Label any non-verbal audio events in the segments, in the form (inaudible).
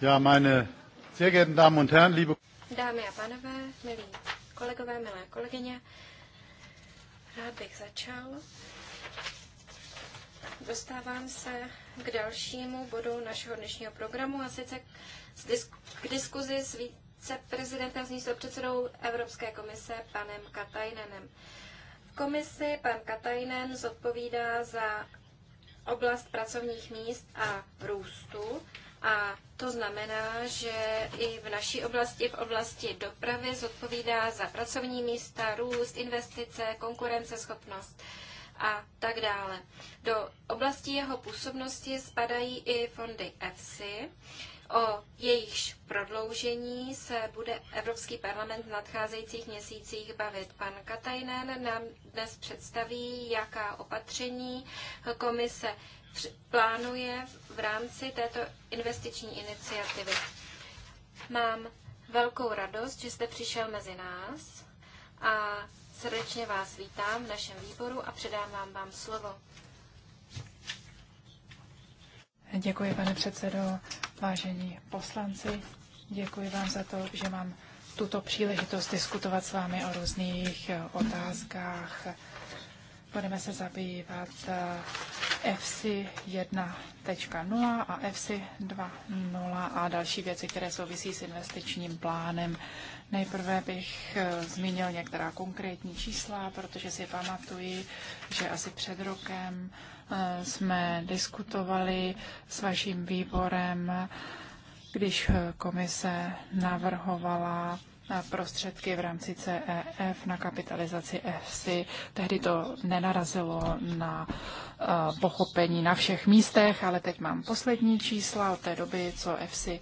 Ja, meine sehr geehrten Damen und Herren, liebe Dámy a pánové, milí kolegové, milé kolegyně, rád bych začal. Dostávám se k dalšímu bodu našeho dnešního programu a sice k, disku, k diskuzi s viceprezidentem s místopředsedou Evropské komise panem Katajnenem. V komisi pan Katajnen zodpovídá za oblast pracovních míst a růstu a to znamená, že i v naší oblasti, v oblasti dopravy, zodpovídá za pracovní místa, růst, investice, konkurenceschopnost a tak dále. Do oblasti jeho působnosti spadají i fondy EFSI, o jejichž prodloužení se bude Evropský parlament v nadcházejících měsících bavit. Pan Katajnen nám dnes představí, jaká opatření komise plánuje v rámci této investiční iniciativy. Mám velkou radost, že jste přišel mezi nás a srdečně vás vítám v našem výboru a předám vám vám slovo. Děkuji, pane předsedo, vážení poslanci. Děkuji vám za to, že mám tuto příležitost diskutovat s vámi o různých otázkách budeme se zabývat eh, FC 1.0 a FC 2.0 a další věci, které souvisí s investičním plánem. Nejprve bych eh, zmínil některá konkrétní čísla, protože si pamatuji, že asi před rokem eh, jsme diskutovali s vaším výborem, když komise navrhovala prostředky v rámci CEF na kapitalizaci EFSI. Tehdy to nenarazilo na pochopení na všech místech, ale teď mám poslední čísla od té doby, co EFSI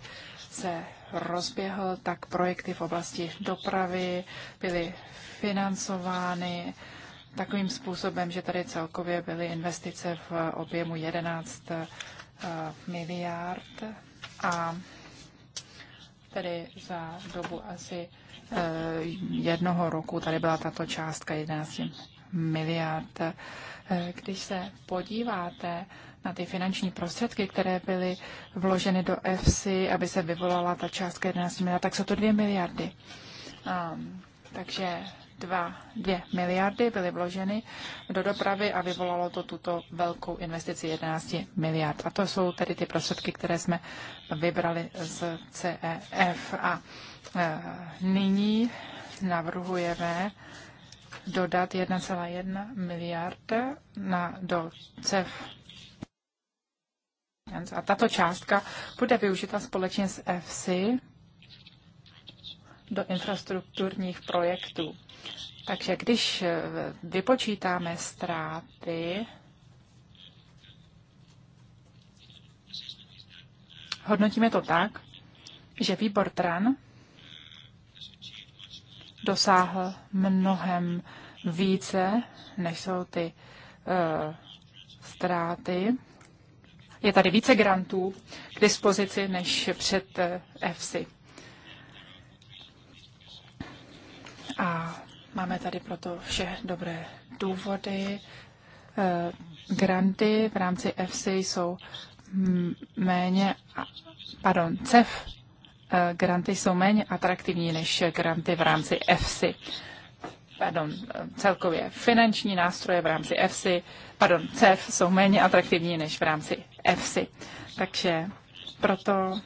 se rozběhl, tak projekty v oblasti dopravy byly financovány takovým způsobem, že tady celkově byly investice v objemu 11 miliard a tedy za dobu asi eh, jednoho roku tady byla tato částka 11 miliard. Eh, když se podíváte na ty finanční prostředky, které byly vloženy do EFSI, aby se vyvolala ta částka 11 miliard, tak jsou to 2 miliardy. Um, takže 2, 2 miliardy byly vloženy do dopravy a vyvolalo to tuto velkou investici 11 miliard. A to jsou tedy ty prostředky, které jsme vybrali z CEF. A e, nyní navrhujeme dodat 1,1 miliard na, do CEF a tato částka bude využita společně s EFSI do infrastrukturních projektů. Takže když eh, vypočítáme ztráty, hodnotíme to tak, že výbor TRAN dosáhl mnohem více, než jsou ty uh, ztráty. Je tady více grantů k dispozici než před EFSI. Eh, A Máme tady proto vše dobré důvody. Eh, granty v rámci FC jsou méně, pardon, CEF eh, granty jsou méně atraktivní než granty v rámci FC. Pardon, eh, celkově finanční nástroje v rámci FC pardon, CEF jsou méně atraktivní než v rámci FC. Takže proto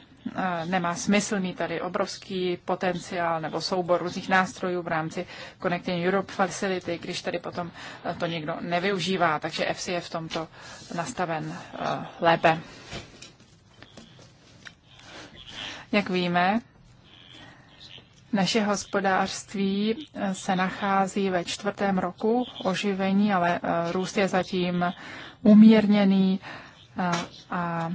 nemá smysl mít tady obrovský potenciál nebo soubor různých nástrojů v rámci Connecting Europe Facility, když tady potom eh, to někdo nevyužívá. Takže FC je v tomto nastaven eh, lépe. Jak víme, naše hospodářství eh, se nachází ve čtvrtém roku oživení, ale růst je zatím umírněný a, a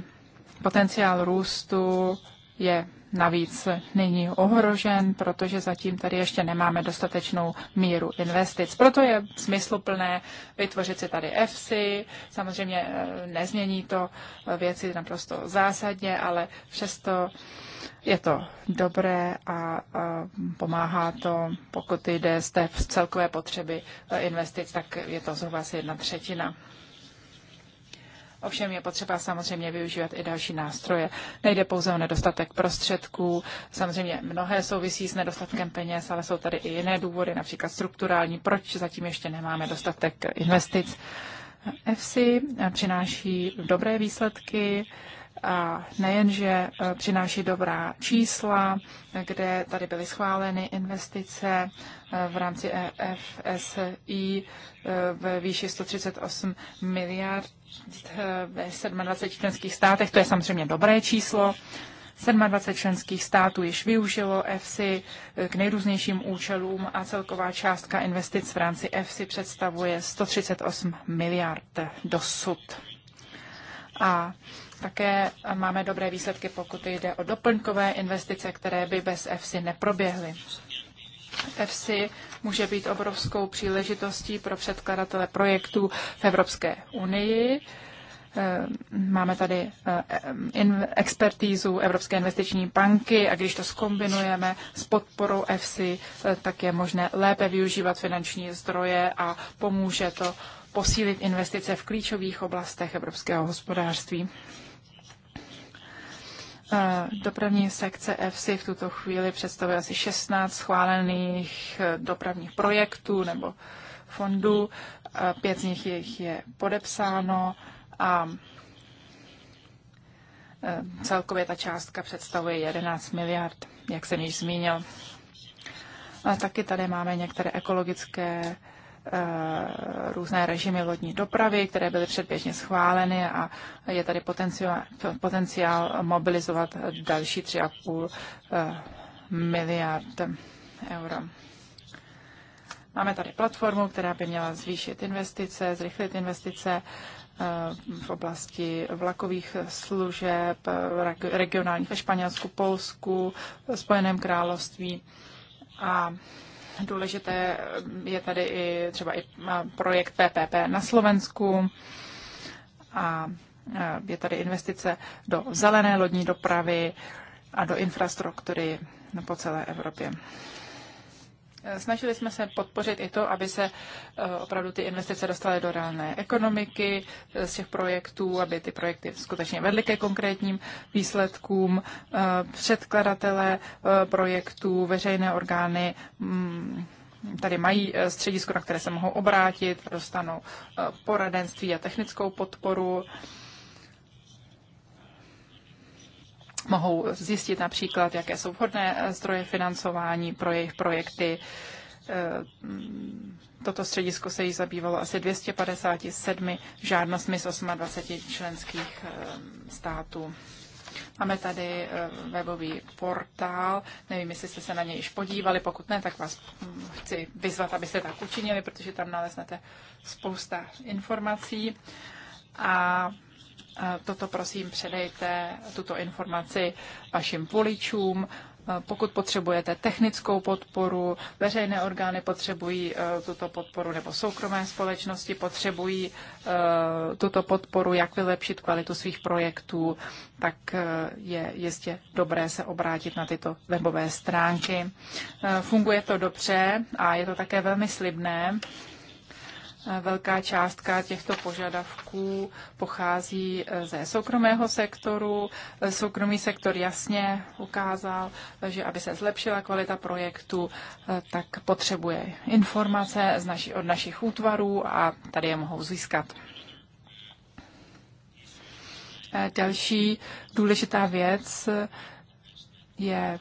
Potenciál růstu je navíc nyní ohrožen, protože zatím tady ještě nemáme dostatečnou míru investic. Proto je smysluplné vytvořit si tady EFSI. Samozřejmě eh, nezmění to eh, věci naprosto zásadně, ale přesto je to dobré a eh, pomáhá to, pokud jde z té celkové potřeby investic, tak je to zhruba asi jedna třetina. Ovšem je potřeba samozřejmě využívat i další nástroje. Nejde pouze o nedostatek prostředků, samozřejmě mnohé souvisí s nedostatkem peněz, ale jsou tady i jiné důvody, například strukturální, proč zatím ještě nemáme dostatek investic. EFSI přináší dobré výsledky, a nejenže eh, přináší dobrá čísla, kde tady byly schváleny investice eh, v rámci EFSI eh, ve výši 138 miliard ve 27 členských státech, to je samozřejmě dobré číslo. 27 členských států již využilo EFSI k nejrůznějším účelům a celková částka investic v rámci EFSI představuje 138 miliard dosud. A také máme dobré výsledky, pokud jde o doplňkové investice, které by bez EFSI neproběhly. EFSI může být obrovskou příležitostí pro předkladatele projektů v Evropské unii. Eh, máme tady eh, expertízu Evropské investiční banky a když to skombinujeme s podporou EFSI, eh, tak je možné lépe využívat finanční zdroje a pomůže to posílit investice v klíčových oblastech evropského hospodářství. Eh, dopravní sekce EFSI v tuto chvíli představuje asi 16 schválených eh, dopravních projektů nebo fondů. Eh, pět z nich je podepsáno a celkově ta částka představuje 11 miliard, jak jsem již zmínil. A taky tady máme některé ekologické Eh, různé režimy lodní dopravy, které byly předběžně schváleny a je tady potenciál, potenciál mobilizovat další 3,5 eh, miliard euro. Máme tady platformu, která by měla zvýšit investice, zrychlit investice eh, v oblasti vlakových služeb, regionálních ve Španělsku, Polsku, Spojeném království a Důležité eh, je tady i třeba i eh, projekt PPP na Slovensku a eh, je tady investice do zelené lodní dopravy a do infrastruktury po celé Evropě. Snažili jsme se podpořit i to, aby se eh, opravdu ty investice dostaly do reálné ekonomiky eh, z těch projektů, aby ty projekty skutečně vedly ke konkrétním výsledkům. Eh, předkladatelé projektů, veřejné orgány mm, tady mají středisko, na které se mohou obrátit, dostanou poradenství a technickou podporu. mohou zjistit například, jaké jsou vhodné eh, zdroje financování pro jejich projekty. Eh, toto středisko se jí zabývalo asi 257 žádnostmi z 28 členských eh, států. Máme tady webový portál, nevím, jestli jste se na něj již podívali, pokud ne, tak vás hm, chci vyzvat, abyste tak učinili, protože tam naleznete spousta informací. A toto prosím předejte, tuto informaci vašim voličům. Pokud potřebujete technickou podporu, veřejné orgány potřebují e, tuto podporu, nebo soukromé společnosti potřebují e, tuto podporu, jak vylepšit kvalitu svých projektů, tak e, je jistě dobré se obrátit na tyto webové stránky. Funguje to dobře a je to také velmi slibné. Velká částka těchto požadavků pochází eh, ze soukromého sektoru. Eh, soukromý sektor jasně ukázal, eh, že aby se zlepšila kvalita projektu, tak potřebuje informace z naši, od našich útvarů a tady je mohou získat. Další důležitá věc je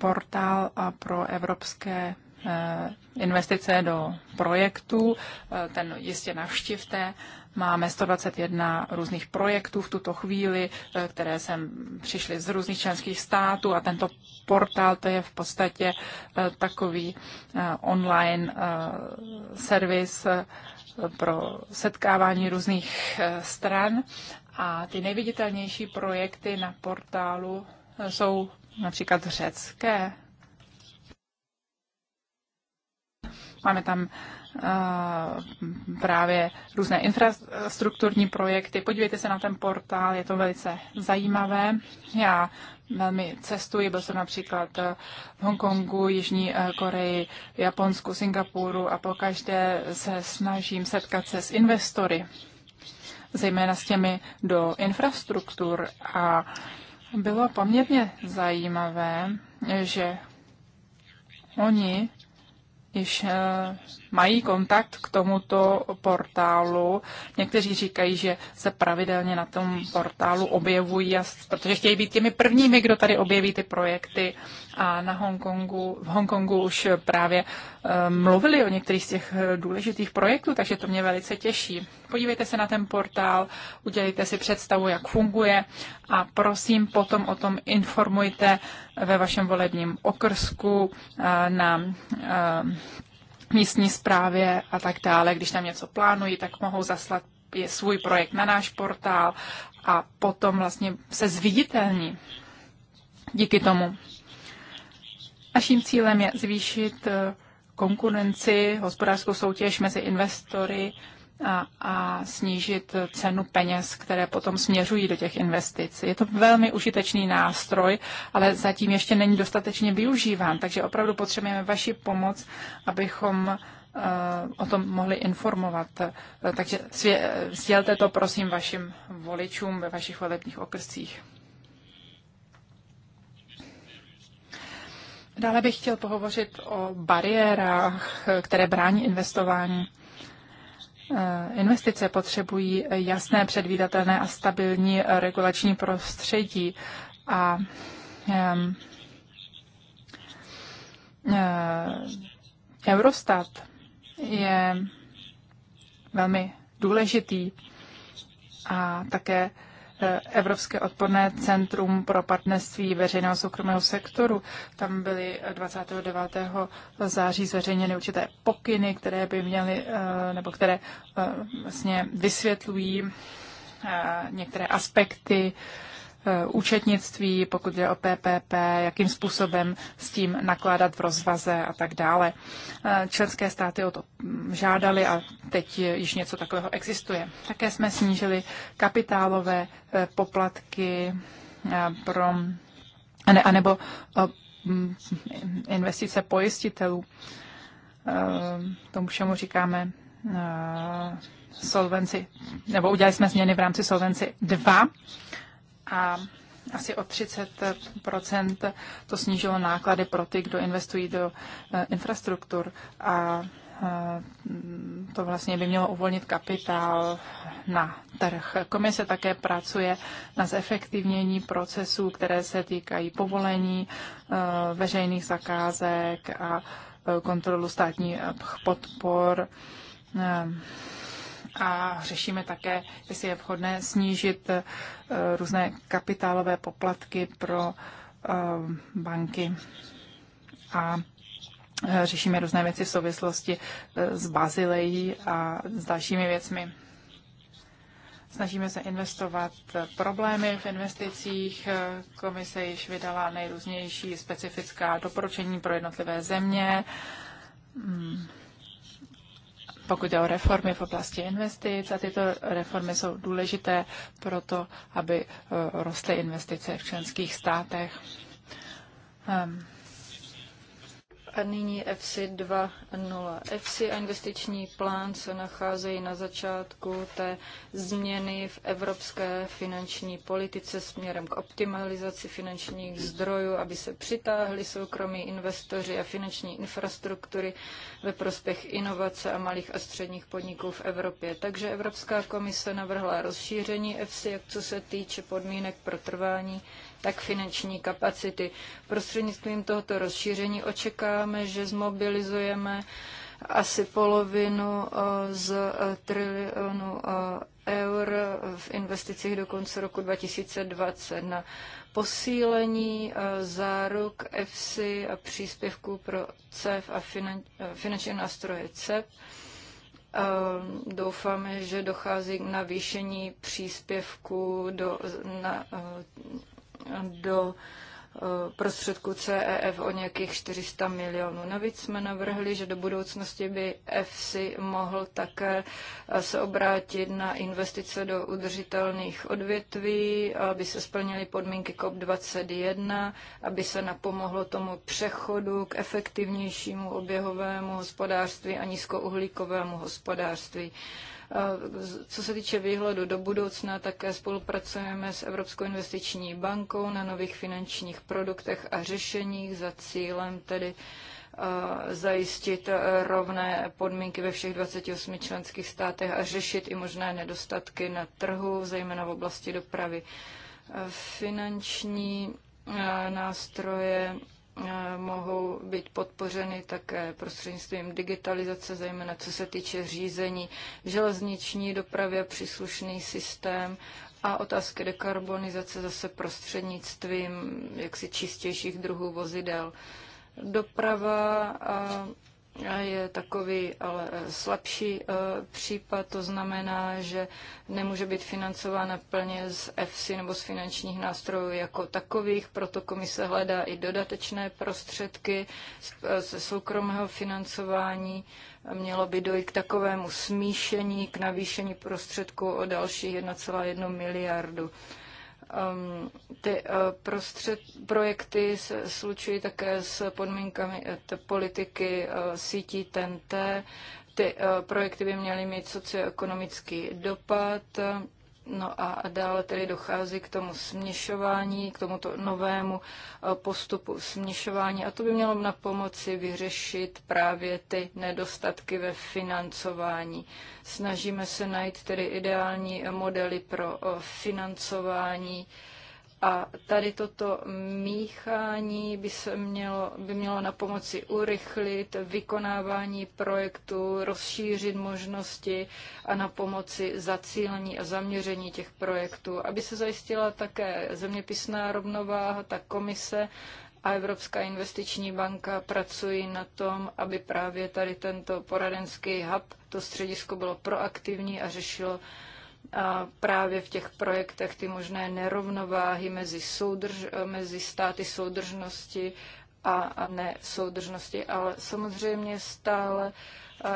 portál pro evropské Eh, investice do projektů, eh, ten jistě navštivte. Máme 121 různých projektů v tuto chvíli, eh, které sem přišly z různých členských států a tento portál to je v podstatě takový online servis pro setkávání různých stran a ty nejviditelnější projekty na portálu jsou například řecké Máme tam eh, právě různé infrastrukturní projekty. Podívejte se na ten portál, je to velice zajímavé. Já velmi cestuji, byl jsem například eh, v Hongkongu, Jižní eh, Koreji, Japonsku, Singapuru a pokaždé se snažím setkat se s investory, zejména s těmi do infrastruktur a bylo poměrně zajímavé, že oni již eh, mají kontakt k tomuto portálu. Někteří říkají, že se pravidelně na tom portálu objevují, protože chtějí být těmi prvními, kdo tady objeví ty projekty. A na Hongkongu, v Hongkongu už právě eh, mluvili o některých z těch eh, důležitých projektů, takže to mě velice těší. Podívejte se na ten portál, udělejte si představu, jak funguje a prosím potom o tom informujte ve vašem volebním okrsku eh, na místní správě a tak dále. Když tam něco plánují, tak mohou zaslat je svůj projekt na náš portál a potom vlastně se zviditelní díky tomu. Naším cílem je zvýšit eh, konkurenci, hospodářskou soutěž mezi investory a, a snížit cenu peněz, které potom směřují do těch investic. Je to velmi užitečný nástroj, ale zatím ještě není dostatečně využíván, takže opravdu potřebujeme vaši pomoc, abychom eh, o tom mohli informovat. Eh, takže eh, sdělte to prosím vašim voličům ve vašich volebních okrscích. Dále bych chtěl pohovořit o bariérách, které brání investování. Eh, investice potřebují jasné, předvídatelné a stabilní regulační prostředí a eh, Eurostat je velmi důležitý a také Evropské odporné centrum pro partnerství veřejného soukromého sektoru. Tam byly 29. září zveřejněny určité pokyny, které by měly, eh, nebo které eh, vlastně vysvětlují eh, některé aspekty Eh, účetnictví, pokud je o PPP, jakým způsobem s tím nakládat v rozvaze a tak dále. Eh, členské státy o to mm, žádali a teď již něco takového existuje. Také jsme snížili kapitálové eh, poplatky pro anebo mm, investice pojistitelů. Tomu všemu říkáme solvenci, nebo udělali jsme změny v rámci solvenci 2 a asi o 30 to snížilo náklady pro ty, kdo investují do eh, infrastruktur a eh, to vlastně by mělo uvolnit kapitál na trh. Komise také pracuje na zefektivnění procesů, které se týkají povolení eh, veřejných zakázek a kontrolu státních podpor a řešíme také, jestli je vhodné snížit eh, různé kapitálové poplatky pro eh, banky a eh, řešíme různé věci v souvislosti s Bazilejí a s dalšími věcmi. Snažíme se investovat problémy v investicích. Komise již vydala nejrůznější specifická doporučení pro jednotlivé země. Hmm pokud jde o reformy v oblasti investic a tyto reformy jsou důležité pro to, aby eh, rostly investice v členských státech. Ehm, a nyní EFSI 2.0. EFSI a investiční plán se nacházejí na začátku té změny v evropské finanční politice směrem k optimalizaci finančních zdrojů, aby se přitáhli soukromí investoři a finanční infrastruktury ve prospěch inovace a malých a středních podniků v Evropě. Takže Evropská komise navrhla rozšíření EFSI, jak co se týče podmínek pro trvání tak finanční kapacity. Prostřednictvím tohoto rozšíření očekáváme, že zmobilizujeme asi polovinu eh, z eh, trilionu eh, eur v investicích do konce roku 2020 na posílení záruk EFSI a příspěvků pro CEF a finanční nástroje CEF. Doufáme, že dochází k navýšení příspěvků do, na, do eh, prostředku CEF o nějakých 400 milionů. Navíc jsme navrhli, že do budoucnosti by EFSI mohl také eh, se obrátit na investice do udržitelných odvětví, aby se splnily podmínky COP21, aby se napomohlo tomu přechodu k efektivnějšímu oběhovému hospodářství a nízkouhlíkovému hospodářství. Eh, co se týče výhledu do budoucna, také spolupracujeme s Evropskou investiční bankou na nových finančních produktech a řešeních za cílem tedy eh, zajistit eh, rovné podmínky ve všech 28 členských státech a řešit i možné nedostatky na trhu, zejména v oblasti dopravy. Finanční nástroje mohou být podpořeny také prostřednictvím digitalizace, zejména co se týče řízení železniční dopravy a příslušný systém a otázky dekarbonizace zase prostřednictvím jaksi čistějších druhů vozidel. Doprava a je takový ale eh, slabší eh, případ, to znamená, že nemůže být financována plně z EFSI nebo z finančních nástrojů jako takových, proto komise hledá i dodatečné prostředky eh, ze soukromého financování. Mělo by dojít k takovému smíšení, k navýšení prostředků o dalších 1,1 miliardu. Ehm, ty eh, prostřed, projekty se slučují také s podmínkami eh, politiky eh, sítí TNT. Ty projekty by měly mít socioekonomický dopad No a dále tedy dochází k tomu směšování, k tomuto novému eh, postupu směšování a to by mělo na pomoci vyřešit právě ty nedostatky ve financování. Snažíme se najít tedy ideální modely pro eh, financování a tady toto míchání by, se mělo, by mělo na pomoci urychlit vykonávání projektu, rozšířit možnosti a na pomoci zacílení a zaměření těch projektů, aby se zajistila také zeměpisná rovnováha, ta komise a Evropská investiční banka pracují na tom, aby právě tady tento poradenský hub, to středisko bylo proaktivní a řešilo a právě v těch projektech ty možné nerovnováhy mezi, soudrž, mezi státy soudržnosti a, a ne soudržnosti, ale samozřejmě stále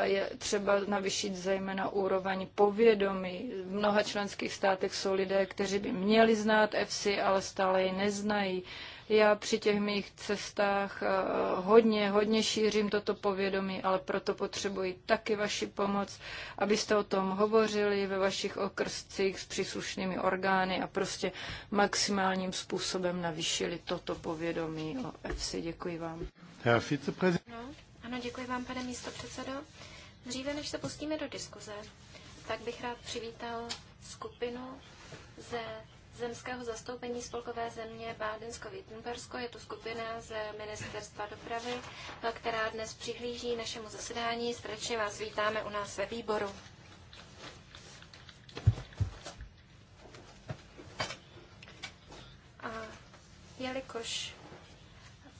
je třeba navyšit zejména úroveň povědomí. V mnoha členských státech jsou lidé, kteří by měli znát EFSI, ale stále ji neznají. Já při těch mých cestách eh, hodně, hodně šířím toto povědomí, ale proto potřebuji taky vaši pomoc, abyste o tom hovořili ve vašich okrscích s příslušnými orgány a prostě maximálním způsobem navýšili toto povědomí o FC. Děkuji vám. Herr No, ano, děkuji vám, pane místo předsedo. Dříve, než se pustíme do diskuze, tak bych rád přivítal skupinu ze zemského zastoupení spolkové země Bádensko-Wittenbersko. Je to skupina z Ministerstva dopravy, která dnes přihlíží našemu zasedání. Srdečně vás vítáme u nás ve výboru. A jelikož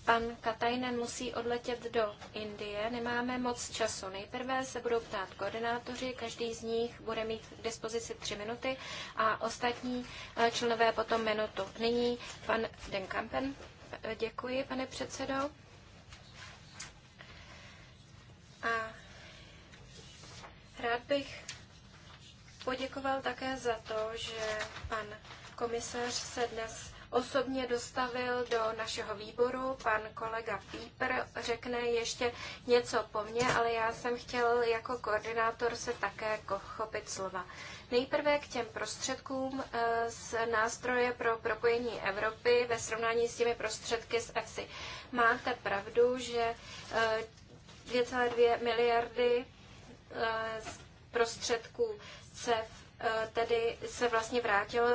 Pan Katajnen musí odletět do Indie, nemáme moc času. Nejprve se budou ptát koordinátoři, každý z nich bude mít k dispozici tři minuty a ostatní eh, členové potom minutu. Nyní pan Denkampen. Děkuji, pane předsedo. A rád bych poděkoval také za to, že pan komisař se dnes osobně dostavil do našeho výboru. Pan kolega Píper řekne ještě něco po mně, ale já jsem chtěl jako koordinátor se také chopit slova. Nejprve k těm prostředkům eh, z nástroje pro propojení Evropy ve srovnání s těmi prostředky z EFSI. Máte pravdu, že 2,2 eh, miliardy eh, prostředků CEF tedy se vlastně vrátilo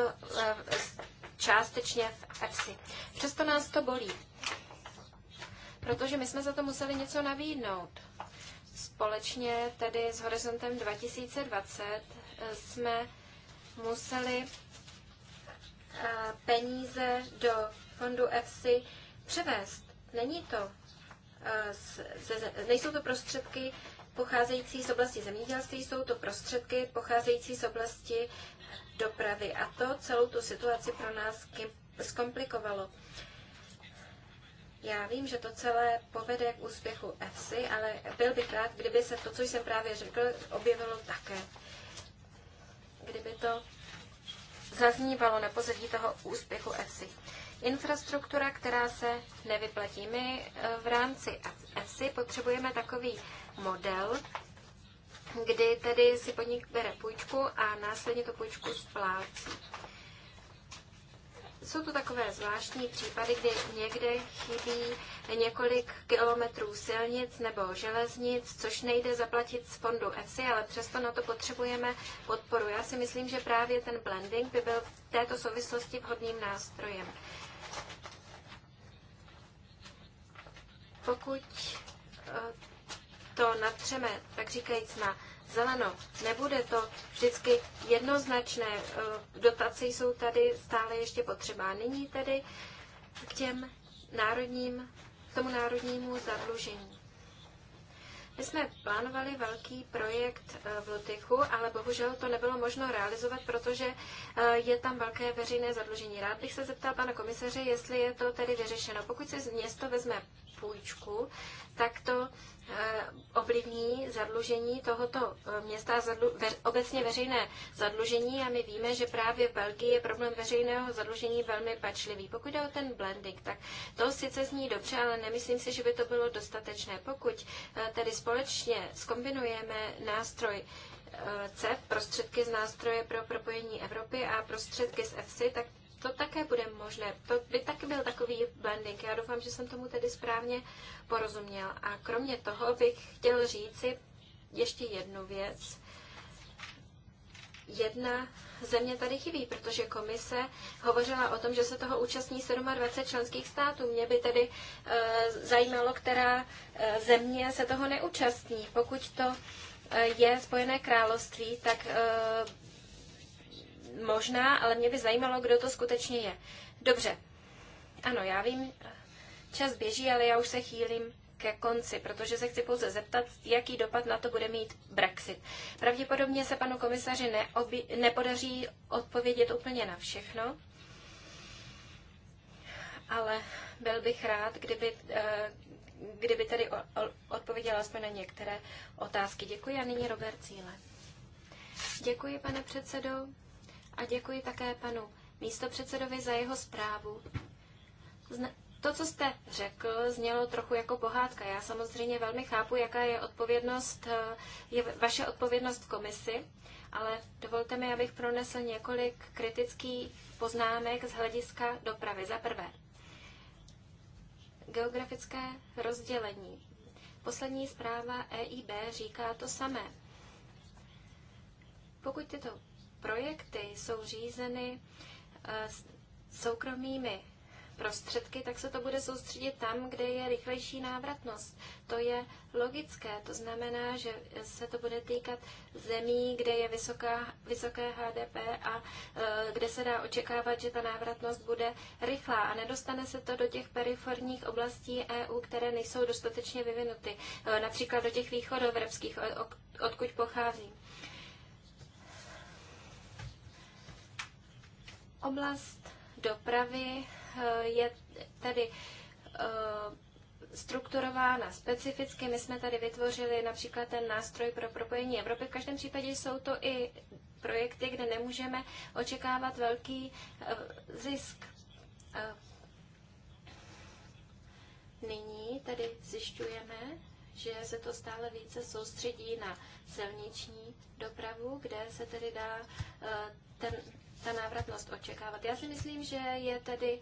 částečně v EFSI. Přesto nás to bolí, protože my jsme za to museli něco navídnout. Společně tedy s Horizontem 2020 jsme museli eh, peníze do fondu EFSI převést. Není to, eh, nejsou to prostředky pocházející z oblasti zemědělství, jsou to prostředky pocházející z oblasti dopravy a to celou tu situaci pro nás zkomplikovalo. Já vím, že to celé povede k úspěchu EFSI, ale byl bych rád, kdyby se to, co jsem právě řekl, objevilo také. Kdyby to zaznívalo na pozadí toho úspěchu EFSI. Infrastruktura, která se nevyplatí. My eh, v rámci EFSI potřebujeme takový model, kdy tedy si podnik bere půjčku a následně tu půjčku splácí. Jsou tu takové zvláštní případy, kdy někde chybí několik kilometrů silnic nebo železnic, což nejde zaplatit z fondu EFSI, ale přesto na to potřebujeme podporu. Já si myslím, že právě ten blending by byl v této souvislosti vhodným nástrojem. Pokud eh, to natřeme, tak říkajíc na zeleno. Nebude to vždycky jednoznačné. E, dotace jsou tady stále ještě potřeba. Nyní tedy k těm národním, k tomu národnímu zadlužení. My jsme plánovali velký projekt e, v Lutychu, ale bohužel to nebylo možno realizovat, protože e, je tam velké veřejné zadlužení. Rád bych se zeptal pana komisaře, jestli je to tedy vyřešeno. Pokud se z město vezme půjčku, tak to Eh, ovlivní zadlužení tohoto eh, města, zadlu, ve, obecně veřejné zadlužení a my víme, že právě v Belgii je problém veřejného zadlužení velmi pačlivý. Pokud jde o ten blending, tak to sice zní dobře, ale nemyslím si, že by to bylo dostatečné. Pokud eh, tedy společně skombinujeme nástroj CEF, prostředky z nástroje pro propojení Evropy a prostředky z EFSI, tak to také bude možné. To by taky byl takový blending. Já doufám, že jsem tomu tedy správně porozuměl. A kromě toho bych chtěl říci ještě jednu věc. Jedna země tady chybí, protože komise hovořila o tom, že se toho účastní 27 členských států. Mě by tedy e, zajímalo, která e, země se toho neúčastní. Pokud to e, je Spojené království, tak e, možná, ale mě by zajímalo, kdo to skutečně je. Dobře, ano, já vím, čas běží, ale já už se chýlím ke konci, protože se chci pouze zeptat, jaký dopad na to bude mít Brexit. Pravděpodobně se panu komisaři nepodaří odpovědět úplně na všechno, ale byl bych rád, kdyby, eh, kdyby tedy odpověděl aspoň na některé otázky. Děkuji a nyní Robert Cíle. Děkuji, pane předsedo a děkuji také panu místopředsedovi za jeho zprávu. to, co jste řekl, znělo trochu jako pohádka. Já samozřejmě velmi chápu, jaká je odpovědnost, eh, je vaše odpovědnost v komisi, ale dovolte mi, abych pronesl několik kritických poznámek z hlediska dopravy. Za prvé, geografické rozdělení. Poslední zpráva EIB říká to samé. Pokud tyto projekty jsou řízeny eh, soukromými prostředky, tak se to bude soustředit tam, kde je rychlejší návratnost. To je logické, to znamená, že se to bude týkat zemí, kde je vysoká, vysoké HDP a eh, kde se dá očekávat, že ta návratnost bude rychlá a nedostane se to do těch periforních oblastí EU, které nejsou dostatečně vyvinuty, eh, například do těch východoevropských, odkud pocházím. Oblast dopravy eh, je tady eh, strukturována specificky. My jsme tady vytvořili například ten nástroj pro propojení Evropy. V každém případě jsou to i projekty, kde nemůžeme očekávat velký eh, zisk. Nyní tedy zjišťujeme, že se to stále více soustředí na silniční dopravu, kde se tedy dá ten ta návratnost očekávat. Já si myslím, že je tedy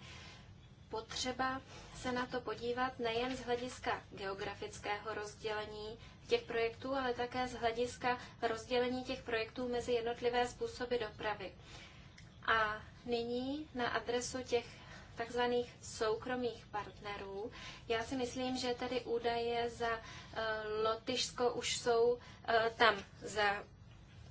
potřeba se na to podívat nejen z hlediska geografického rozdělení těch projektů, ale také z hlediska rozdělení těch projektů mezi jednotlivé způsoby dopravy. A nyní na adresu těch takzvaných soukromých partnerů. Já si myslím, že tady údaje za uh, Lotyšsko už jsou eh, tam za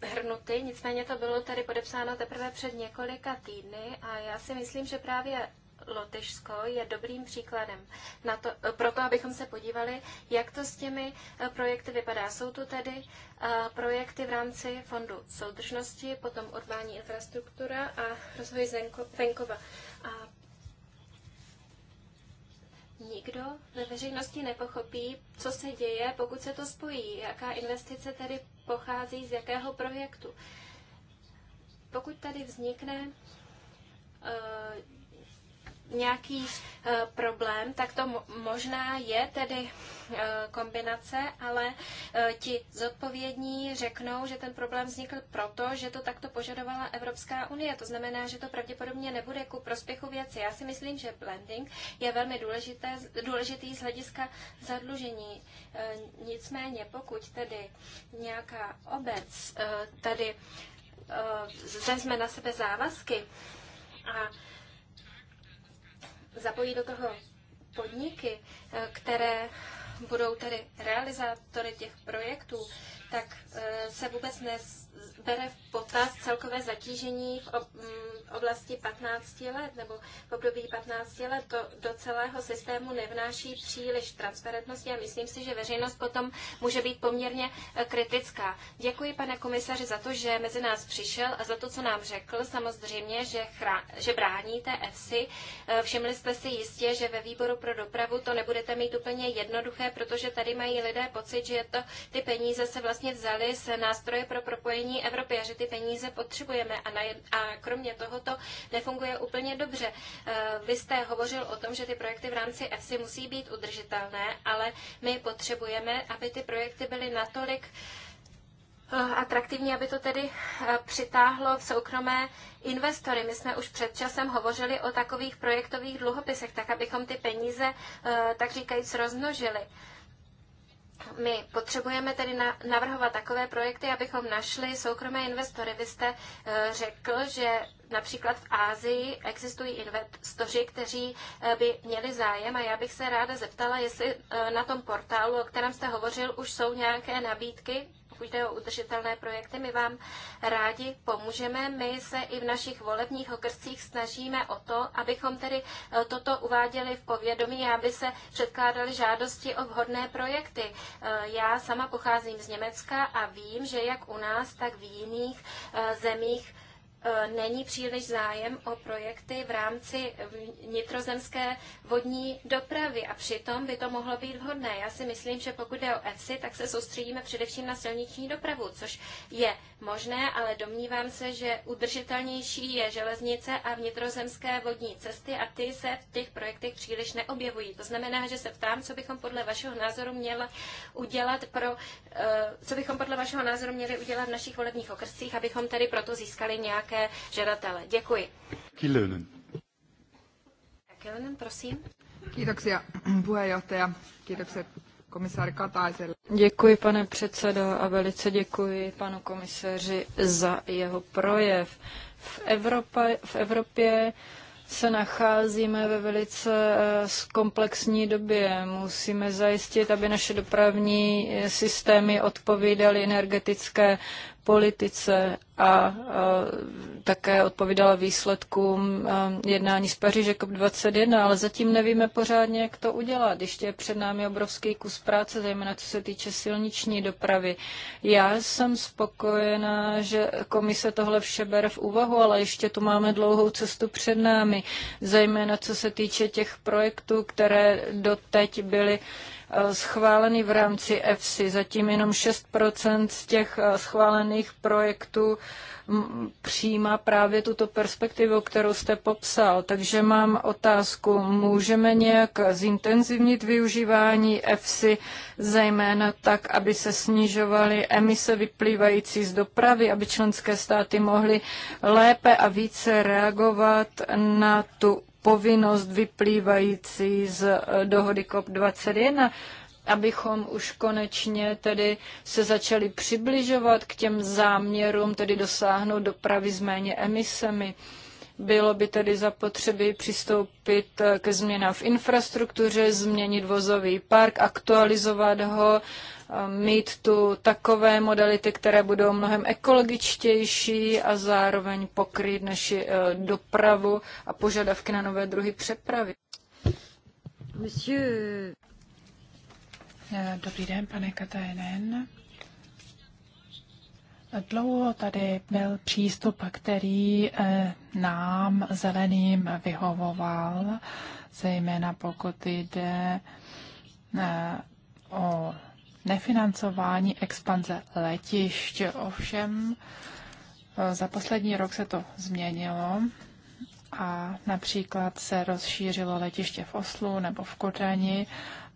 hrnuty, nicméně to bylo tady podepsáno teprve před několika týdny a já si myslím, že právě Lotyšsko je dobrým příkladem na to, proto, abychom se podívali, jak to s těmi eh, projekty vypadá. Jsou tu tedy eh, projekty v rámci Fondu soudržnosti, potom urbání infrastruktura a rozvoj venkova. A nikdo ve veřejnosti nepochopí, co se děje, pokud se to spojí, jaká investice tedy pochází z jakého projektu. Pokud tady vznikne eh, nějaký eh, problém, tak to možná je tedy eh, kombinace, ale eh, ti zodpovědní řeknou, že ten problém vznikl proto, že to takto požadovala Evropská unie. To znamená, že to pravděpodobně nebude ku prospěchu věci. Já si myslím, že blending je velmi důležité, důležitý z hlediska zadlužení. Nicméně, pokud tedy nějaká obec tady vezme na sebe závazky a zapojí do toho podniky, eh, které budou tedy realizátory těch projektů, tak eh, se vůbec bere v potaz celkové zatížení v mm, oblasti 15 let nebo v období 15 let, to do celého systému nevnáší příliš transparentnosti a myslím si, že veřejnost potom může být poměrně eh, kritická. Děkuji, pane komisaři, za to, že mezi nás přišel a za to, co nám řekl. Samozřejmě, že, chrá, že bráníte EFSI. Eh, všimli jste si jistě, že ve výboru pro dopravu to nebudete mít úplně jednoduché, protože tady mají lidé pocit, že to, ty peníze se vlastně vzaly z nástroje pro propojení Evropy Evropě, že ty peníze potřebujeme a, na, a kromě toho to nefunguje úplně dobře. Eh, vy jste hovořil o tom, že ty projekty v rámci EFSI musí být udržitelné, ale my potřebujeme, aby ty projekty byly natolik eh, atraktivní, aby to tedy eh, přitáhlo v soukromé investory. My jsme už před časem hovořili o takových projektových dluhopisech, tak abychom ty peníze, tak říkajíc, rozmnožili my potřebujeme tedy navrhovat takové projekty, abychom našli soukromé investory. Vy jste eh, řekl, že například v Ázii existují investoři, kteří eh, by měli zájem a já bych se ráda zeptala, jestli eh, na tom portálu, o kterém jste hovořil, už jsou nějaké nabídky pokud jde o udržitelné projekty. My vám rádi pomůžeme. My se i v našich volebních okrcích snažíme o to, abychom tedy eh, toto uváděli v povědomí, aby se předkládaly žádosti o vhodné projekty. Eh, já sama pocházím z Německa a vím, že jak u nás, tak v jiných eh, zemích E, není příliš zájem o projekty v rámci vnitrozemské vodní dopravy a přitom by to mohlo být vhodné. Já si myslím, že pokud jde o EFSI, tak se soustředíme především na silniční dopravu, což je možné, ale domnívám se, že udržitelnější je železnice a vnitrozemské vodní cesty a ty se v těch projektech příliš neobjevují. To znamená, že se ptám, co bychom podle vašeho názoru měli udělat pro, e, co bychom podle vašeho názoru měli udělat v našich volebních okrscích, abychom tady proto získali nějaké také žadatele. Děkuji. Kilönen. Kilönen, prosím. Kiitoksia puheenjohtaja. Kiitokset komisáři Kataiselle. Děkuji, pane předsedo, a velice děkuji panu komisaři za jeho projev. V, Evropa, v Evropě se nacházíme ve velice eh, komplexní době. Musíme zajistit, aby naše dopravní eh, systémy odpovídaly energetické politice a také odpovídala výsledkům jednání z Paříže COP21, ale zatím nevíme pořádně, jak to udělat. Ještě je před námi obrovský kus práce, zejména co se týče silniční dopravy. Já jsem spokojená, že komise tohle vše bere v úvahu, ale ještě tu máme dlouhou cestu před námi, zejména co se týče těch projektů, které doteď byly schváleny v rámci EFSI. Zatím jenom 6 z těch schválených projektů přijímá právě tuto perspektivu, kterou jste popsal. Takže mám otázku, můžeme nějak zintenzivnit využívání EFSI, zejména tak, aby se snižovaly emise vyplývající z dopravy, aby členské státy mohly lépe a více reagovat na tu povinnost vyplývající z eh, dohody COP21 abychom už konečně tedy se začali přibližovat k těm záměrům, tedy dosáhnout dopravy s méně emisemi. Bylo by tedy zapotřebí přistoupit eh, ke změnám v infrastruktuře, změnit vozový park, aktualizovat ho, eh, mít tu takové modality, které budou mnohem ekologičtější a zároveň pokryt naši eh, dopravu a požadavky na nové druhy přepravy. Monsieur... Eh, dobrý den, pane Katajnen. Dlouho tady byl přístup, který eh, nám zeleným vyhovoval, zejména pokud jde eh, o nefinancování expanze letišť. Ovšem za poslední rok se to změnilo a například se rozšířilo letiště v Oslu nebo v Kodani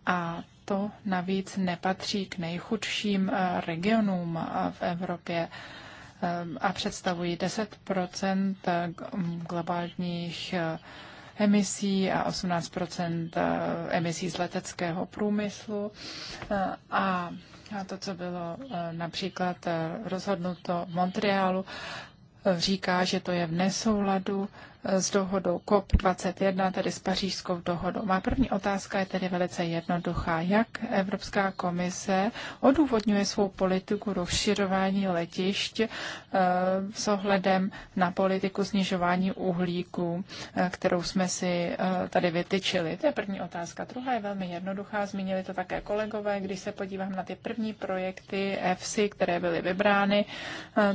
a to navíc nepatří k nejchudším eh, regionům eh, v Evropě eh, a představují 10 mm, globálních emisí a 18 emisí z leteckého průmyslu. A to, co bylo například rozhodnuto v Montrealu, říká, že to je v nesouladu s dohodou COP21, tedy s pařížskou dohodou. Má první otázka je tedy velice jednoduchá. Jak Evropská komise odůvodňuje svou politiku rozširování letišť eh, s ohledem na politiku snižování uhlíku, eh, kterou jsme si eh, tady vytyčili? To je první otázka. Druhá je velmi jednoduchá, zmínili to také kolegové. Když se podívám na ty první projekty EFSI, které byly vybrány,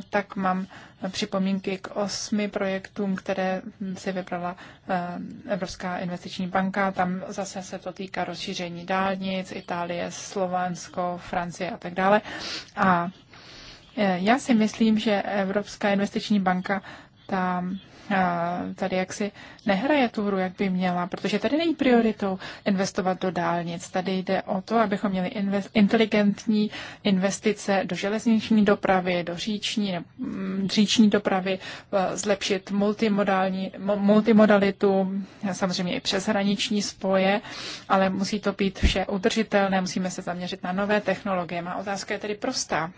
tak mám připomínky k osmi projektům, které si vybrala eh, Evropská investiční banka. Tam zase se to týká rozšíření dálnic, Itálie, Slovensko, Francie a tak dále. A eh, já si myslím, že Evropská investiční banka tam tady jaksi nehraje tu hru, jak by měla, protože tady není prioritou investovat do dálnic. Tady jde o to, abychom měli invest, inteligentní investice do železniční dopravy, do říční, ne, mm, říční dopravy, e, zlepšit multimodální, multimodalitu, e, samozřejmě i přeshraniční spoje, ale musí to být vše udržitelné, musíme se zaměřit na nové technologie. Má otázka je tedy prostá.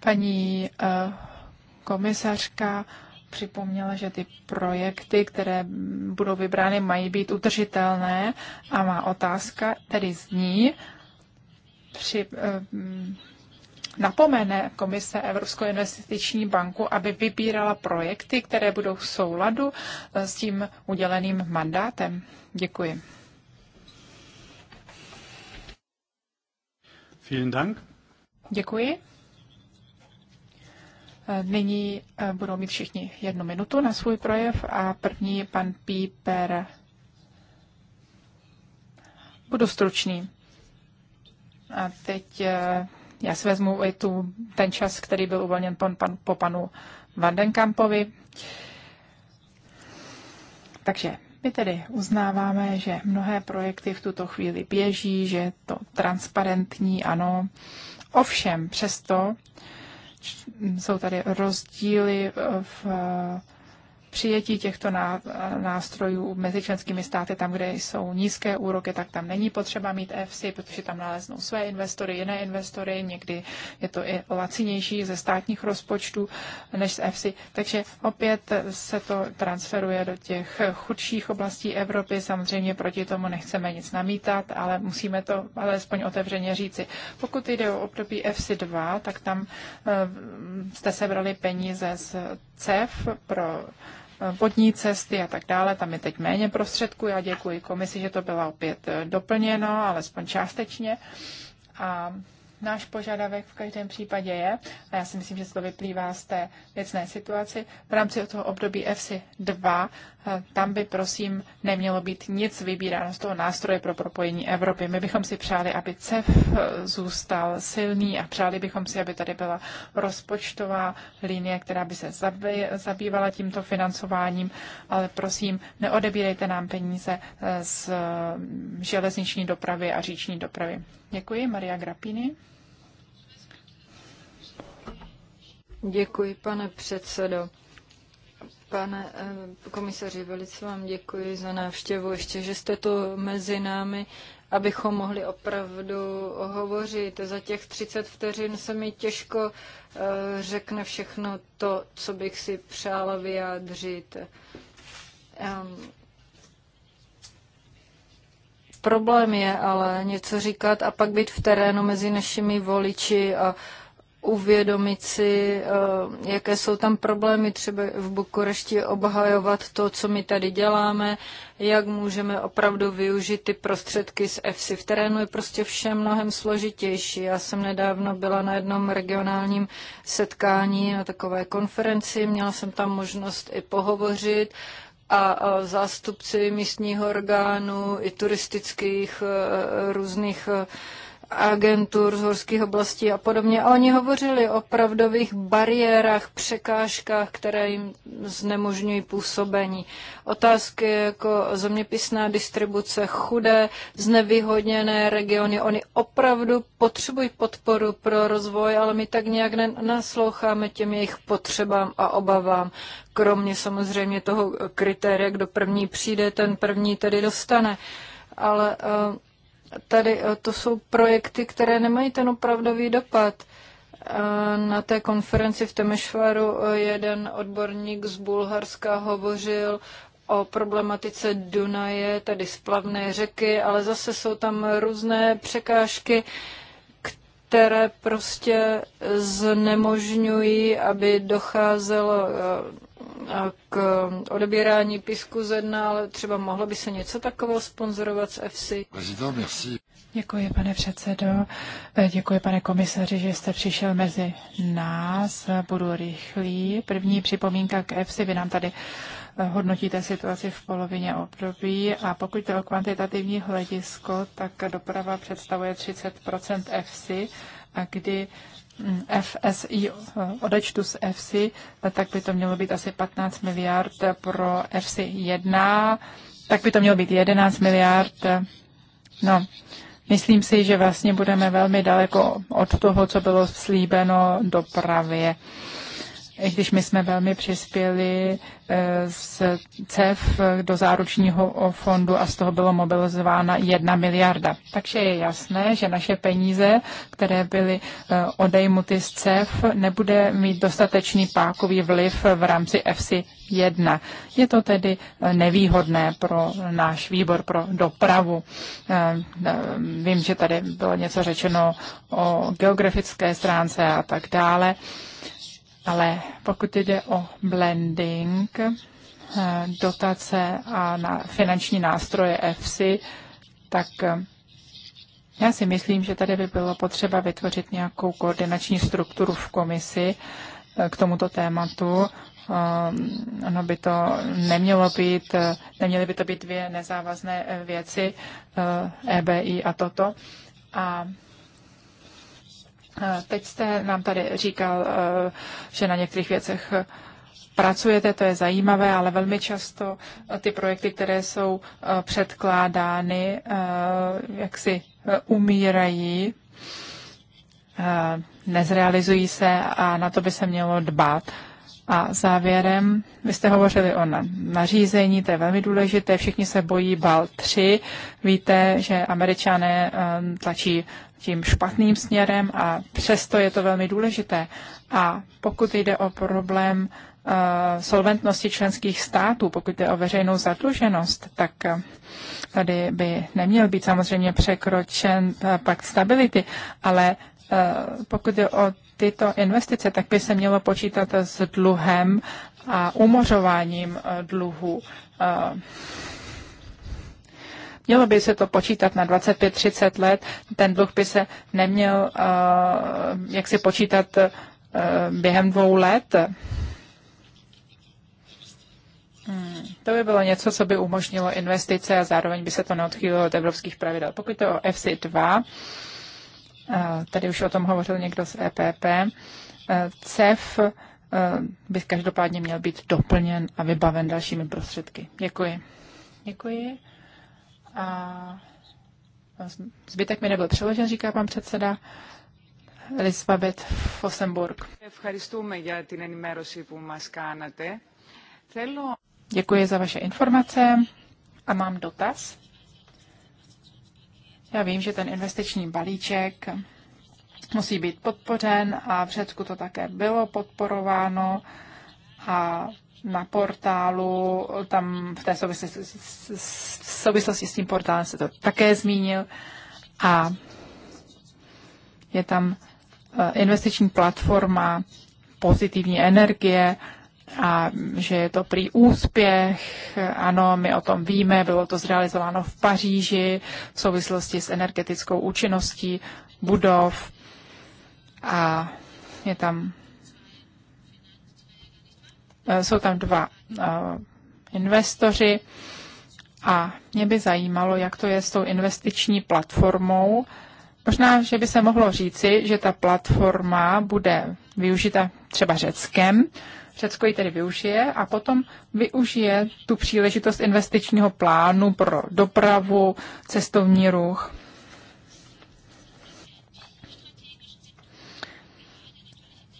Paní uh, komisařka připomněla, že ty projekty, které budou vybrány, mají být udržitelné a má otázka tedy zní, při, eh, napomene Komise Evropskou investiční banku, aby vybírala projekty, které budou v souladu eh, s tím uděleným mandátem. Děkuji. Vielen Dank. Děkuji. Nyní eh, budou mít všichni jednu minutu na svůj projev a první je pan Píper. Budu stručný. A teď eh, já si vezmu i tu, ten čas, který byl uvolněn pan, pan, po panu Vandenkampovi. Takže my tedy uznáváme, že mnohé projekty v tuto chvíli běží, že je to transparentní, ano. Ovšem, přesto jsou tady rozdíly v přijetí těchto nástrojů mezi členskými státy, tam, kde jsou nízké úroky, tak tam není potřeba mít EFSI, protože tam naleznou své investory, jiné investory, někdy je to i lacinější ze státních rozpočtů než z EFSI. Takže opět se to transferuje do těch chudších oblastí Evropy. Samozřejmě proti tomu nechceme nic namítat, ale musíme to alespoň otevřeně říci. Pokud jde o období EFSI 2, tak tam eh, jste sebrali peníze z CEF pro vodní cesty a tak dále, tam je teď méně prostředků. Já děkuji komisi, že to bylo opět eh, doplněno, alespoň částečně. A náš požadavek v každém případě je, a já si myslím, že to vyplývá z té věcné situaci, v rámci toho období FC 2 Eh, tam by prosím nemělo být nic vybíráno z toho nástroje pro propojení Evropy. My bychom si přáli, aby CEF eh, zůstal silný a přáli bychom si, aby tady byla rozpočtová linie, která by se zabývala tímto financováním, ale prosím, neodebírejte nám peníze eh, z mm, železniční dopravy a říční dopravy. Děkuji, Maria Grapini. Děkuji, pane předsedo. Pane eh, komisaři, velice vám děkuji za návštěvu, ještě, že jste to mezi námi, abychom mohli opravdu hovořit. Za těch 30 vteřin se mi těžko eh, řekne všechno to, co bych si přála vyjádřit. Problém je ale něco říkat a pak být v terénu mezi našimi voliči a uvědomit si, eh, jaké jsou tam problémy, třeba v Bukurešti obhajovat to, co my tady děláme, jak můžeme opravdu využít ty prostředky z EFSI. V terénu je prostě vše mnohem složitější. Já jsem nedávno byla na jednom regionálním setkání, na takové konferenci, měla jsem tam možnost i pohovořit a zástupci místního orgánu i turistických eh, různých eh, agentur z horských oblastí a podobně. A oni hovořili o pravdových bariérách, překážkách, které jim znemožňují působení. Otázky jako zeměpisná distribuce, chudé, znevýhodněné regiony, oni opravdu potřebují podporu pro rozvoj, ale my tak nějak nenasloucháme těm jejich potřebám a obavám. Kromě samozřejmě toho kritéria, kdo první přijde, ten první tedy dostane. Ale uh, tady eh, to jsou projekty, které nemají ten opravdový dopad. Eh, na té konferenci v Temešvaru eh, jeden odborník z Bulharska hovořil o problematice Dunaje, tedy splavné řeky, ale zase jsou tam různé překážky, které prostě znemožňují, aby docházelo k odebírání pisku ze dna, ale třeba mohlo by se něco takového sponzorovat z FC. Děkuji, pane předsedo. Děkuji, pane komisaři, že jste přišel mezi nás. Budu rychlý. První připomínka k EFSI. Vy nám tady hodnotíte situaci v polovině období a pokud to o kvantitativní hledisko, tak doprava představuje 30 EFSI a kdy FSI odečtu z FSI, tak by to mělo být asi 15 miliard pro FSI 1, tak by to mělo být 11 miliard. No, myslím si, že vlastně budeme velmi daleko od toho, co bylo slíbeno dopravě i když my jsme velmi přispěli eh, z CEF do záručního fondu a z toho bylo mobilizována jedna miliarda. Takže je jasné, že naše peníze, které byly eh, odejmuty z CEF, nebude mít dostatečný pákový vliv v rámci EFSI 1. Je to tedy eh, nevýhodné pro náš výbor pro dopravu. Vím, že tady bylo něco řečeno o geografické stránce a tak dále. Ale pokud jde o blending, eh, dotace a na finanční nástroje EFSI, tak eh, já si myslím, že tady by bylo potřeba vytvořit nějakou koordinační strukturu v komisi eh, k tomuto tématu. Ono by to nemělo být, neměly by to být dvě nezávazné věci, EBI e a toto. A Teď jste nám tady říkal, eh, že na některých věcech pracujete, to je zajímavé, ale velmi často eh, ty projekty, které jsou eh, předkládány, jak si umírají, nezrealizují se a na to by se mělo dbát. A závěrem, vy jste hovořili o nařízení, to je velmi důležité, všichni se bojí BAL 3. Víte, že američané tlačí tím špatným směrem a přesto je to velmi důležité. A pokud jde o problém uh, solventnosti členských států, pokud jde o veřejnou zadluženost, tak uh, tady by neměl být samozřejmě překročen uh, pakt stability, ale uh, pokud jde o tyto investice, tak by se mělo počítat s dluhem a umořováním uh, dluhu. Uh, Mělo by se to počítat na 25-30 let, ten dluh by se neměl eh, jak si počítat eh, během dvou let. Hmm, to by bylo něco, co by umožnilo investice a zároveň by se to neodchýlilo od evropských pravidel. Pokud to o FC2, eh, tady už o tom hovořil někdo z EPP, CEF by každopádně měl být doplněn a vybaven dalšími prostředky. Děkuji. Děkuji. A zbytek mi nebyl přeložen, říká pan předseda. Elisabeth Fosenburg. Děkuji za vaše informace a mám dotaz. Já vím, že ten investiční balíček musí být podpořen a v Řecku to také bylo podporováno a na portálu, tam v té souvislosti, v souvislosti s tím portálem se to také zmínil a je tam eh, investiční platforma pozitivní energie a že je to prý úspěch. Ano, my o tom víme, bylo to zrealizováno v Paříži v souvislosti s energetickou účinností budov a je tam Eh, jsou tam dva eh, investoři a mě by zajímalo, jak to je s tou investiční platformou. Možná, že by se mohlo říci, že ta platforma bude využita třeba Řeckem, Řecko ji tedy využije a potom využije tu příležitost investičního plánu pro dopravu, cestovní ruch.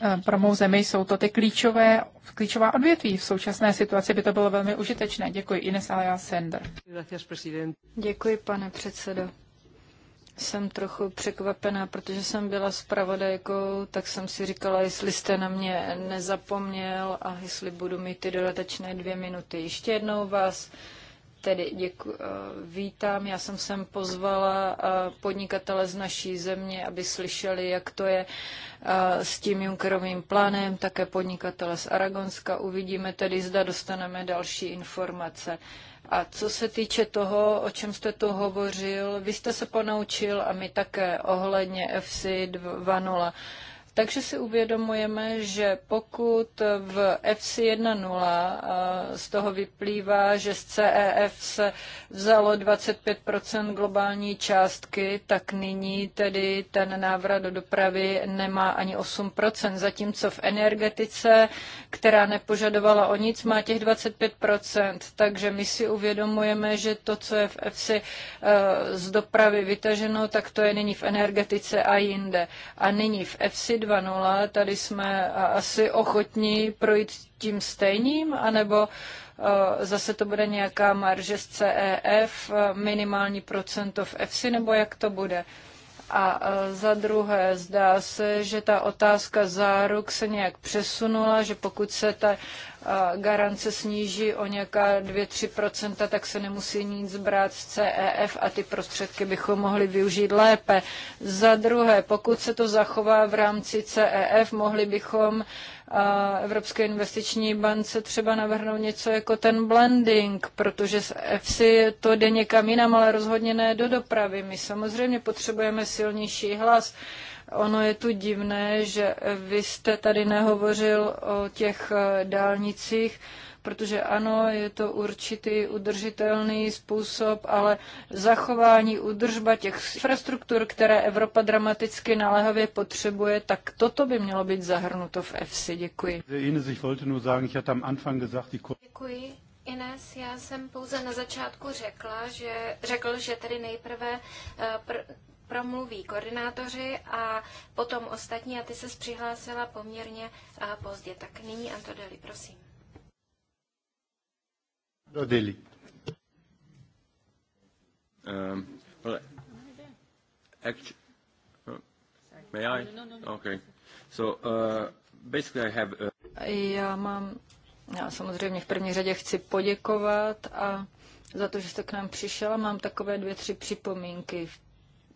Eh, pro mou zemi jsou to ty klíčové klíčová odvětví. V současné situaci by to bylo velmi užitečné. Děkuji Ines Alia Sender. Děkuji, pane předsedo. Jsem trochu překvapená, protože jsem byla zpravodajkou, tak jsem si říkala, jestli jste na mě nezapomněl a jestli budu mít ty dodatečné dvě minuty. Ještě jednou vás tedy děku, eh, vítám. Já jsem sem pozvala eh, podnikatele z naší země, aby slyšeli, jak to je eh, s tím Junckerovým plánem, také podnikatele z Aragonska. Uvidíme tedy, zda dostaneme další informace. A co se týče toho, o čem jste tu hovořil, vy jste se ponaučil a my také ohledně FC 2.0. Takže si uvědomujeme, že pokud v FC 1.0 z toho vyplývá, že z CEF se vzalo 25 globální částky, tak nyní tedy ten návrat do dopravy nemá ani 8 zatímco v energetice, která nepožadovala o nic, má těch 25 Takže my si uvědomujeme, že to, co je v FC e, z dopravy vytaženo, tak to je nyní v energetice a jinde. A nyní v FC 2.0 2.0, tady jsme asi ochotní projít tím stejným, anebo uh, zase to bude nějaká marže z CEF, minimální procento v EFSI, nebo jak to bude? A uh, za druhé, zdá se, že ta otázka záruk se nějak přesunula, že pokud se ta garance sníží o nějaká 2-3%, tak se nemusí nic brát z CEF a ty prostředky bychom mohli využít lépe. Za druhé, pokud se to zachová v rámci CEF, mohli bychom Evropské investiční bance třeba navrhnout něco jako ten blending, protože z EFSI to jde někam jinam, ale rozhodně ne do dopravy. My samozřejmě potřebujeme silnější hlas Ono je tu divné, že vy jste tady nehovořil o těch eh, dálnicích, protože ano, je to určitý udržitelný způsob, ale zachování, udržba těch infrastruktur, které Evropa dramaticky naléhavě potřebuje, tak toto by mělo být zahrnuto v EFSI. Děkuji. Děkuji. Ines, já jsem pouze na začátku řekla, že, řekl, že tady nejprve eh, pr- promluví koordinátoři a potom ostatní a ty se přihlásila poměrně eh, pozdě. Tak nyní Antodeli, prosím. Dodeli. Um, well, actually, uh, may I? No, no, no. Okay. So uh, basically I have. Uh... Já mám, já samozřejmě v první řadě chci poděkovat a za to, že jste k nám přišel mám takové dvě, tři připomínky. V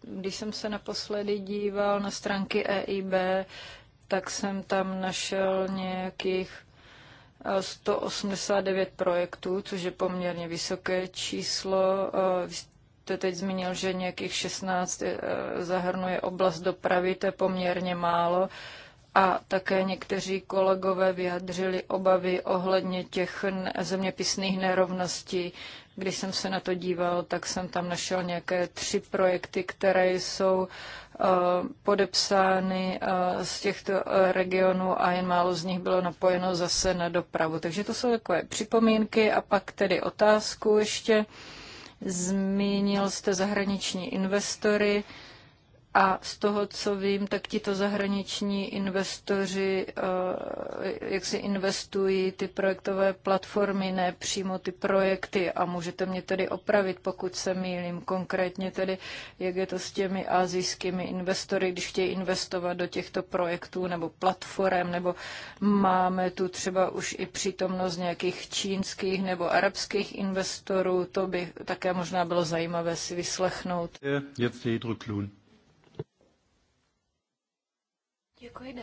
když jsem se naposledy díval na stránky EIB, tak jsem tam našel nějakých 189 eh, projektů, což je poměrně vysoké číslo. Eh, vy jste teď zmínil, že nějakých 16 eh, zahrnuje oblast dopravy, to je poměrně málo. A také někteří kolegové vyjadřili obavy ohledně těch zeměpisných nerovností. Když jsem se na to díval, tak jsem tam našel nějaké tři projekty, které jsou uh, podepsány uh, z těchto uh, regionů a jen málo z nich bylo napojeno zase na dopravu. Takže to jsou takové připomínky a pak tedy otázku ještě. Zmínil jste zahraniční investory. A z toho, co vím, tak ti to zahraniční investoři, eh, jak si investují ty projektové platformy, ne přímo ty projekty. A můžete mě tedy opravit, pokud se mýlím. Konkrétně tedy, jak je to s těmi azijskými investory, když chtějí investovat do těchto projektů nebo platform, nebo máme tu třeba už i přítomnost nějakých čínských nebo arabských investorů. To by také možná bylo zajímavé si vyslechnout. Je, je Děkuji,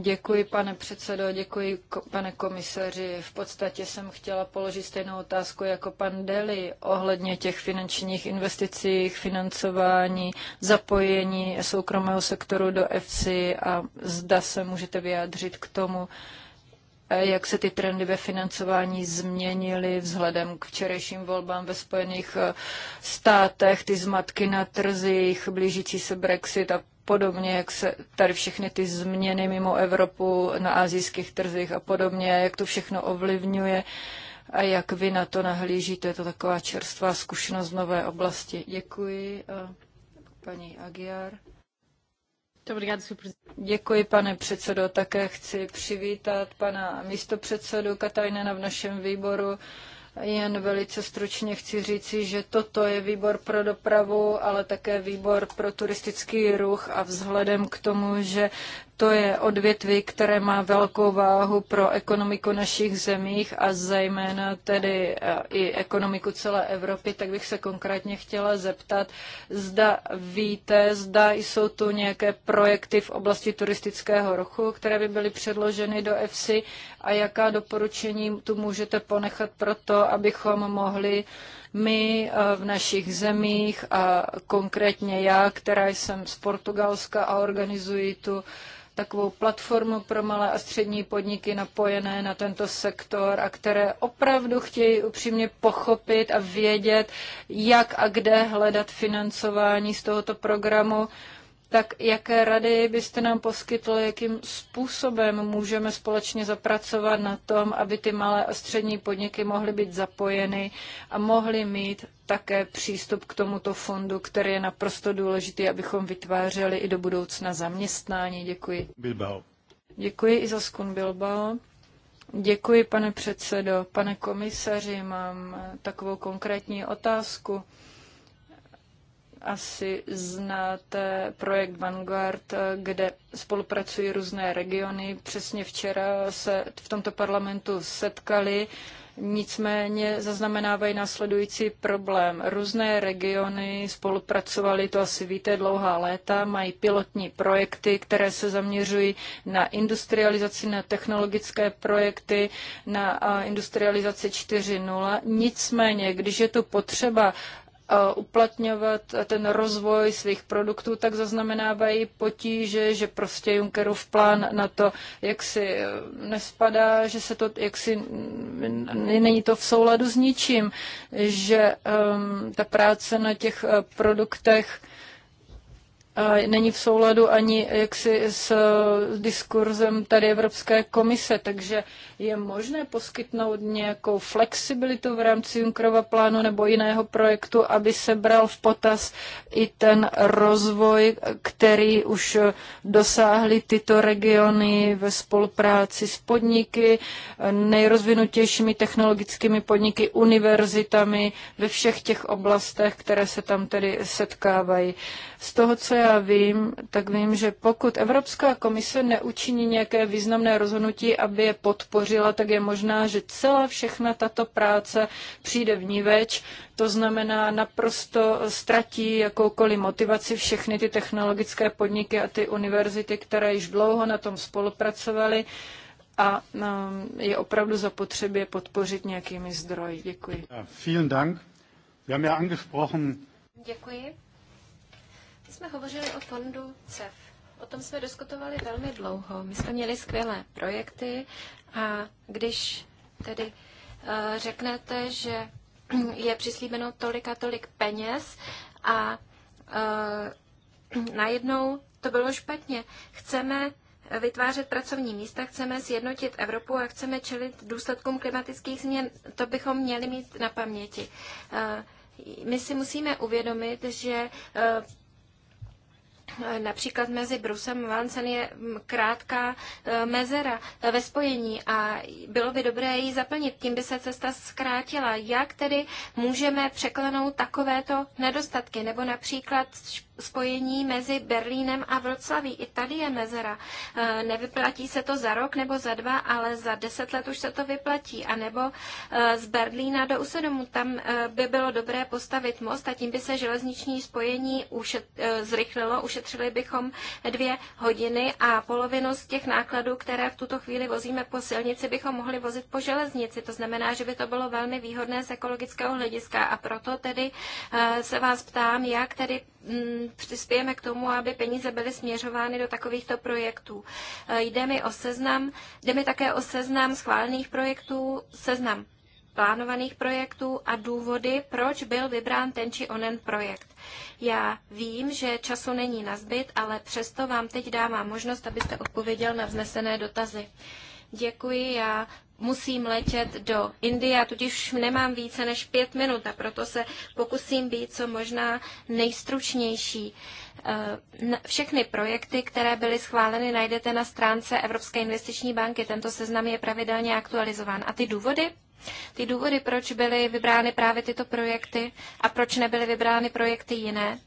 Děkuji, pane předsedo, děkuji, pane komisaři. V podstatě jsem chtěla položit stejnou otázku jako pan Deli ohledně těch finančních investicích, financování, zapojení soukromého sektoru do EFSI a zda se můžete vyjádřit k tomu, eh, jak se ty trendy ve financování změnily vzhledem k včerejším volbám ve Spojených eh, státech, ty zmatky na trzích, blížící se Brexit a podobně, jak se tady všechny ty změny mimo Evropu na azijských trzích a podobně, jak to všechno ovlivňuje a jak vy na to nahlížíte. Je to taková čerstvá zkušenost z nové oblasti. Děkuji, paní Agiar. Děkuji, pane předsedo. Také chci přivítat pana místopředsedu Katajnena v našem výboru. Jen velice stručně chci říci, že toto je výbor pro dopravu, ale také výbor pro turistický ruch a vzhledem k tomu, že to je odvětví, které má velkou váhu pro ekonomiku našich zemích a zejména tedy eh, i ekonomiku celé Evropy, tak bych se konkrétně chtěla zeptat, zda víte, zda jsou tu nějaké projekty v oblasti turistického ruchu, které by byly předloženy do EFSI a jaká doporučení tu můžete ponechat pro to, abychom mohli my eh, v našich zemích a konkrétně já, která jsem z Portugalska a organizuji tu takovou platformu pro malé a střední podniky napojené na tento sektor a které opravdu chtějí upřímně pochopit a vědět, jak a kde hledat financování z tohoto programu tak jaké rady byste nám poskytli, jakým způsobem můžeme společně zapracovat na tom, aby ty malé a střední podniky mohly být zapojeny a mohly mít také přístup k tomuto fondu, který je naprosto důležitý, abychom vytvářeli i do budoucna zaměstnání. Děkuji. Bilbao. Děkuji i za skun Bilbao. Děkuji, pane předsedo. Pane komisaři, mám takovou konkrétní otázku asi znáte projekt Vanguard, kde spolupracují různé regiony. Přesně včera se v tomto parlamentu setkali. Nicméně zaznamenávají následující problém. Různé regiony spolupracovaly, to asi víte, dlouhá léta, mají pilotní projekty, které se zaměřují na industrializaci, na technologické projekty, na industrializaci 4.0. Nicméně, když je tu potřeba uplatňovat ten rozvoj svých produktů, tak zaznamenávají potíže, že prostě Junckerův plán na to, jak si eh, nespadá, že se to, jak si není to v souladu s ničím, že um, ta práce na těch eh, produktech není v souladu ani jaksi eh, s diskurzem tady Evropské komise, takže je možné poskytnout nějakou flexibilitu v rámci Junckerova plánu nebo jiného projektu, aby se bral v potaz i ten rozvoj, který už dosáhly tyto regiony ve spolupráci s podniky, nejrozvinutějšími technologickými podniky, univerzitami ve všech těch oblastech, které se tam tedy setkávají. Z toho, co já vím, tak vím, že pokud Evropská komise neučiní nějaké významné rozhodnutí, aby je podpořila, tak je možná, že celá všechna tato práce přijde v ní več. To znamená, naprosto ztratí jakoukoliv motivaci všechny ty technologické podniky a ty univerzity, které již dlouho na tom spolupracovaly a um, je opravdu zapotřebí podpořit nějakými zdroji. Děkuji. Vielen Dank. Wir haben ja angesprochen. Děkuji jsme hovořili o fondu CEF. O tom jsme diskutovali velmi dlouho. My jsme měli skvělé projekty a když tedy eh, řeknete, že (clears throat) je přislíbeno tolik a tolik peněz a eh, (clears throat) najednou to bylo špatně. Chceme vytvářet pracovní místa, chceme sjednotit Evropu a chceme čelit důsledkům klimatických změn. To bychom měli mít na paměti. Eh, my si musíme uvědomit, že Například mezi Brusem a Vancen je mm, krátká e, mezera e, ve spojení a bylo by dobré ji zaplnit, tím by se cesta zkrátila. Jak tedy můžeme překlenout takovéto nedostatky? Nebo například spojení mezi Berlínem a Vroclaví. I tady je mezera. E, nevyplatí se to za rok nebo za dva, ale za deset let už se to vyplatí. A nebo z Berlína do Usedomu. Tam by bylo dobré postavit most a tím by se železniční spojení ušet, zrychlilo, ušetřilo ušetřili bychom dvě hodiny a polovinu z těch nákladů, které v tuto chvíli vozíme po silnici, bychom mohli vozit po železnici. To znamená, že by to bylo velmi výhodné z ekologického hlediska a proto tedy eh, se vás ptám, jak tedy mm, přispějeme k tomu, aby peníze byly směřovány do takovýchto projektů. Eh, jde mi o seznam, jde mi také o seznam schválených projektů, seznam plánovaných projektů a důvody, proč byl vybrán ten či onen projekt. Já vím, že času není na zbyt, ale přesto vám teď dávám možnost, abyste odpověděl na vznesené dotazy. Děkuji, já musím letět do Indie a tudíž nemám více než pět minut a proto se pokusím být co možná nejstručnější. Eh, všechny projekty, které byly schváleny, najdete na stránce Evropské investiční banky. Tento seznam je pravidelně aktualizován. A ty důvody? Ty důvody, proč byly vybrány právě tyto projekty a proč nebyly vybrány projekty jiné,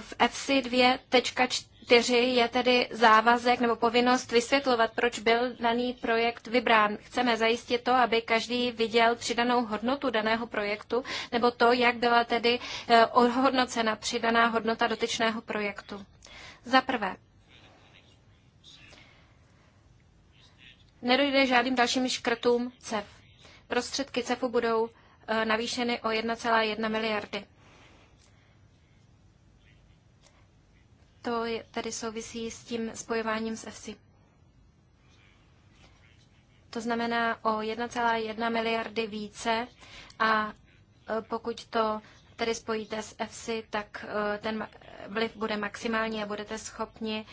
v FC 2.4 je tedy závazek nebo povinnost vysvětlovat, proč byl daný projekt vybrán. Chceme zajistit to, aby každý viděl přidanou hodnotu daného projektu nebo to, jak byla tedy eh, ohodnocena přidaná hodnota dotyčného projektu. Za prvé, nedojde žádným dalším škrtům CEF. Prostředky CEFu budou eh, navýšeny o 1,1 miliardy. To tedy souvisí s tím spojováním s EFSI. To znamená o 1,1 miliardy více a eh, pokud to tedy spojíte s EFSI, tak eh, ten vliv bude maximální a budete schopni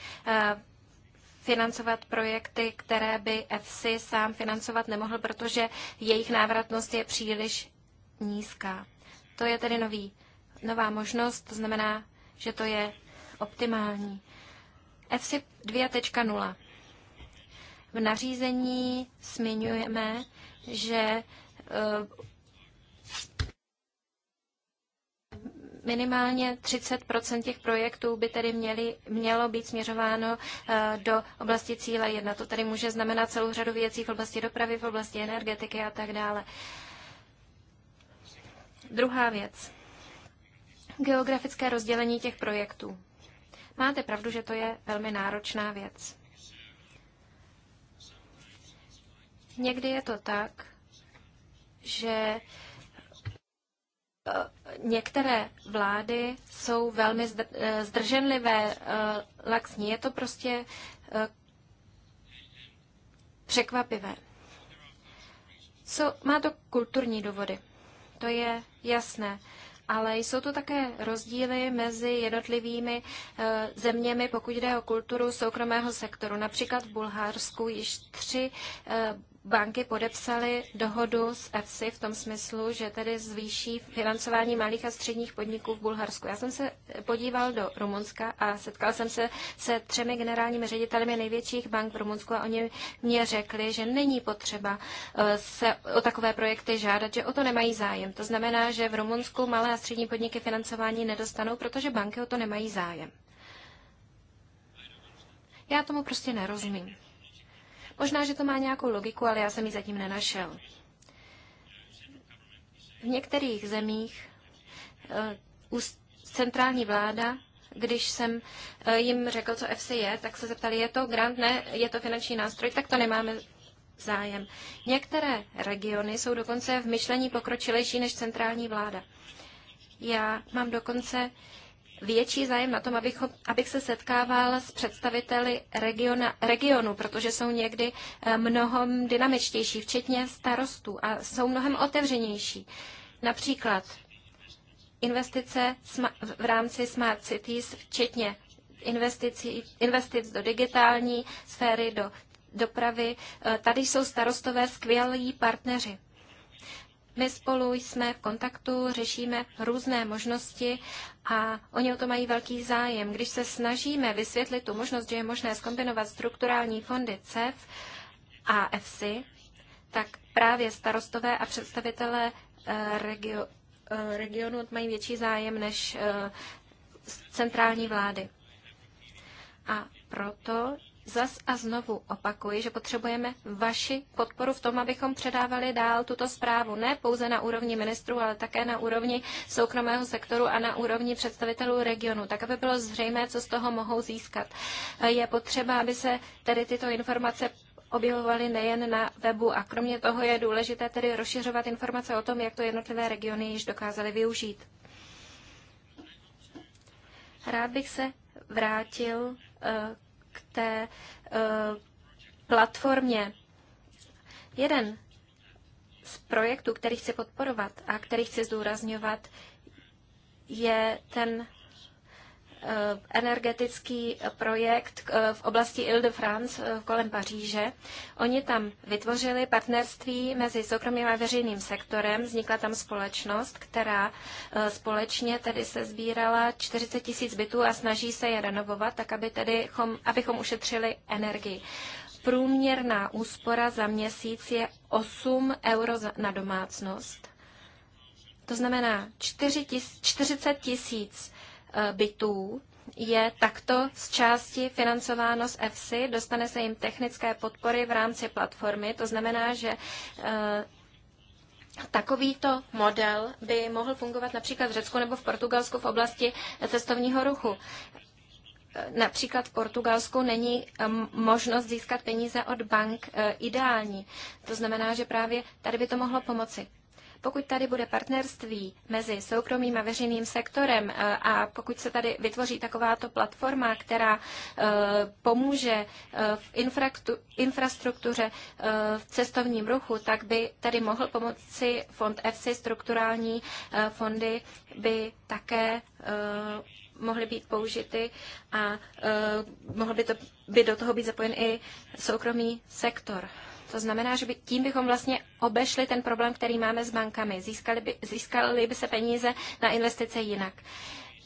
financovat projekty, které by EFSI sám financovat nemohl, protože jejich návratnost je příliš nízká. To je tedy nový, nová možnost, to znamená, že to je optimální. EFSI 2.0. V nařízení zmiňujeme, že eh, Minimálně 30 těch projektů by tedy měli, mělo být směřováno eh, do oblasti cíle 1. To tedy může znamenat celou řadu věcí v oblasti dopravy, v oblasti energetiky a tak dále. Druhá věc. Geografické rozdělení těch projektů. Máte pravdu, že to je velmi náročná věc. Někdy je to tak, že některé vlády jsou velmi eh, zdrženlivé, eh, laxní. Je to prostě eh, překvapivé. Co, má to kulturní důvody, to je jasné, ale jsou to také rozdíly mezi jednotlivými zeměmi, pokud jde o kulturu soukromého sektoru. Například v Bulharsku již tři banky podepsaly dohodu s EFSI v tom smyslu, že tedy zvýší financování malých a středních podniků v Bulharsku. Já jsem se podíval do Rumunska a setkal jsem se se třemi generálními řediteli největších bank v Rumunsku a oni mě řekli, že není potřeba eh, se o takové projekty žádat, že o to nemají zájem. To znamená, že v Rumunsku malé a střední podniky financování nedostanou, protože banky o to nemají zájem. Já tomu prostě nerozumím. Možná, že to má nějakou logiku, ale já jsem ji zatím nenašel. V některých zemích eh, centrální vláda když jsem eh, jim řekl, co FC je, tak se zeptali, je to grant, ne, je to finanční nástroj, tak to nemáme zájem. Některé regiony jsou dokonce v myšlení pokročilejší než centrální vláda. Já mám dokonce větší zájem na tom, abych, abych se setkával s představiteli regiona, regionu, protože jsou někdy eh, mnohem dynamičtější, včetně starostů a jsou mnohem otevřenější. Například investice v rámci Smart Cities, včetně investicí, investic do digitální sféry, do dopravy. Eh, tady jsou starostové skvělí partneři. My spolu jsme v kontaktu, řešíme různé možnosti a oni o to mají velký zájem. Když se snažíme vysvětlit tu možnost, že je možné skombinovat strukturální fondy CEF a EFSI, tak právě starostové a představitelé eh, regio, eh, regionu mají větší zájem než eh, centrální vlády. A proto Zas a znovu opakuji, že potřebujeme vaši podporu v tom, abychom předávali dál tuto zprávu ne pouze na úrovni ministrů, ale také na úrovni soukromého sektoru a na úrovni představitelů regionu, tak aby bylo zřejmé, co z toho mohou získat. Je potřeba, aby se tedy tyto informace objevovaly nejen na webu a kromě toho je důležité tedy rozšiřovat informace o tom, jak to jednotlivé regiony již dokázaly využít. Rád bych se vrátil eh, té eh, platformě. Jeden z projektů, který chci podporovat a který chci zdůrazňovat, je ten Eh, energetický projekt eh, v oblasti Ile-de-France eh, kolem Paříže. Oni tam vytvořili partnerství mezi soukromým a veřejným sektorem. Vznikla tam společnost, která společně tedy se sbírala 40 tisíc bytů a snaží se je renovovat, tak aby tedy, abychom ušetřili energii. Průměrná úspora za měsíc je 8 euro na domácnost. To znamená 40 tisíc Eh, bytů je takto z části financováno z EFSI, dostane se jim technické podpory v rámci platformy, to znamená, že eh, Takovýto model by mohl fungovat například v Řecku nebo v Portugalsku v oblasti cestovního ruchu. Eh, například v Portugalsku není možnost získat peníze od bank ideální. To znamená, že právě tady by to mohlo pomoci. Pokud tady bude partnerství mezi soukromým a veřejným sektorem eh, a pokud se tady vytvoří takováto platforma, která eh, pomůže eh, v infrastruktuře v cestovním ruchu, tak by tady mohl pomoci fond EFSI, strukturální fondy by také mohly být použity a mohl by, to, by do toho být zapojen i soukromý sektor. To znamená, že by, tím bychom vlastně obešli ten problém, který máme s bankami. Získali by, získali by se peníze na investice jinak.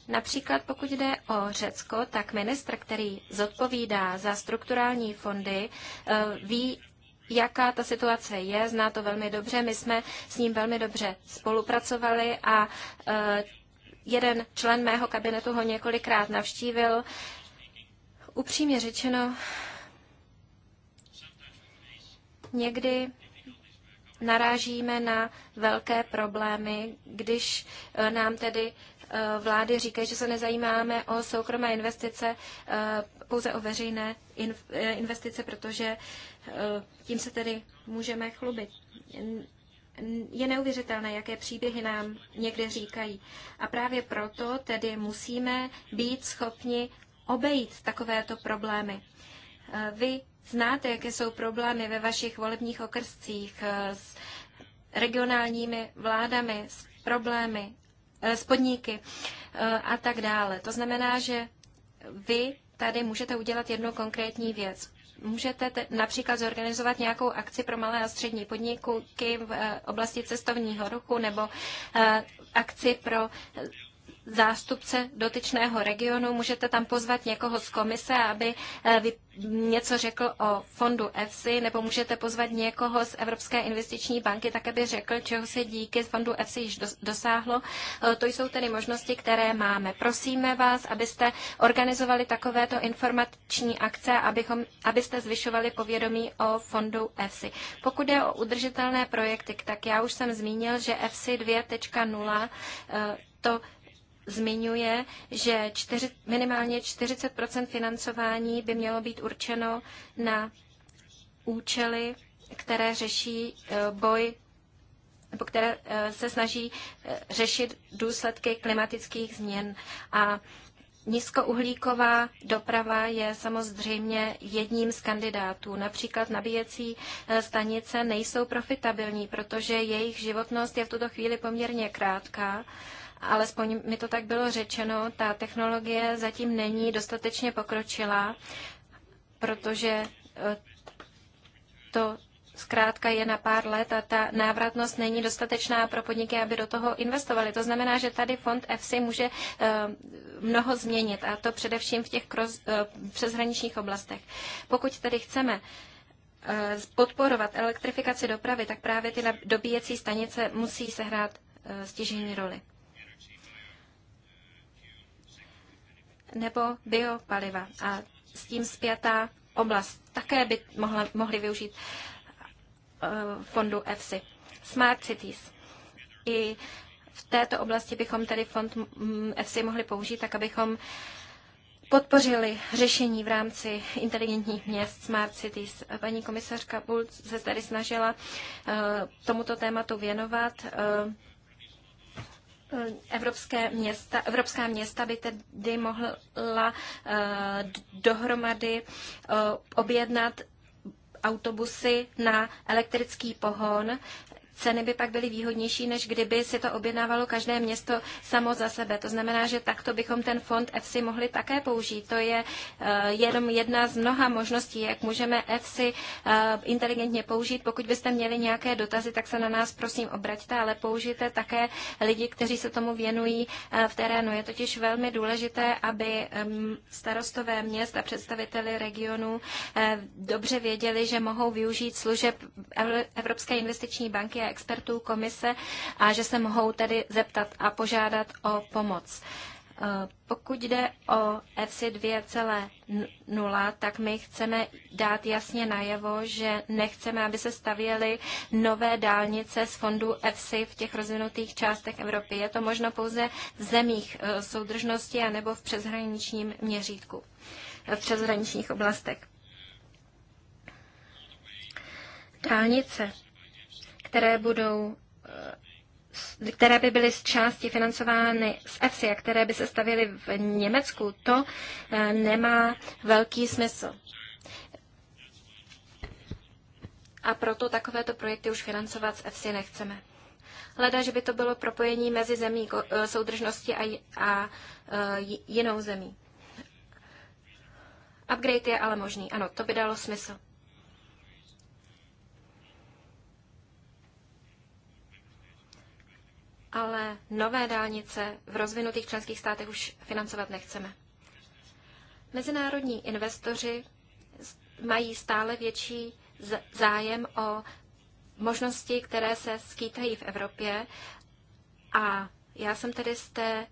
Například pokud jde o Řecko, tak ministr, který zodpovídá za strukturální fondy, eh, ví, jaká ta situace je, zná to velmi dobře. My jsme s ním velmi dobře spolupracovali a eh, jeden člen mého kabinetu ho několikrát navštívil. Upřímně řečeno, někdy narážíme na velké problémy, když eh, nám tedy eh, vlády říkají, že se nezajímáme o soukromé investice, eh, pouze o veřejné investice, protože tím se tedy můžeme chlubit. Je neuvěřitelné, jaké příběhy nám někde říkají. A právě proto tedy musíme být schopni obejít takovéto problémy. Eh, vy znáte, jaké jsou problémy ve vašich volebních okrscích eh, s regionálními vládami, s problémy, eh, s podniky a tak dále. To znamená, že vy tady můžete udělat jednu konkrétní věc. Můžete te, například zorganizovat nějakou akci pro malé a střední podniky v oblasti cestovního ruchu nebo akci pro zástupce dotyčného regionu, můžete tam pozvat někoho z komise, aby eh, něco řekl o fondu EFSI, nebo můžete pozvat někoho z Evropské investiční banky, tak aby řekl, čeho se díky fondu EFSI již dosáhlo. Eh, to jsou tedy možnosti, které máme. Prosíme vás, abyste organizovali takovéto informační akce, abychom, abyste zvyšovali povědomí o fondu EFSI. Pokud je o udržitelné projekty, tak já už jsem zmínil, že EFSI 2.0 eh, to zmiňuje, že čtyři, minimálně 40 financování by mělo být určeno na účely, které řeší eh, boj nebo které eh, se snaží eh, řešit důsledky klimatických změn. A Nízkouhlíková doprava je samozřejmě jedním z kandidátů. Například nabíjecí stanice nejsou profitabilní, protože jejich životnost je v tuto chvíli poměrně krátká alespoň mi to tak bylo řečeno, ta technologie zatím není dostatečně pokročila, protože e, to zkrátka je na pár let a ta návratnost není dostatečná pro podniky, aby do toho investovali. To znamená, že tady fond EFSI může e, mnoho změnit a to především v těch e, přeshraničních oblastech. Pokud tedy chceme podporovat elektrifikaci dopravy, tak právě ty dobíjecí stanice musí sehrát stěžení roli. nebo biopaliva a s tím zpětá oblast. Také by mohla, mohli využít e, fondu EFSI. Smart Cities. I v této oblasti bychom tedy fond mm, EFSI mohli použít tak, abychom podpořili řešení v rámci inteligentních měst Smart Cities. Paní komisařka Bulc se tady snažila e, tomuto tématu věnovat. E, Evropské města, evropská města by tedy mohla eh, dohromady eh, objednat autobusy na elektrický pohon Ceny by pak byly výhodnější, než kdyby si to objednávalo každé město samo za sebe. To znamená, že takto bychom ten fond EFSI mohli také použít. To je eh, jenom jedna z mnoha možností, jak můžeme EFSI eh, inteligentně použít. Pokud byste měli nějaké dotazy, tak se na nás prosím obraťte, ale použijte také lidi, kteří se tomu věnují eh, v terénu. Je totiž velmi důležité, aby starostové měst a představiteli regionů dobře věděli, že mohou využít služeb Evropské investiční banky a expertů komise a že se mohou tedy zeptat a požádat o pomoc. Eh, pokud jde o EFSI 2.0, tak my chceme dát jasně najevo, že nechceme, aby se stavěly nové dálnice z fondu EFSI v těch rozvinutých částech Evropy. Je to možno pouze v zemích eh, soudržnosti anebo v přeshraničním měřítku, eh, v přeshraničních oblastech. Dálnice které budou eh, které by byly z části financovány z EFSI a které by se stavily v Německu, to eh, nemá velký smysl. A proto takovéto projekty už financovat z EFSI nechceme. Hleda, že by to bylo propojení mezi zemí eh, soudržnosti a, a jinou zemí. Upgrade je ale možný, ano, to by dalo smysl. ale nové dálnice v rozvinutých členských státech už financovat nechceme. Mezinárodní investoři mají stále větší zájem o možnosti, které se skýtají v Evropě. A já jsem tedy z té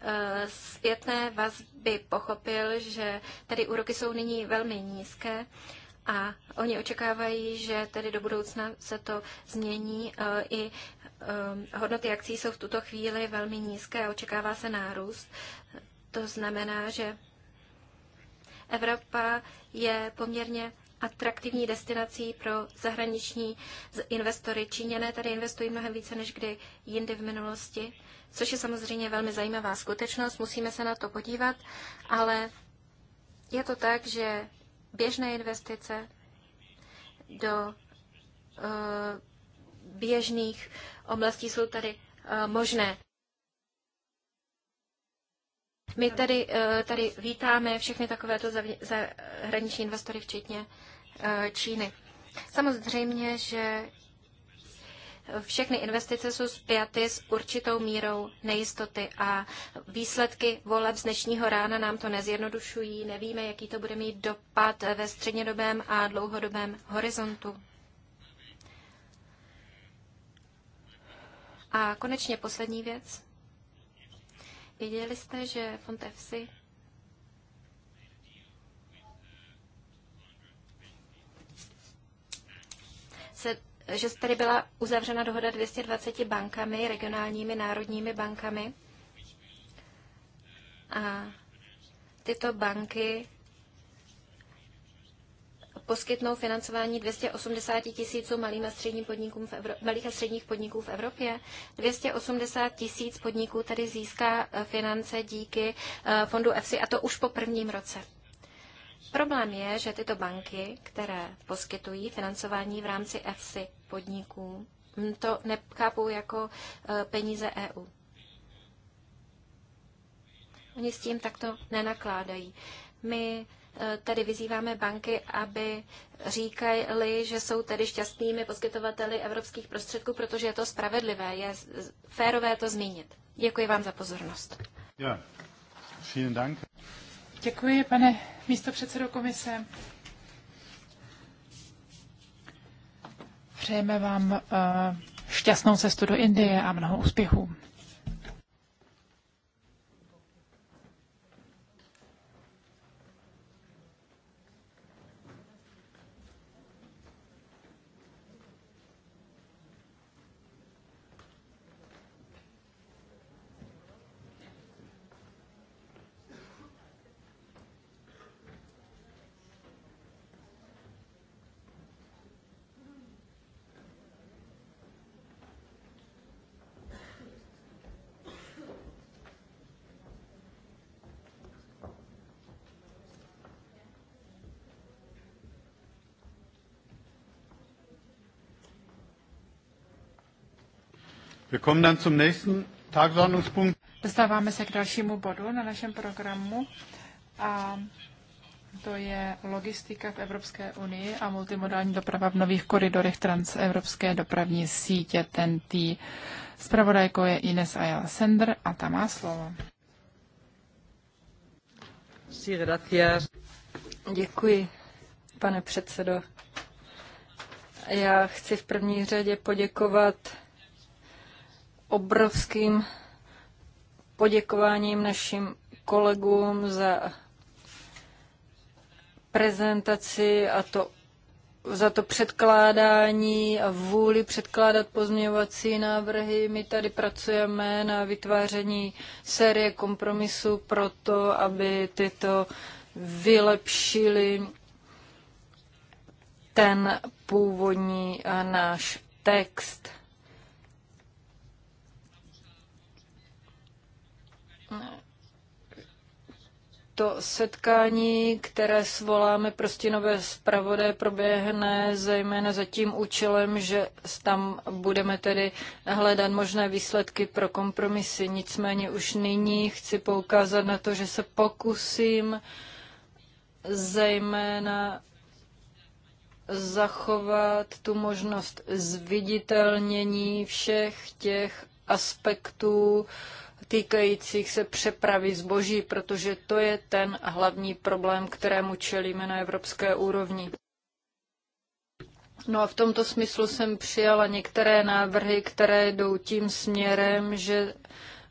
eh, zpětné vazby pochopil, že tady úroky jsou nyní velmi nízké a oni očekávají, že tedy do budoucna se to změní. E, I e, hodnoty akcí jsou v tuto chvíli velmi nízké a očekává se nárůst. To znamená, že Evropa je poměrně atraktivní destinací pro zahraniční investory. Číněné tady investují mnohem více než kdy jindy v minulosti, což je samozřejmě velmi zajímavá skutečnost, musíme se na to podívat, ale je to tak, že běžné investice do eh, běžných oblastí jsou tady eh, možné. My tady, eh, tady vítáme všechny takovéto zahraniční investory, včetně Číny. Samozřejmě, že všechny investice jsou spjaty s určitou mírou nejistoty a výsledky voleb z dnešního rána nám to nezjednodušují. Nevíme, jaký to bude mít dopad ve střednědobém a dlouhodobém horizontu. A konečně poslední věc. Věděli jste, že fond EFSI že tady byla uzavřena dohoda 220 bankami, regionálními národními bankami. A tyto banky poskytnou financování 280 tisíců malým a středním podnikům v Evro- malých a středních podniků v Evropě. 280 tisíc podniků tady získá eh, finance díky eh, fondu EFSI a to už po prvním roce. Problém je, že tyto banky, které poskytují financování v rámci EFSI podniků, mm, to nechápou jako e, peníze EU. Oni s tím takto nenakládají. My e, tady vyzýváme banky, aby říkali, že jsou tedy šťastnými poskytovateli evropských prostředků, protože je to spravedlivé, je férové to zmínit. Děkuji vám za pozornost. Ja, vielen Dank. Děkuji, pane místo komise. Přejeme vám eh, šťastnou cestu do Indie a mnoho úspěchů. Dostáváme se k dalšímu bodu na našem programu a to je logistika v Evropské unii a multimodální doprava v nových koridorech transevropské dopravní sítě TNT. Spravodajkou je Ines Ayala Sender a ta má slovo. Děkuji, pane předsedo. Já chci v první řadě poděkovat obrovským poděkováním našim kolegům za prezentaci a to za to předkládání a vůli předkládat pozměňovací návrhy. My tady pracujeme na vytváření série kompromisů pro to, aby tyto vylepšili ten původní náš text. to setkání, které svoláme prostě nové zpravodé, proběhne zejména za tím účelem, že tam budeme tedy hledat možné výsledky pro kompromisy. Nicméně už nyní chci poukázat na to, že se pokusím zejména zachovat tu možnost zviditelnění všech těch aspektů, týkajících se přepravy zboží, protože to je ten hlavní problém, kterému čelíme na evropské úrovni. No a v tomto smyslu jsem přijala některé návrhy, které jdou tím směrem, že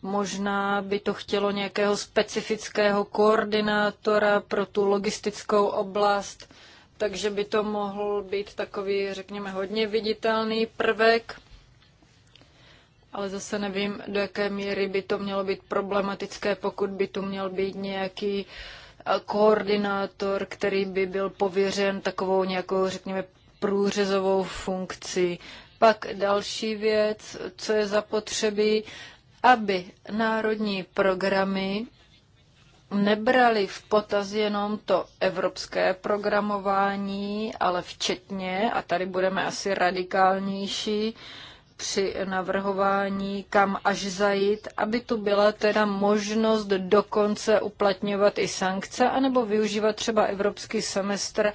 možná by to chtělo nějakého specifického koordinátora pro tu logistickou oblast, takže by to mohl být takový, řekněme, hodně viditelný prvek ale zase nevím, do jaké míry by to mělo být problematické, pokud by tu měl být nějaký eh, koordinátor, který by byl pověřen takovou nějakou, řekněme, průřezovou funkcí. Pak další věc, co je zapotřebí, aby národní programy nebrali v potaz jenom to evropské programování, ale včetně, a tady budeme asi radikálnější, při navrhování, kam až zajít, aby tu byla teda možnost dokonce uplatňovat i sankce, anebo využívat třeba evropský semestr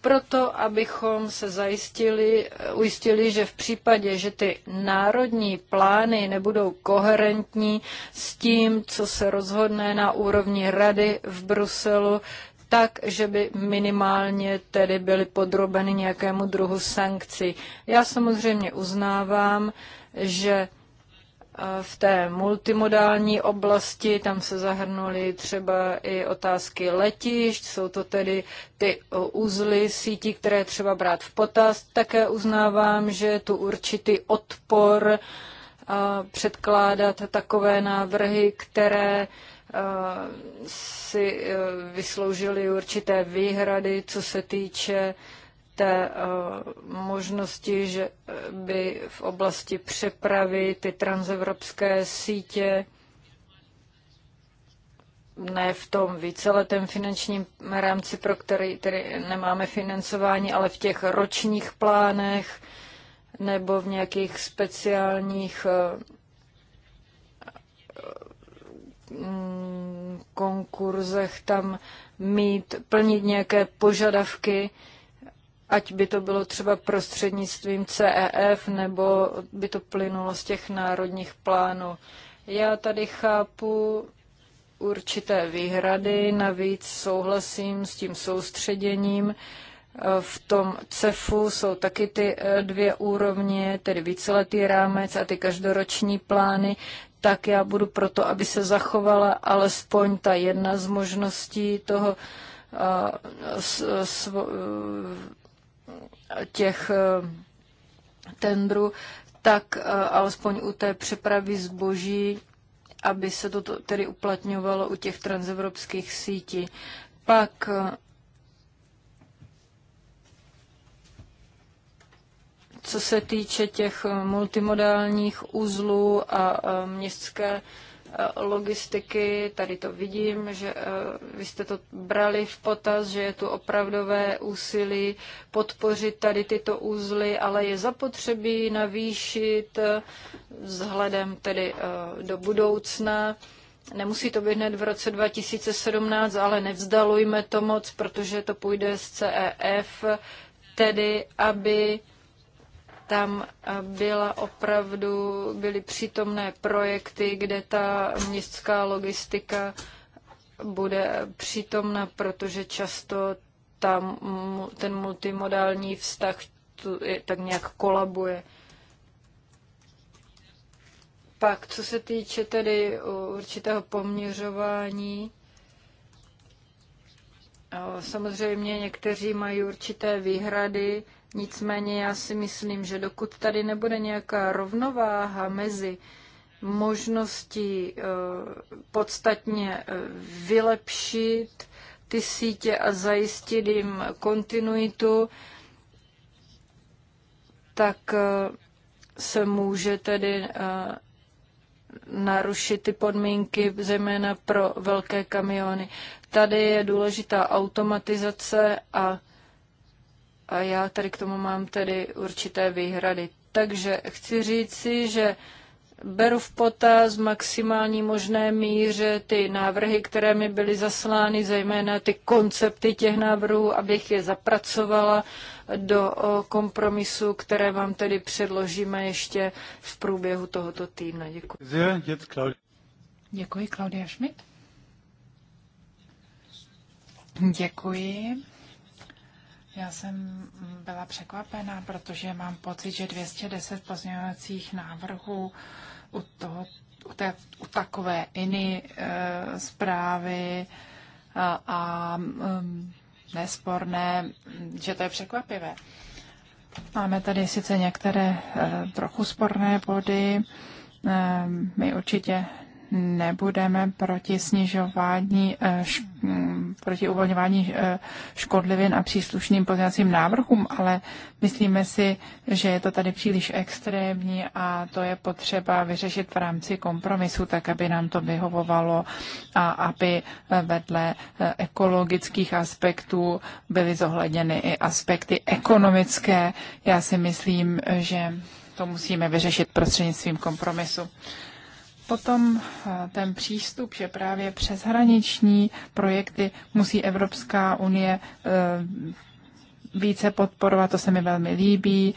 proto, abychom se zajistili, ujistili, že v případě, že ty národní plány nebudou koherentní s tím, co se rozhodne na úrovni rady v Bruselu, tak, že by minimálně tedy byly podrobeny nějakému druhu sankcí. Já samozřejmě uznávám, že eh, v té multimodální oblasti, tam se zahrnuly třeba i otázky letišť, jsou to tedy ty eh, uzly sítí, které třeba brát v potaz. Také uznávám, že je tu určitý odpor eh, předkládat takové návrhy, které uh, Eh, si eh, vysloužili určité výhrady, co se týče té eh, možnosti, že by v oblasti přepravy ty transevropské sítě ne v tom víceletém finančním rámci, pro který tedy nemáme financování, ale v těch ročních plánech nebo v nějakých speciálních Mm, konkurzech tam mít, plnit nějaké požadavky, ať by to bylo třeba prostřednictvím CEF, nebo by to plynulo z těch národních plánů. Já tady chápu určité výhrady, navíc souhlasím s tím soustředěním. Eh, v tom CEFu jsou taky ty eh, dvě úrovně, tedy víceletý rámec a ty každoroční plány tak já budu proto, aby se zachovala alespoň ta jedna z možností toho a, s, s, e, těch e, tendru, tak e, alespoň u té přepravy zboží, aby se to tedy uplatňovalo u těch transevropských sítí. Pak co se týče těch eh, multimodálních uzlů a eh, městské eh, logistiky, tady to vidím, že vy jste to brali v potaz, že je tu opravdové úsilí podpořit tady tyto úzly, ale je zapotřebí navýšit vzhledem tedy do budoucna. Nemusí to být hned v roce 2017, ale nevzdalujme to moc, protože to půjde z CEF, tedy aby tam eh, byla opravdu, byly přítomné projekty, kde ta městská logistika bude přítomna, protože často tam ten multimodální vztah tu, je, eh, tak nějak kolabuje. Pak, co se týče tedy určitého poměřování, eh, samozřejmě někteří mají určité výhrady, Nicméně já si myslím, že dokud tady nebude nějaká rovnováha mezi možností eh, podstatně eh, vylepšit ty sítě a zajistit jim kontinuitu, tak eh, se může tedy narušit ty podmínky, zejména pro velké kamiony. Tady je důležitá automatizace a a já tady k tomu mám tedy určité výhrady. Takže chci říci, že beru v potaz maximální možné míře ty návrhy, které mi byly zaslány, zejména ty koncepty těch návrhů, abych je zapracovala do kompromisu, které vám tedy předložíme ještě v průběhu tohoto týdne. Děkuji. Děkuji, Klaudia Schmidt. Děkuji. Já jsem byla překvapená, protože mám pocit, že 210 pozměňovacích návrhů u, toho, u, té, u takové jiné e, eh, zprávy a, a e, nesporné, že to je překvapivé. Máme tady sice některé e, trochu sporné body, e, my určitě nebudeme proti snižování, eh, š, mm, proti uvolňování eh, škodlivin a příslušným pozměňovacím návrhům, ale myslíme si, že je to tady příliš extrémní a to je potřeba vyřešit v rámci kompromisu, tak aby nám to vyhovovalo a aby eh, vedle ekologických aspektů byly zohledněny i aspekty ekonomické. Já si myslím, že to musíme vyřešit prostřednictvím kompromisu. Potom eh, ten přístup, že právě přeshraniční projekty musí Evropská unie eh, více podporovat, to se mi velmi líbí.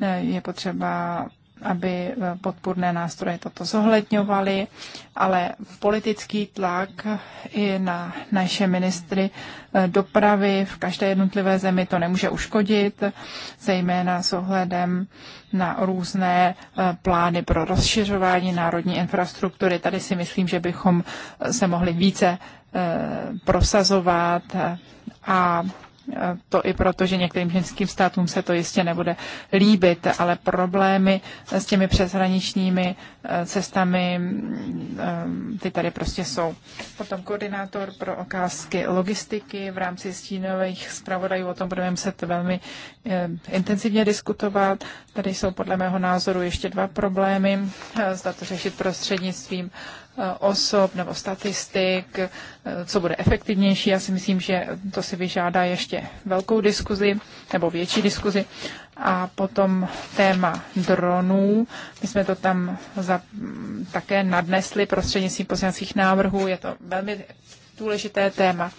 Eh, je potřeba aby podpůrné nástroje toto zohledňovaly, ale politický tlak i na naše ministry dopravy v každé jednotlivé zemi to nemůže uškodit, zejména s ohledem na různé eh, plány pro rozšiřování národní infrastruktury. Tady si myslím, že bychom se mohli více eh, prosazovat a to i proto, že některým ženským státům se to jistě nebude líbit, ale problémy s těmi přeshraničními eh, cestami, mm, eh, ty tady prostě jsou. Potom koordinátor pro okázky logistiky v rámci stínových zpravodajů, o tom budeme to velmi eh, intenzivně diskutovat. Tady jsou podle mého názoru ještě dva problémy, zda to řešit prostřednictvím Eh, osob nebo statistik, eh, co bude efektivnější. Já si myslím, že to si vyžádá ještě velkou diskuzi nebo větší diskuzi. A potom téma dronů. My jsme to tam za, také nadnesli prostřednictvím poslaneckých návrhů. Je to velmi důležité téma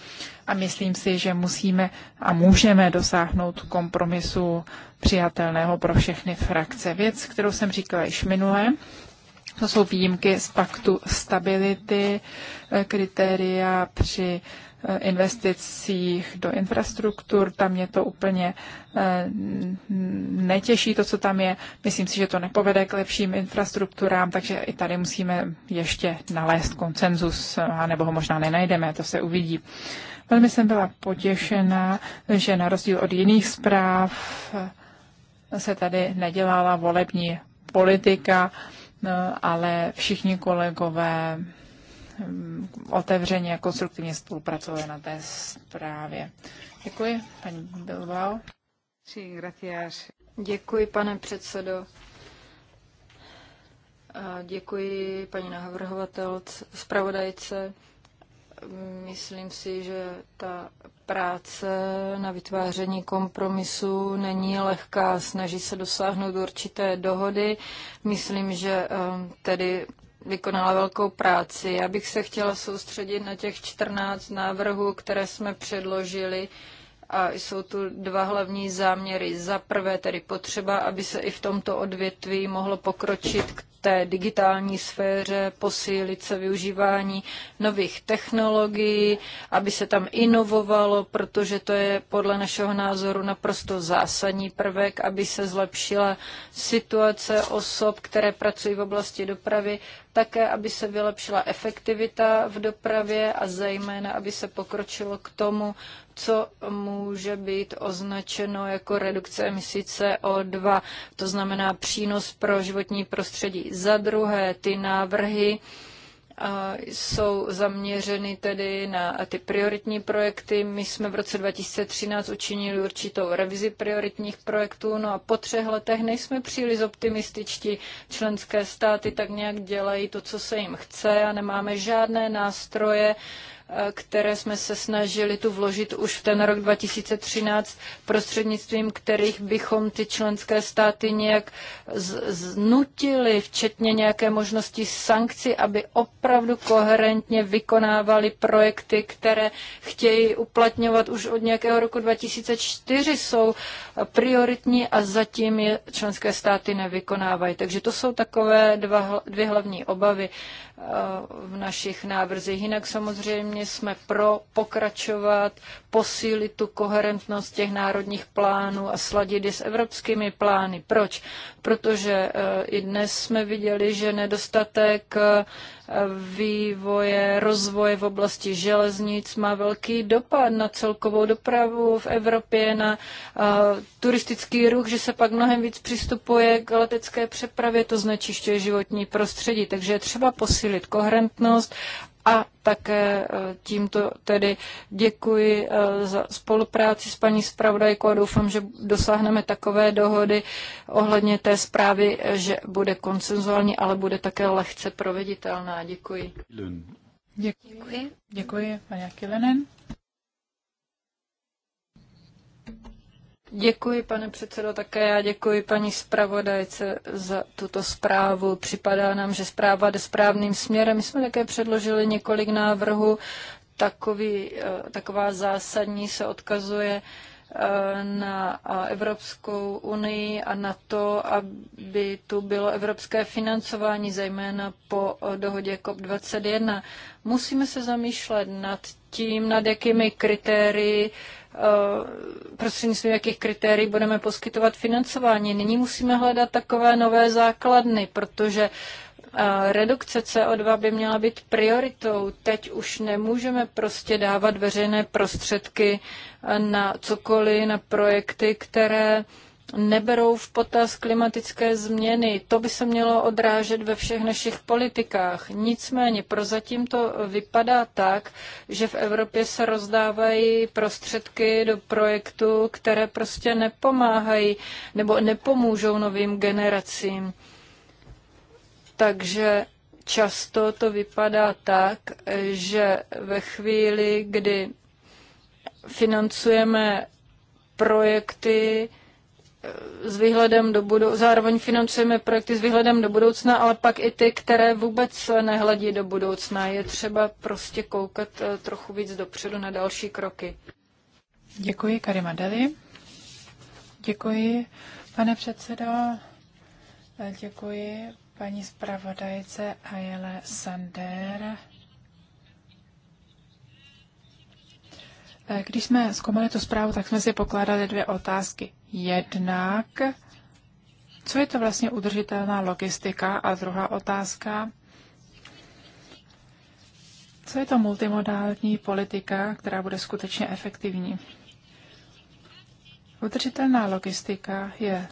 a myslím si, že musíme a můžeme dosáhnout kompromisu přijatelného pro všechny frakce. Věc, kterou jsem říkala již minule, to jsou výjimky z paktu stability, eh, kritéria při eh, investicích do infrastruktur, tam mě to úplně eh, netěší, to, co tam je. Myslím si, že to nepovede k lepším infrastrukturám, takže i tady musíme ještě nalézt koncenzus, nebo ho možná nenajdeme, to se uvidí. Velmi jsem byla potěšena, že na rozdíl od jiných zpráv se tady nedělala volební politika, ale všichni kolegové mm, otevřeně a konstruktivně spolupracovali na té zprávě. Děkuji, paní Bilbao. Děkuji, pane předsedo. děkuji paní navrhovatelce, zpravodajce myslím si, že ta práce na vytváření kompromisu není lehká. Snaží se dosáhnout určité dohody. Myslím, že ehm, tedy vykonala velkou práci. Já bych se chtěla soustředit na těch 14 návrhů, které jsme předložili. A jsou tu dva hlavní záměry. Za prvé tedy potřeba, aby se i v tomto odvětví mohlo pokročit k té digitální sféře, posílit se využívání nových technologií, aby se tam inovovalo, protože to je podle našeho názoru naprosto zásadní prvek, aby se zlepšila situace osob, které pracují v oblasti dopravy, také, aby se vylepšila efektivita v dopravě a zejména, aby se pokročilo k tomu, co může být označeno jako redukce emisí CO2, to znamená přínos pro životní prostředí. Za druhé, ty návrhy jsou zaměřeny tedy na ty prioritní projekty. My jsme v roce 2013 učinili určitou revizi prioritních projektů, no a po třech letech nejsme příliš optimističtí. Členské státy tak nějak dělají to, co se jim chce a nemáme žádné nástroje které jsme se snažili tu vložit už v ten rok 2013, prostřednictvím kterých bychom ty členské státy nějak znutili, včetně nějaké možnosti sankcí, aby opravdu koherentně vykonávali projekty, které chtějí uplatňovat už od nějakého roku 2004, jsou prioritní a zatím je členské státy nevykonávají. Takže to jsou takové dva, dvě hlavní obavy eh, v našich návrzích. Jinak samozřejmě jsme pro pokračovat, posílit tu koherentnost těch národních plánů a sladit je s evropskými plány. Proč? Protože eh, i dnes jsme viděli, že nedostatek eh, vývoje, rozvoje v oblasti železnic má velký dopad na celkovou dopravu v Evropě, na eh, turistický ruch, že se pak mnohem víc přistupuje k letecké přepravě, to znečišťuje životní prostředí. Takže je třeba posílit koherentnost a také e, tímto tedy děkuji e, za spolupráci s paní zpravodajkou a doufám, že dosáhneme takové dohody ohledně té zprávy, e, že bude koncenzuální, ale bude také lehce proveditelná. Děkuji. Děkuji. Děkuji, paní Kilenen. Děkuji, pane předsedo, také já děkuji paní zpravodajce za tuto zprávu. Připadá nám, že zpráva jde správným směrem. My jsme také předložili několik návrhů. Takový, eh, taková zásadní se odkazuje eh, na eh, Evropskou unii a na to, aby tu bylo evropské financování, zejména po dohodě COP21. Musíme se zamýšlet nad tím, nad jakými kritérii Eh, prostřednictvím jakých kritérií budeme poskytovat financování. Nyní musíme hledat takové nové základny, protože eh, redukce CO2 by měla být prioritou. Teď už nemůžeme prostě dávat veřejné prostředky eh, na cokoliv, na projekty, které neberou v potaz klimatické změny. To by se mělo odrážet ve všech našich politikách. Nicméně prozatím to vypadá tak, že v Evropě se rozdávají prostředky do projektů, které prostě nepomáhají nebo nepomůžou novým generacím. Takže často to vypadá tak, že ve chvíli, kdy financujeme projekty, s výhledem do budoucna, zároveň financujeme projekty s výhledem do budoucna, ale pak i ty, které vůbec nehledí do budoucna. Je třeba prostě koukat eh, trochu víc dopředu na další kroky. Děkuji, Karima Deli. Děkuji, pane předsedo. Eh, děkuji paní zpravodajce Ayele Sander. Eh, když jsme zkoumali tu zprávu, tak jsme si pokládali dvě otázky jednak, co je to vlastně udržitelná logistika? A druhá otázka, co je to multimodální politika, která bude skutečně efektivní? Udržitelná logistika je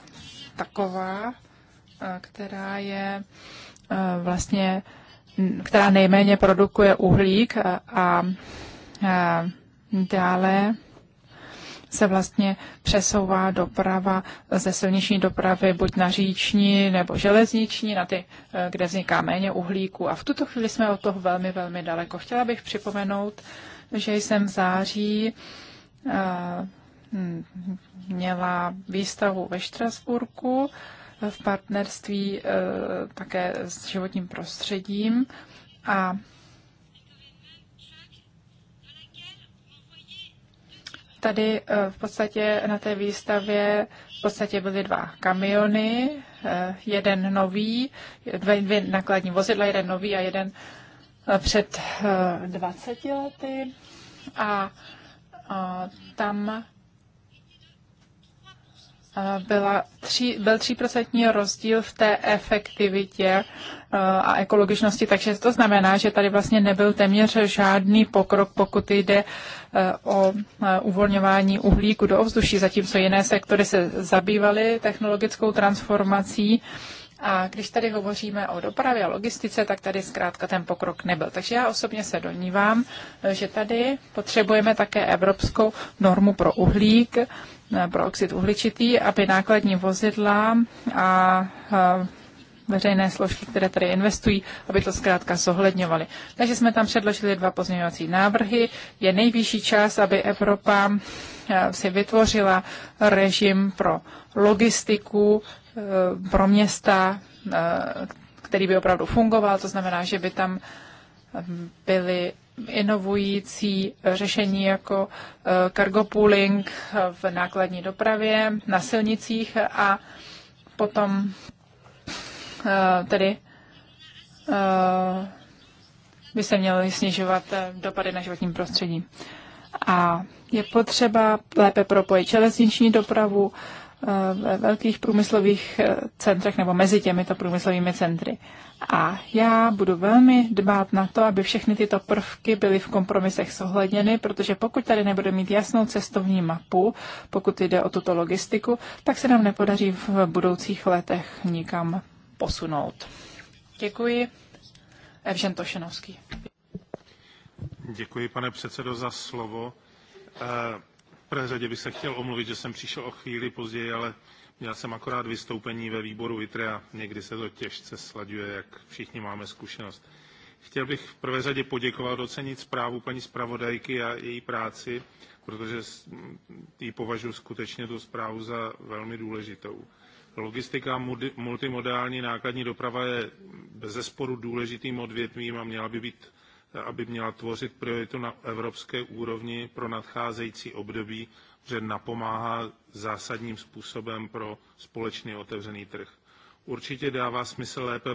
taková, eh, která je eh, vlastně, která nejméně produkuje uhlík eh, a, a dále se vlastně přesouvá doprava ze silniční dopravy buď na říční nebo železniční, na ty, eh, kde vzniká méně uhlíku. A v tuto chvíli jsme od toho velmi, velmi daleko. Chtěla bych připomenout, že jsem v září eh, hm, měla výstavu ve Štrasburku eh, v partnerství také s životním prostředím a Tady eh, v podstatě na té výstavě v podstatě byly dva kamiony, eh, jeden nový, dvě nakladní vozidla, jeden nový a jeden eh, před 20 lety. A tam byla tří, byl tříprocentní rozdíl v té efektivitě eh, a ekologičnosti, takže to znamená, že tady vlastně nebyl téměř žádný pokrok, pokud jde eh, o eh, uvolňování uhlíku do ovzduší, zatímco jiné sektory se zabývaly technologickou transformací. A když tady hovoříme o dopravě a logistice, tak tady zkrátka ten pokrok nebyl. Takže já osobně se domnívám, že tady potřebujeme také evropskou normu pro uhlík, pro oxid uhličitý, aby nákladní vozidla a veřejné složky, které tady investují, aby to zkrátka zohledňovaly. Takže jsme tam předložili dva pozměňovací návrhy. Je nejvyšší čas, aby Evropa si vytvořila režim pro logistiku, e, pro města, e, který by opravdu fungoval. To znamená, že by tam byly inovující řešení jako eh, cargo pooling v nákladní dopravě, na silnicích a potom eh, tedy eh, by se měly snižovat dopady na životní prostředí. A je potřeba lépe propojit železniční dopravu, Eh, ve velkých průmyslových eh, centrech nebo mezi těmito průmyslovými centry. A já budu velmi dbát na to, aby všechny tyto prvky byly v kompromisech zohledněny, protože pokud tady nebude mít jasnou cestovní mapu, pokud jde o tuto logistiku, tak se nám nepodaří v budoucích letech nikam posunout. Děkuji. Evžen Tošenovský. Děkuji, pane předsedo, za slovo. Eh, prvé řadě bych se chtěl omluvit, že jsem přišel o chvíli později, ale měl jsem akorát vystoupení ve výboru ITRE a někdy se to těžce slaďuje, jak všichni máme zkušenost. Chtěl bych v prvé řadě poděkovat, docenit zprávu paní zpravodajky a její práci, protože ji považuji skutečně tu zprávu za velmi důležitou. Logistika multimodální nákladní doprava je bez zesporu důležitým odvětvím a měla by být aby měla tvořit prioritu na evropské úrovni pro nadcházející období, že napomáhá zásadním způsobem pro společný otevřený trh. Určitě dává smysl lépe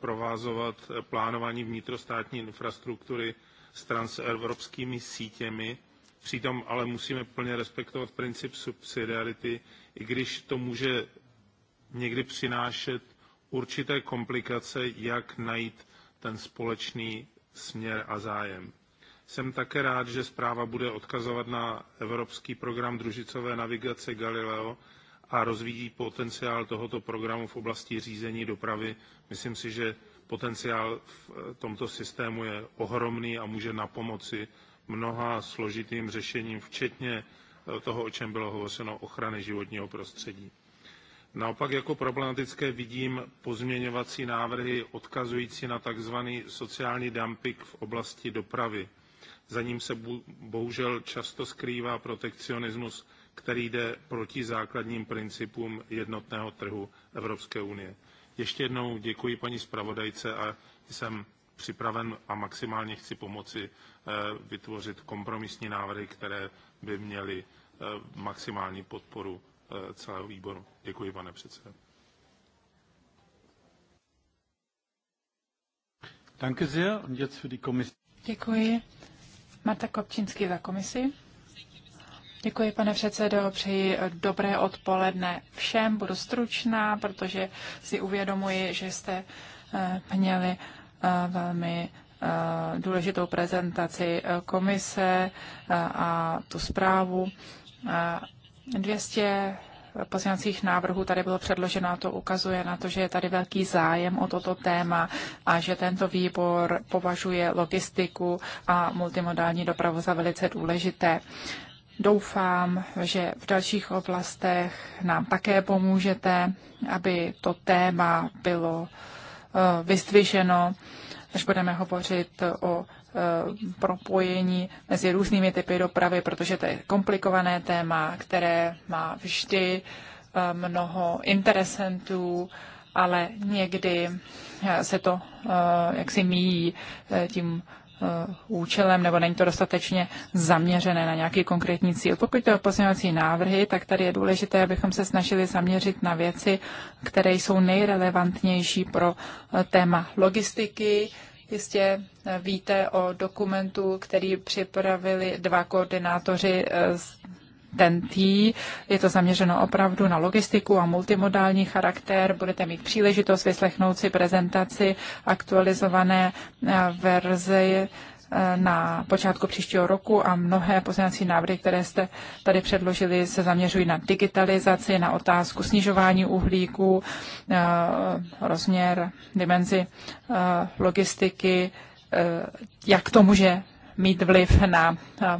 provázovat plánování vnitrostátní infrastruktury s transevropskými sítěmi, přitom ale musíme plně respektovat princip subsidiarity, i když to může někdy přinášet určité komplikace, jak najít ten společný směr a zájem. Jsem také rád, že zpráva bude odkazovat na evropský program družicové navigace Galileo a rozvíjí potenciál tohoto programu v oblasti řízení dopravy. Myslím si, že potenciál v eh, tomto systému je ohromný a může na pomoci mnoha složitým řešením, včetně eh, toho, o čem bylo hovořeno, ochrany životního prostředí. Naopak jako problematické vidím pozměňovací návrhy odkazující na tzv. sociální dumping v oblasti dopravy. Za ním se bohužel často skrývá protekcionismus, který jde proti základním principům jednotného trhu Evropské unie. Ještě jednou děkuji paní zpravodajce a jsem připraven a maximálně chci pomoci eh, vytvořit kompromisní návrhy, které by měly eh, maximální podporu Eh, celého výboru. Děkuji, pane předsedo. Danke sehr. Und jetzt für die Kommission. Děkuji. Marta Kopčinský za komisi. Děkuji, pane předsedo. Přeji eh, dobré odpoledne všem. Budu stručná, protože si uvědomuji, že jste eh, měli velmi důležitou prezentaci komise a tu zprávu. 200 pozměňovacích návrhů tady bylo předloženo a to ukazuje na to, že je tady velký zájem o toto téma a že tento výbor považuje logistiku a multimodální dopravu za velice důležité. Doufám, že v dalších oblastech nám také pomůžete, aby to téma bylo eh, vyzdviženo, až budeme hovořit o Eh, propojení mezi různými typy dopravy, protože to je komplikované téma, které má vždy eh, mnoho interesentů, ale někdy eh, se to jaksi míjí tím účelem, nebo není to dostatečně zaměřené na nějaký konkrétní cíl. Pokud to je pozměňovací návrhy, tak tady je důležité, abychom se snažili zaměřit na věci, které jsou nejrelevantnější pro téma logistiky, Jistě eh, víte o dokumentu, který připravili dva koordinátoři eh, z TNT. Je to zaměřeno opravdu na logistiku a multimodální charakter. Budete mít příležitost vyslechnout si prezentaci aktualizované eh, verze Eh, na počátku příštího roku a mnohé pozměňovací návrhy, které jste tady předložili, se zaměřují na digitalizaci, na otázku snižování uhlíku, eh, rozměr, dimenzi eh, logistiky, jak to může mít vliv na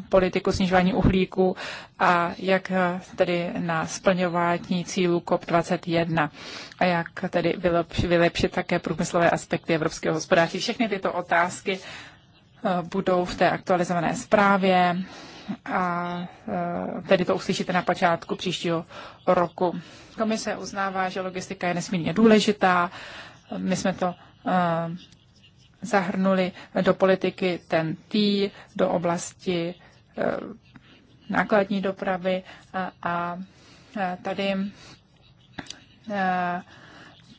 politiku snižování uhlíku a jak tedy na splňování cílů COP21 a jak tedy vylepšit, vylepšit také průmyslové aspekty evropského hospodářství. Všechny tyto otázky Eh, budou v té aktualizované zprávě a eh, tedy to uslyšíte na počátku příštího roku. Komise uznává, že logistika je nesmírně důležitá. My jsme to eh, zahrnuli do politiky ten tý, do oblasti nákladní dopravy a tady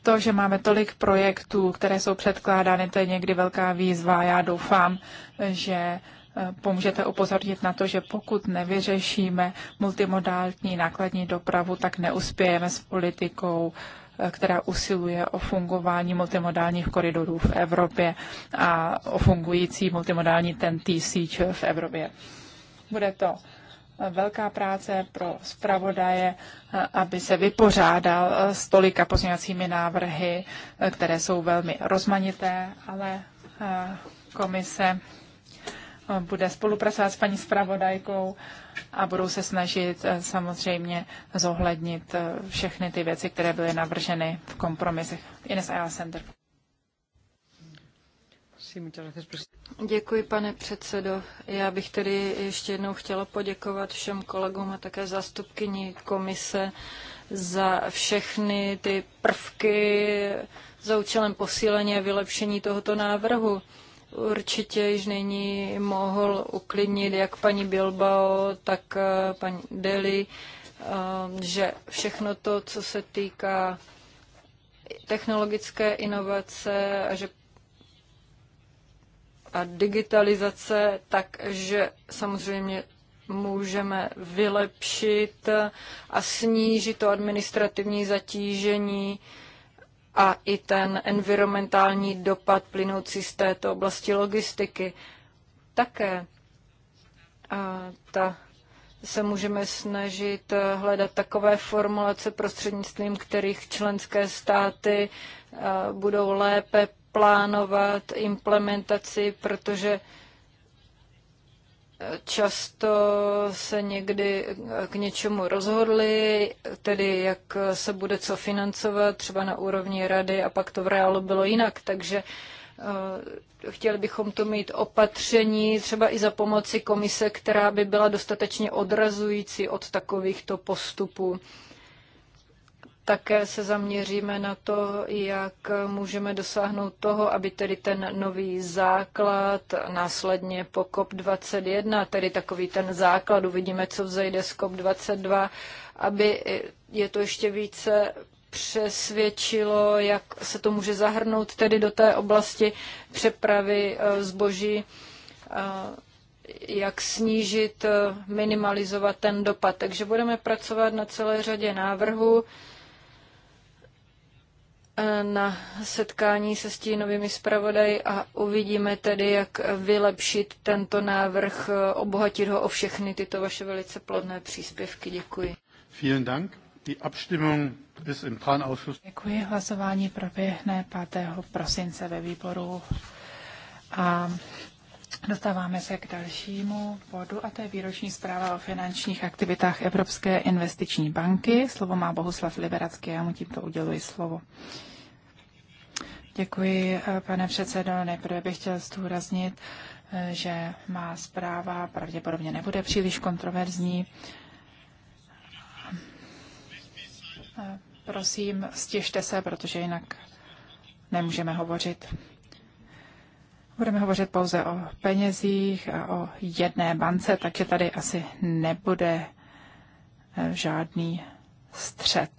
to, že máme tolik projektů, které jsou předkládány, to je někdy velká výzva. Já doufám, že eh, pomůžete upozornit na to, že pokud nevyřešíme multimodální nákladní dopravu, tak neuspějeme s politikou eh, která usiluje o fungování multimodálních koridorů v Evropě a o fungující multimodální TNT síť v Evropě. Bude to velká práce pro zpravodaje, aby se vypořádal s tolika pozměňovacími návrhy, které jsou velmi rozmanité, ale eh, komise eh, bude spolupracovat s paní zpravodajkou a budou se snažit eh, samozřejmě zohlednit všechny ty věci, které byly navrženy v kompromisech. Ines Ayala Děkuji, pane předsedo. Já bych tedy ještě jednou chtěla poděkovat všem kolegům a také zástupkyni komise za všechny ty prvky za účelem posílení a vylepšení tohoto návrhu. Určitě již nyní mohl uklidnit jak paní Bilbao, tak eh, paní Deli, eh, že všechno to, co se týká technologické inovace a že a digitalizace, takže samozřejmě můžeme vylepšit a snížit to administrativní zatížení a i ten environmentální dopad plynoucí z této oblasti logistiky. Také a ta se můžeme snažit hledat takové formulace, prostřednictvím kterých členské státy budou lépe plánovat implementaci, protože často se někdy k něčemu rozhodli, tedy jak se bude co financovat, třeba na úrovni rady a pak to v reálu bylo jinak, takže eh, chtěli bychom to mít opatření, třeba i za pomoci komise, která by byla dostatečně odrazující od takovýchto postupů. Také se zaměříme na to, jak můžeme dosáhnout toho, aby tedy ten nový základ, následně po COP21, tedy takový ten základ, uvidíme, co vzejde z COP22, aby je to ještě více přesvědčilo, jak se to může zahrnout tedy do té oblasti přepravy eh, zboží, eh, jak snížit, eh, minimalizovat ten dopad. Takže budeme pracovat na celé řadě návrhů Eh, na setkání se stínovými zpravodaji a uvidíme tedy, jak vylepšit tento návrh, eh, obohatit ho o všechny tyto vaše velice plodné příspěvky. Děkuji. Vielen Dank. Die Abstimmung ist im Planausschuss. Děkuji. Hlasování proběhne 5. prosince ve výboru. A Dostáváme se k dalšímu bodu a to je výroční zpráva o finančních aktivitách Evropské investiční banky. Slovo má Bohuslav Liberacký, já mu tímto uděluji slovo. Děkuji, pane předsedo. Nejprve bych chtěl zdůraznit, že má zpráva pravděpodobně nebude příliš kontroverzní. Prosím, stěžte se, protože jinak nemůžeme hovořit. Budeme hovořit pouze o penězích a o jedné bance, takže tady asi nebude eh, žádný střed.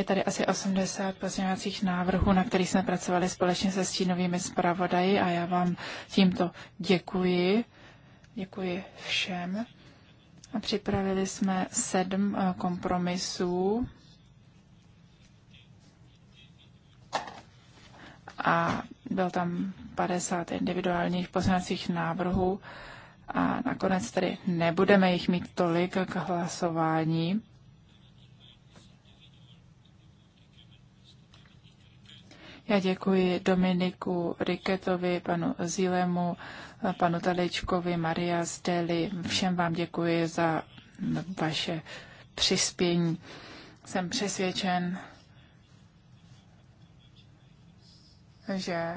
je tady asi 80 pozměňovacích návrhů, na kterých jsme pracovali společně se stínovými zpravodaji a já vám tímto děkuji. Děkuji všem. A připravili jsme sedm eh, kompromisů. A byl tam 50 individuálních pozměňovacích návrhů a nakonec tedy nebudeme jich mít tolik k hlasování. Já děkuji Dominiku Riketovi, panu Zílemu, panu Taličkovi, Maria Zdeli. Všem vám děkuji za vaše přispění. Jsem přesvědčen, že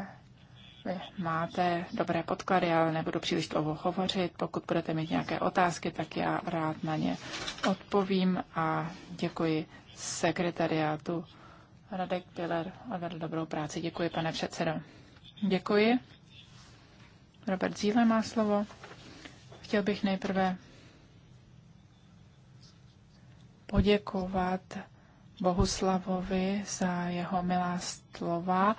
vy máte dobré podklady, ale nebudu příliš toho hovořit. Pokud budete mít nějaké otázky, tak já rád na ně odpovím a děkuji sekretariátu Radek Piller odvedl dobrou práci. Děkuji, pane předsedo. Děkuji. Robert Zíle má slovo. Chtěl bych nejprve poděkovat Bohuslavovi za jeho milá slova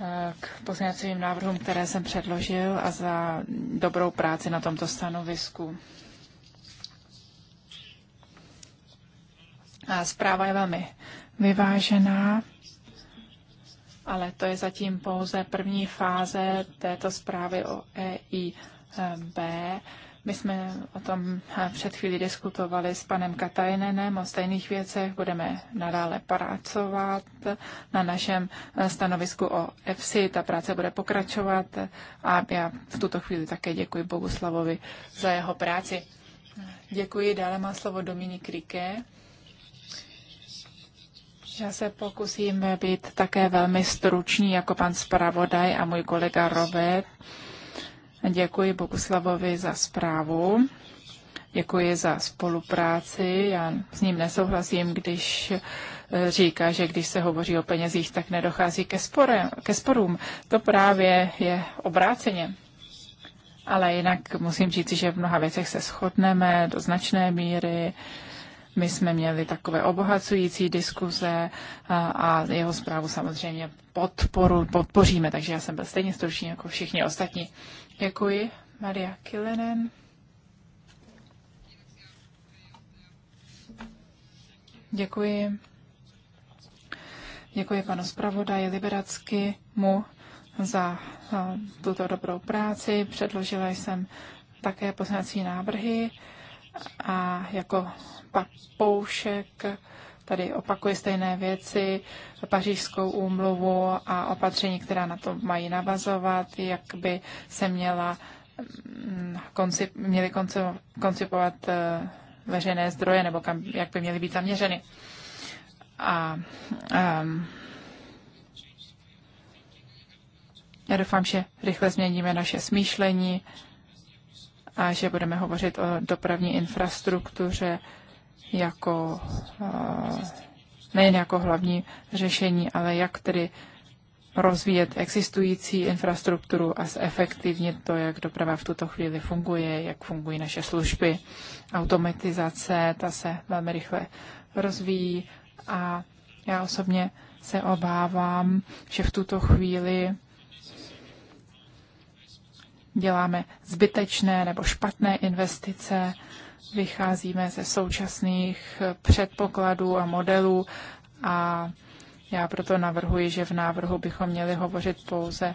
eh, k pozměňovacím návrhům, které jsem předložil a za dobrou práci na tomto stanovisku. A zpráva je velmi vyvážená, ale to je zatím pouze první fáze této zprávy o EIB. My jsme o tom eh, před chvíli diskutovali s panem Katajnenem o stejných věcech. Budeme nadále pracovat na našem eh, stanovisku o EFSI. Ta práce bude pokračovat a já v tuto chvíli také děkuji Boguslavovi za jeho práci. Děkuji. Dále má slovo Dominik Rike. Já se pokusím být také velmi stručný jako pan zpravodaj a můj kolega Robert. Děkuji Boguslavovi za zprávu. Děkuji za spolupráci. Já s ním nesouhlasím, když eh, říká, že když se hovoří o penězích, tak nedochází ke, spore, ke sporům. To právě je obráceně. Ale jinak musím říct, že v mnoha věcech se shodneme do značné míry. Uh, my jsme měli takové obohacující diskuze a jeho zprávu samozřejmě podporu, podpoříme, takže já jsem byl stejně stručný jako všichni ostatní. Děkuji, Maria Kilenen. Děkuji. Děkuji panu zpravodaji Liberacky mu za tuto dobrou práci. Předložila jsem také poznací návrhy a jako papoušek tady opakuje stejné věci, pařížskou úmluvu a opatření, která na to mají navazovat, jak by se měla mm, koncip, měly koncipovat eh, veřejné zdroje nebo kam, jak by měly být zaměřeny. A um, já doufám, že rychle změníme naše smýšlení a že budeme hovořit o dopravní infrastruktuře jako eh, nejen jako hlavní řešení, ale jak tedy rozvíjet existující infrastrukturu a zefektivnit to, jak doprava v tuto chvíli funguje, jak fungují naše služby. Automatizace, ta se velmi rychle rozvíjí a já osobně se obávám, že v tuto chvíli děláme zbytečné nebo špatné investice, vycházíme ze současných předpokladů a modelů a já proto navrhuji, že v návrhu bychom měli hovořit pouze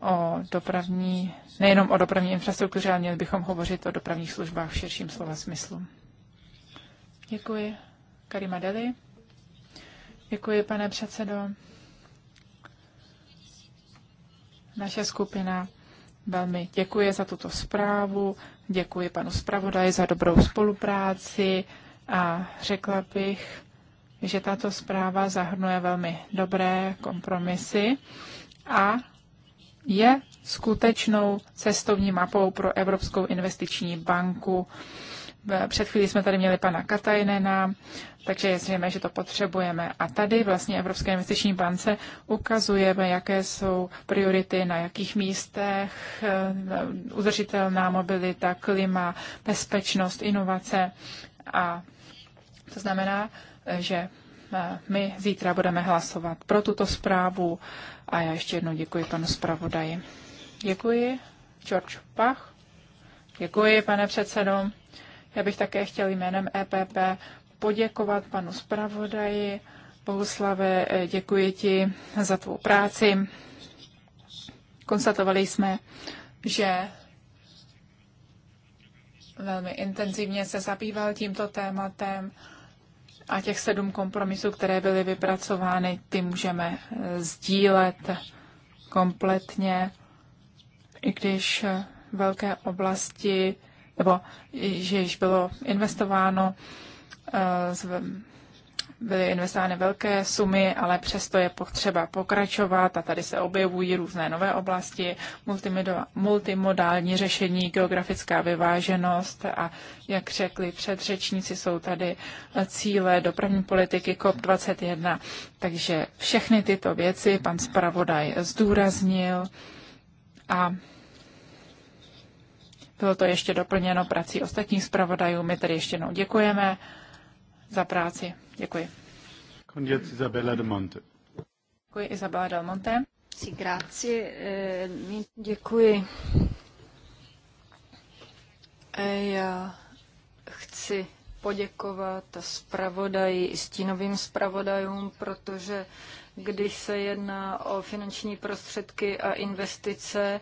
o dopravní, nejenom o dopravní infrastruktuře, ale měli bychom hovořit o dopravních službách v širším slova smyslu. Děkuji. Karima Deli. Děkuji, pane předsedo. Naše skupina velmi děkuji za tuto zprávu, děkuji panu zpravodaji za dobrou spolupráci a řekla bych, že tato zpráva zahrnuje velmi dobré kompromisy a je skutečnou cestovní mapou pro Evropskou investiční banku Eh, před chvílí jsme tady měli pana Katajnena, takže je zřejmé, že to potřebujeme. A tady vlastně Evropské investiční bance ukazujeme, jaké jsou priority, na jakých místech, eh, udržitelná mobilita, klima, bezpečnost, inovace. A to znamená, eh, že my zítra budeme hlasovat pro tuto zprávu a já ještě jednou děkuji panu zpravodaji. Děkuji. George Pach. Děkuji, pane předsedo. Já bych také chtěl jménem EPP poděkovat panu zpravodaji. Bohuslave, eh, děkuji ti za tvou práci. Konstatovali jsme, že velmi intenzivně se zabýval tímto tématem a těch sedm kompromisů, které byly vypracovány, ty můžeme eh, sdílet kompletně, i když eh, velké oblasti nebo že již bylo investováno, eh, byly investovány velké sumy, ale přesto je potřeba pokračovat a tady se objevují různé nové oblasti, multimodální řešení, geografická vyváženost a jak řekli předřečníci, jsou tady cíle dopravní politiky COP21. Takže všechny tyto věci pan zpravodaj zdůraznil a bylo to ještě doplněno prací ostatních zpravodajů. My tedy ještě jednou děkujeme za práci. Děkuji. Děkuji Isabella del Monte. Děkuji Isabella del Monte. Eh, děkuji. Eh, já chci poděkovat zpravodaji i stínovým zpravodajům, protože když se jedná o finanční prostředky a investice,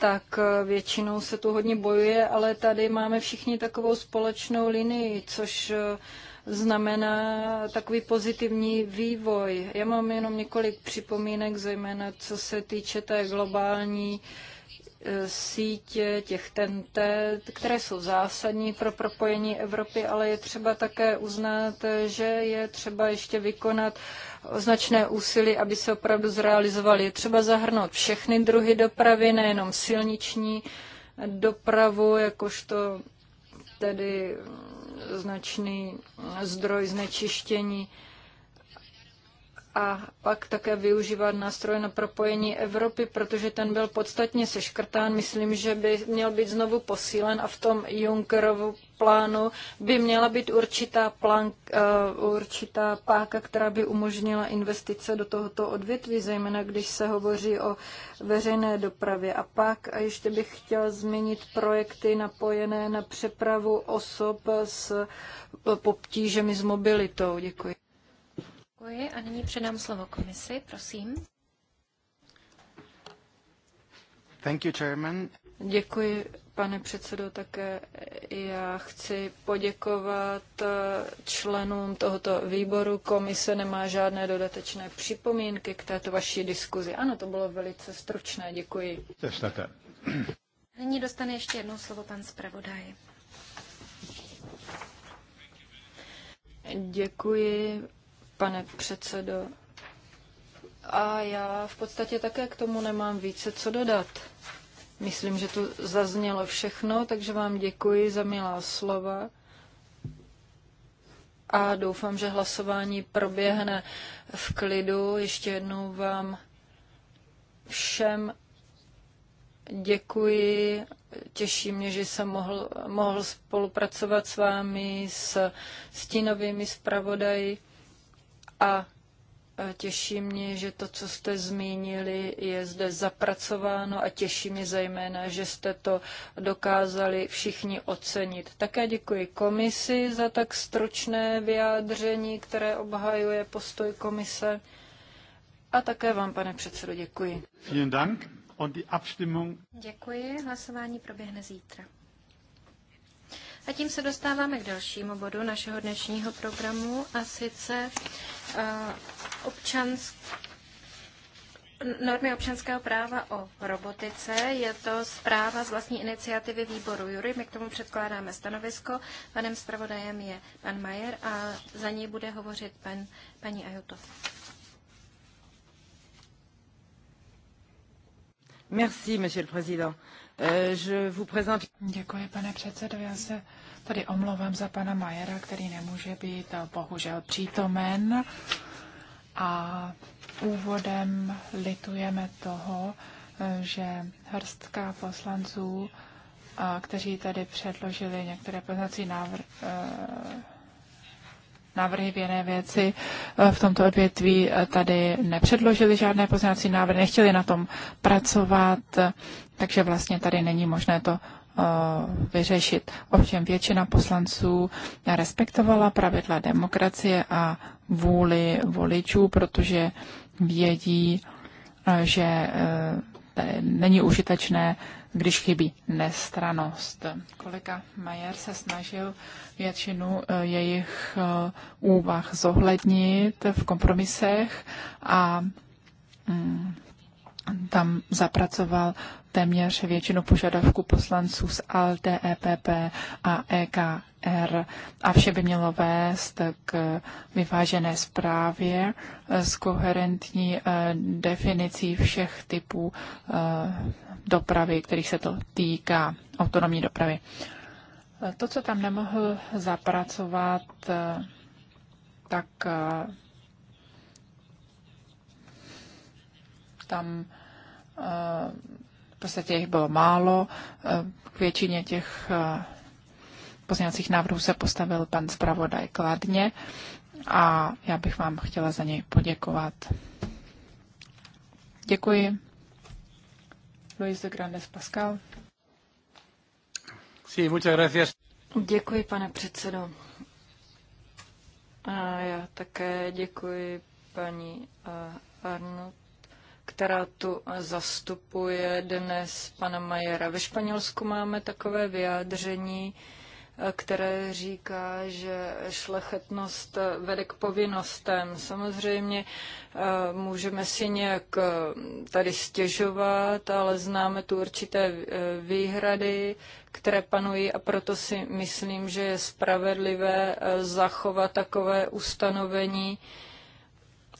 tak eh, většinou se tu hodně bojuje, ale tady máme všichni takovou společnou linii, což eh, znamená takový pozitivní vývoj. Já mám jenom několik připomínek, zejména co se týče té globální sítě těch TNT, které jsou zásadní pro propojení Evropy, ale je třeba také uznat, že je třeba ještě vykonat značné úsilí, aby se opravdu zrealizovaly. Je třeba zahrnout všechny druhy dopravy, nejenom silniční dopravu, jakožto tedy značný zdroj znečištění a pak také využívat nástroje na propojení Evropy, protože ten byl podstatně seškrtán. Myslím, že by měl být znovu posílen a v tom Junckerovu plánu by měla být určitá, plán, eh, určitá páka, která by umožnila investice do tohoto odvětví, zejména když se hovoří o veřejné dopravě. A pak a ještě bych chtěl změnit projekty napojené na přepravu osob s poptížemi s mobilitou. Děkuji. Děkuji a nyní předám slovo komisi, prosím. Thank you, Chairman. Děkuji, pane předsedo, také já chci poděkovat eh, členům tohoto výboru. Komise nemá žádné dodatečné připomínky k této vaší diskuzi. Ano, to bylo velice stručné, děkuji. Nyní dostane ještě jednou slovo pan zpravodaj. Děkuji, pane předsedo. A já v podstatě také k tomu nemám více co dodat. Myslím, že to zaznělo všechno, takže vám děkuji za milá slova a doufám, že hlasování proběhne v klidu. Ještě jednou vám všem děkuji. Těší mě, že jsem mohl, mohl spolupracovat s vámi, s stínovými zpravodaji. A e, těší mě, že to, co jste zmínili, je zde zapracováno a těší mě zejména, že jste to dokázali všichni ocenit. Také děkuji komisi za tak stročné vyjádření, které obhajuje postoj komise. A také vám, pane předsedo, děkuji. Vielen Dank. Und die Abstimmung... Děkuji. Hlasování proběhne zítra. A tím se dostáváme k dalšímu bodu našeho dnešního programu a sice uh, eh, občansk... normy občanského práva o robotice. Je to zpráva z vlastní iniciativy výboru Jury. My k tomu předkládáme stanovisko. Panem zpravodajem je pan Majer a za ní bude hovořit pan, paní Ajuto. Merci, monsieur le président. Je vous présente... Děkuji, pane předsedo. Já se tady omlouvám za pana Majera, který nemůže být eh, bohužel přítomen. A úvodem litujeme toho, eh, že hrstka poslanců, eh, kteří tady předložili některé poznací návrhy, návrhy v jiné věci v tomto odvětví tady nepředložili žádné poznací návrhy, nechtěli na tom pracovat, takže vlastně tady není možné to eh, vyřešit. Ovšem většina poslanců respektovala pravidla demokracie a vůli voličů, protože vědí, eh, že eh, není užitečné, když chybí nestranost. Kolega Majer se snažil většinu jejich úvah zohlednit v kompromisech a mm, tam zapracoval téměř většinu požadavků poslanců z ALDE, EPP a EKR. A vše by mělo vést k vyvážené zprávě s koherentní eh, definicí všech typů eh, dopravy, kterých se to týká, autonomní dopravy. Eh, to, co tam nemohl zapracovat, tak tam Eh, v podstatě jich bylo málo. Eh, k většině těch eh, pozměňovacích návrhů se postavil pan zpravodaj kladně a já bych vám chtěla za něj poděkovat. Děkuji. Luis de Grandes Pascal. Sí, muchas gracias. Děkuji, pane předsedo. A já také děkuji paní Arnold která tu zastupuje dnes pana Majera. Ve Španělsku máme takové vyjádření, které říká, že šlechetnost vede k povinnostem. Samozřejmě eh, můžeme si nějak eh, tady stěžovat, ale známe tu určité eh, výhrady, které panují a proto si myslím, že je spravedlivé zachovat takové ustanovení,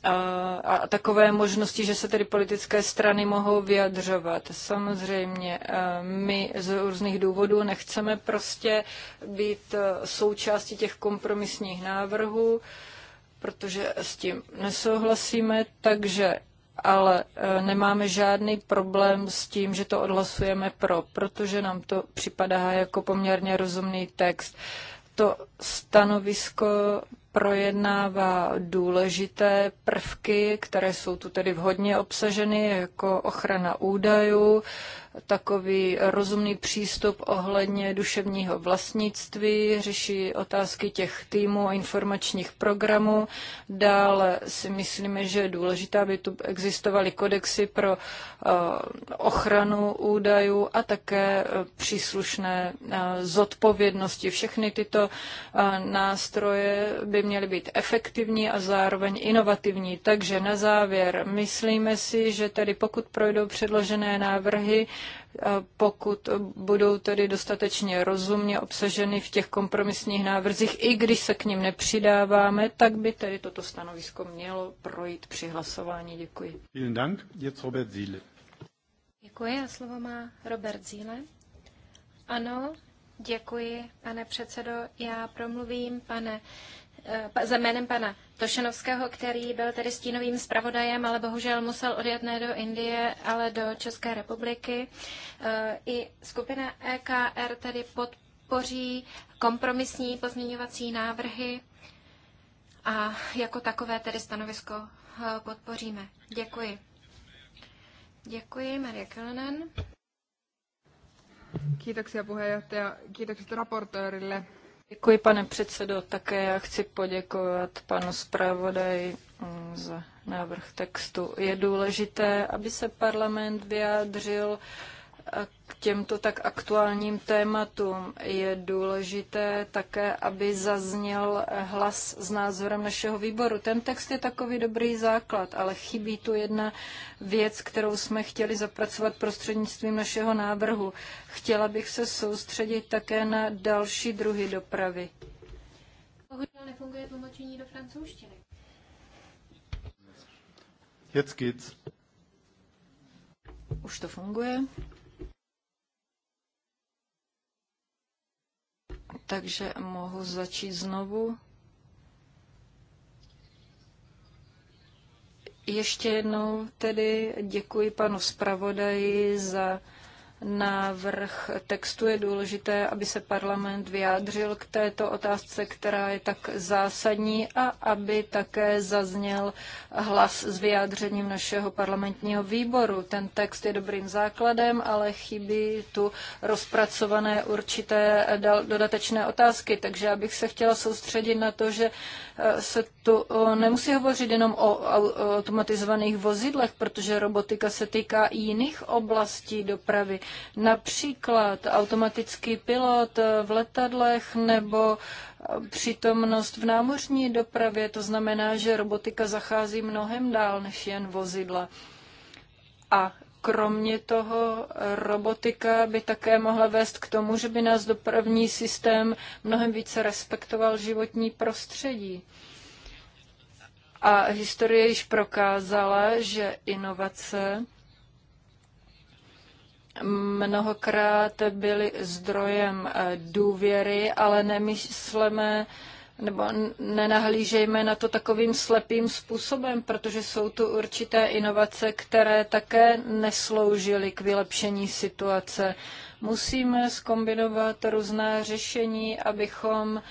a, takové možnosti, že se tedy politické strany mohou vyjadřovat. Samozřejmě my z různých důvodů nechceme prostě být součástí těch kompromisních návrhů, protože s tím nesouhlasíme, takže ale nemáme žádný problém s tím, že to odhlasujeme pro, protože nám to připadá jako poměrně rozumný text to stanovisko projednává důležité prvky, které jsou tu tedy vhodně obsaženy, jako ochrana údajů, takový rozumný přístup ohledně duševního vlastnictví, řeší otázky těch týmů a informačních programů. Dále si myslíme, že je důležité, aby tu existovaly kodexy pro eh, ochranu údajů a také eh, příslušné eh, zodpovědnosti. Všechny tyto nástroje by měly být efektivní a zároveň inovativní. Takže na závěr myslíme si, že tedy pokud projdou předložené návrhy, pokud budou tedy dostatečně rozumně obsaženy v těch kompromisních návrzích, i když se k ním nepřidáváme, tak by tedy toto stanovisko mělo projít při hlasování. Děkuji. Děkuji a slovo má Robert Zíle. Ano, děkuji, pane předsedo. Já promluvím, pane Eh, za jménem pana Tošenovského, který byl tedy stínovým zpravodajem, ale bohužel musel odjet ne do Indie, ale do České republiky. Eh, I skupina EKR tedy podpoří kompromisní pozměňovací návrhy a jako takové tedy stanovisko eh, podpoříme. Děkuji. Děkuji, Maria Kylonen. Kiitoksia puheenjohtaja. Kiitokset raportöörille Děkuji, pane předsedo. Také já chci poděkovat panu zpravodaji mm, za návrh textu. Je důležité, aby se parlament vyjádřil uh, k těmto tak aktuálním tématům. Je důležité také, aby zazněl hlas s názorem našeho výboru. Ten text je takový dobrý základ, ale chybí tu jedna věc, kterou jsme chtěli zapracovat prostřednictvím našeho návrhu. Chtěla bych se soustředit také na další druhy dopravy. Bohužel nefunguje tlumočení do francouzštiny. Jetzt geht's. Už to funguje. takže mohu začít znovu. Ještě jednou tedy děkuji panu zpravodaji za návrh textu, je důležité, aby se parlament vyjádřil k této otázce, která je tak zásadní a aby také zazněl hlas s vyjádřením našeho parlamentního výboru. Ten text je dobrým základem, ale chybí tu rozpracované určité dodatečné otázky, takže já bych se chtěla soustředit na to, že eh, se tu eh, nemusí hovořit jenom o automatizovaných vozidlech, protože robotika se týká i jiných oblastí dopravy. Například automatický pilot v letadlech nebo přítomnost v námořní dopravě. To znamená, že robotika zachází mnohem dál než jen vozidla. A kromě toho robotika by také mohla vést k tomu, že by nás dopravní systém mnohem více respektoval životní prostředí. A historie již prokázala, že inovace mnohokrát byly zdrojem eh, důvěry, ale nemyslíme nebo nenahlížejme na to takovým slepým způsobem, protože jsou tu určité inovace, které také nesloužily k vylepšení situace. Musíme skombinovat různá řešení, abychom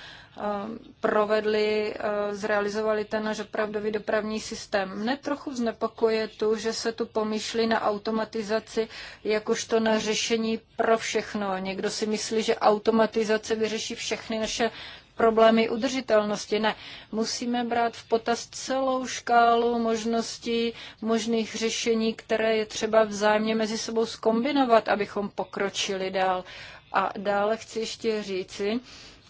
Eh, provedli, eh, zrealizovali ten náš opravdový dopravní systém. Mne trochu znepokoje tu, že se tu pomýšlí na automatizaci jakožto na řešení pro všechno. Někdo si myslí, že automatizace vyřeší všechny naše problémy udržitelnosti. Ne, musíme brát v potaz celou škálu možností, možných řešení, které je třeba vzájemně mezi sebou skombinovat, abychom pokročili dál. A dále chci ještě říci,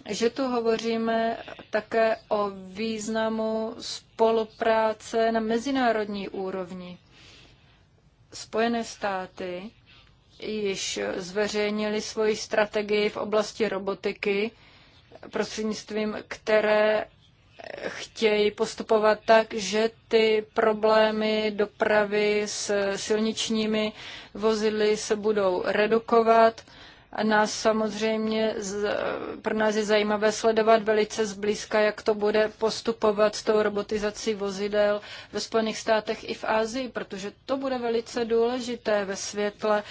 že tu hovoříme také o významu spolupráce na mezinárodní úrovni. Spojené státy již zveřejnili svoji strategii v oblasti robotiky, prostřednictvím které chtějí postupovat tak, že ty problémy dopravy s silničními vozidly se budou redukovat nás samozřejmě, pro nás je zajímavé sledovat velice zblízka, jak to bude postupovat s tou robotizací vozidel ve Spojených státech i v Ázii, protože to bude velice důležité ve světle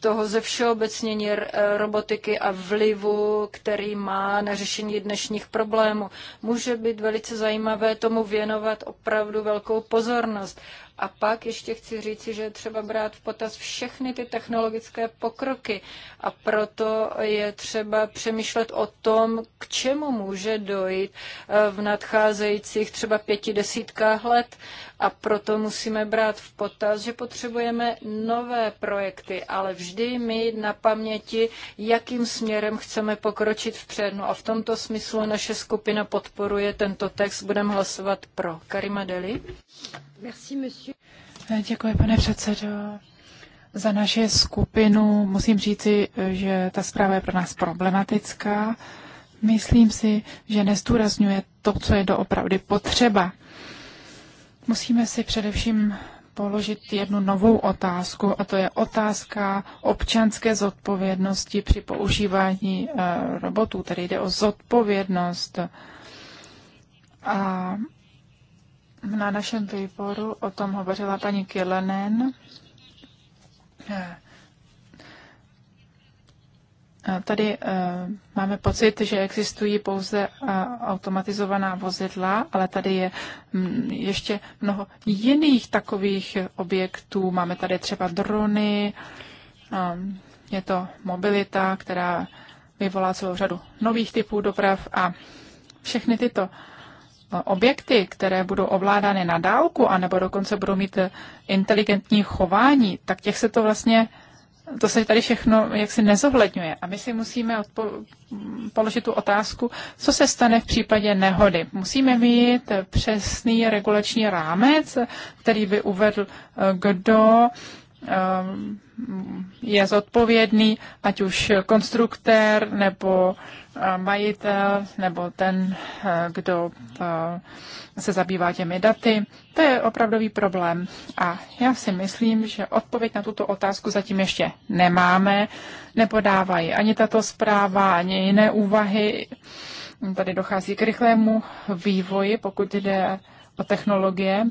toho ze všeobecnění e, robotiky a vlivu, který má na řešení dnešních problémů. Může být velice zajímavé tomu věnovat opravdu velkou pozornost. A pak ještě chci říci, že je třeba brát v potaz všechny ty technologické pokroky a proto je třeba přemýšlet o tom, k čemu může dojít eh, v nadcházejících třeba pěti desítkách let. A proto musíme brát v potaz, že potřebujeme nové projekty, ale vždy mít na paměti, jakým směrem chceme pokročit vpřed. No a v tomto smyslu naše skupina podporuje tento text. Budeme hlasovat pro. Karima Deli. Merci, monsieur. Děkuji, pane předsedo. Za naše skupinu musím říci, že ta zpráva je pro nás problematická. Myslím si, že nestůrazňuje to, co je doopravdy potřeba. Musíme si především položit jednu novou otázku, a to je otázka občanské zodpovědnosti při používání eh, robotů. Tady jde o zodpovědnost. A na našem výboru o tom hovořila paní Kilenen. Eh, Tady eh, máme pocit, že existují pouze eh, automatizovaná vozidla, ale tady je mm, ještě mnoho jiných takových objektů. Máme tady třeba drony, ehm, je to mobilita, která vyvolá celou řadu nových typů doprav a všechny tyto eh, objekty, které budou ovládány na dálku, anebo dokonce budou mít inteligentní chování, tak těch se to vlastně to se tady všechno jaksi nezohledňuje. A my si musíme odpo- položit tu otázku, co se stane v případě nehody. Musíme mít přesný regulační rámec, který by uvedl, eh, kdo Ehm, je zodpovědný, ať už konstruktér nebo eh, majitel nebo ten, eh, kdo eh, se zabývá těmi daty. To je opravdový problém. A já si myslím, že odpověď na tuto otázku zatím ještě nemáme. Nepodávají ani tato zpráva, ani jiné úvahy. Tady dochází k rychlému vývoji, pokud jde o technologie.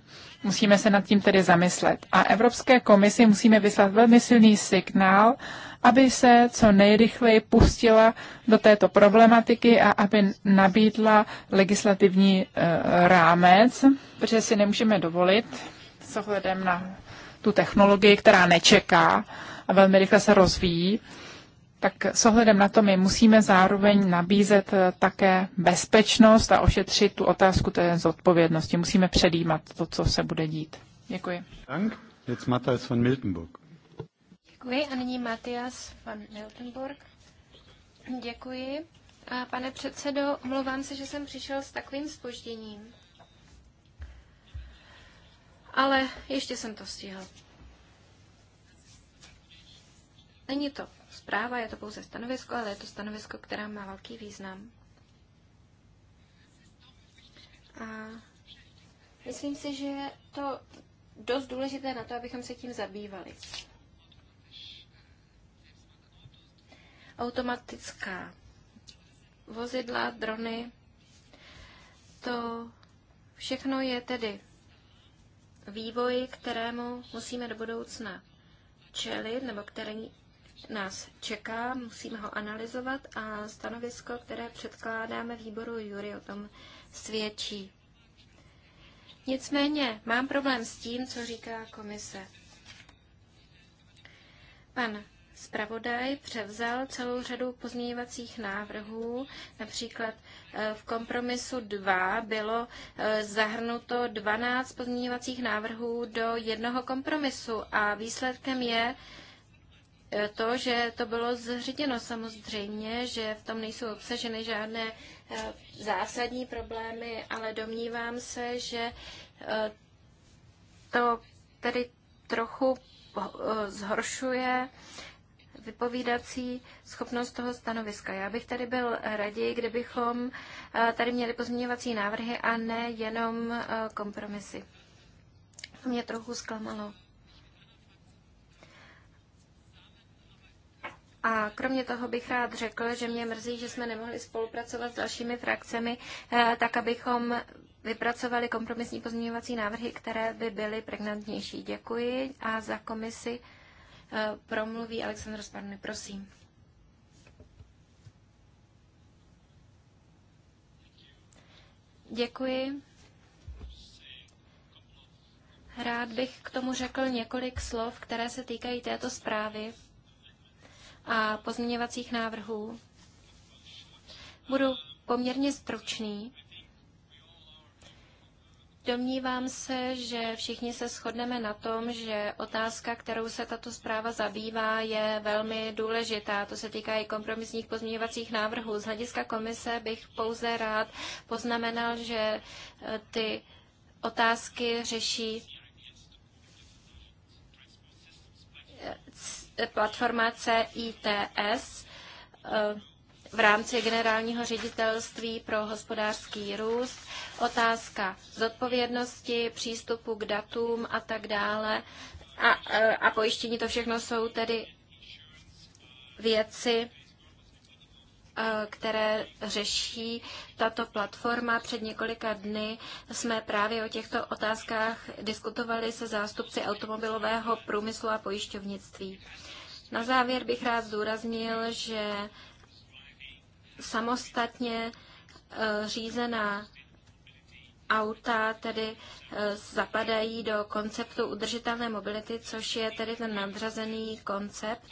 Musíme se nad tím tedy zamyslet. A Evropské komisi musíme vyslat velmi silný signál, aby se co nejrychleji pustila do této problematiky a aby nabídla legislativní eh, rámec, protože si nemůžeme dovolit s ohledem na tu technologii, která nečeká a velmi rychle se rozvíjí, tak s ohledem na to my musíme zároveň nabízet eh, také bezpečnost a ošetřit tu otázku té zodpovědnosti. Musíme předjímat to, co se bude dít. Děkuji. Dank. Jetzt Matthias von Miltenburg. Děkuji a nyní Matias von Miltenburg. Děkuji. A pane předsedo, omlouvám se, že jsem přišel s takovým spožděním. Ale ještě jsem to stihl. Není to zpráva, je to pouze stanovisko, ale je to stanovisko, která má velký význam. A myslím si, že je to dost důležité na to, abychom se tím zabývali. Automatická vozidla, drony, to všechno je tedy vývoj, kterému musíme do budoucna čelit, nebo který, nás čeká, musíme ho analyzovat a stanovisko, které předkládáme výboru Jury, o tom svědčí. Nicméně mám problém s tím, co říká komise. Pan zpravodaj převzal celou řadu pozměňovacích návrhů, například eh, v kompromisu 2 bylo eh, zahrnuto 12 pozměňovacích návrhů do jednoho kompromisu a výsledkem je E, to, že to bylo zřízeno samozřejmě, že v tom nejsou obsaženy žádné e, zásadní problémy, ale domnívám se, že e, to tedy trochu zhoršuje vypovídací schopnost toho stanoviska. Já bych tady byl raději, kdybychom tady měli pozměňovací návrhy a ne jenom kompromisy. To mě trochu zklamalo. A kromě toho bych rád řekl, že mě mrzí, že jsme nemohli spolupracovat s dalšími frakcemi, eh, tak abychom vypracovali kompromisní pozměňovací návrhy, které by byly pregnantnější. Děkuji a za komisi eh, promluví Aleksandr Sparny. Prosím. Děkuji. Rád bych k tomu řekl několik slov, které se týkají této zprávy a pozměňovacích návrhů. Budu poměrně stručný. Domnívám se, že všichni se shodneme na tom, že otázka, kterou se tato zpráva zabývá, je velmi důležitá. To se týká i kompromisních pozměňovacích návrhů. Z hlediska komise bych pouze rád poznamenal, že eh, ty otázky řeší eh, platforma CITS eh, v rámci generálního ředitelství pro hospodářský růst, otázka zodpovědnosti, přístupu k datům a tak dále. A, eh, a pojištění to všechno jsou tedy věci, Eh, které řeší tato platforma. Před několika dny jsme právě o těchto otázkách diskutovali se zástupci automobilového průmyslu a pojišťovnictví. Na závěr bych rád zdůraznil, že samostatně eh, řízená auta tedy eh, zapadají do konceptu udržitelné mobility, což je tedy ten nadřazený koncept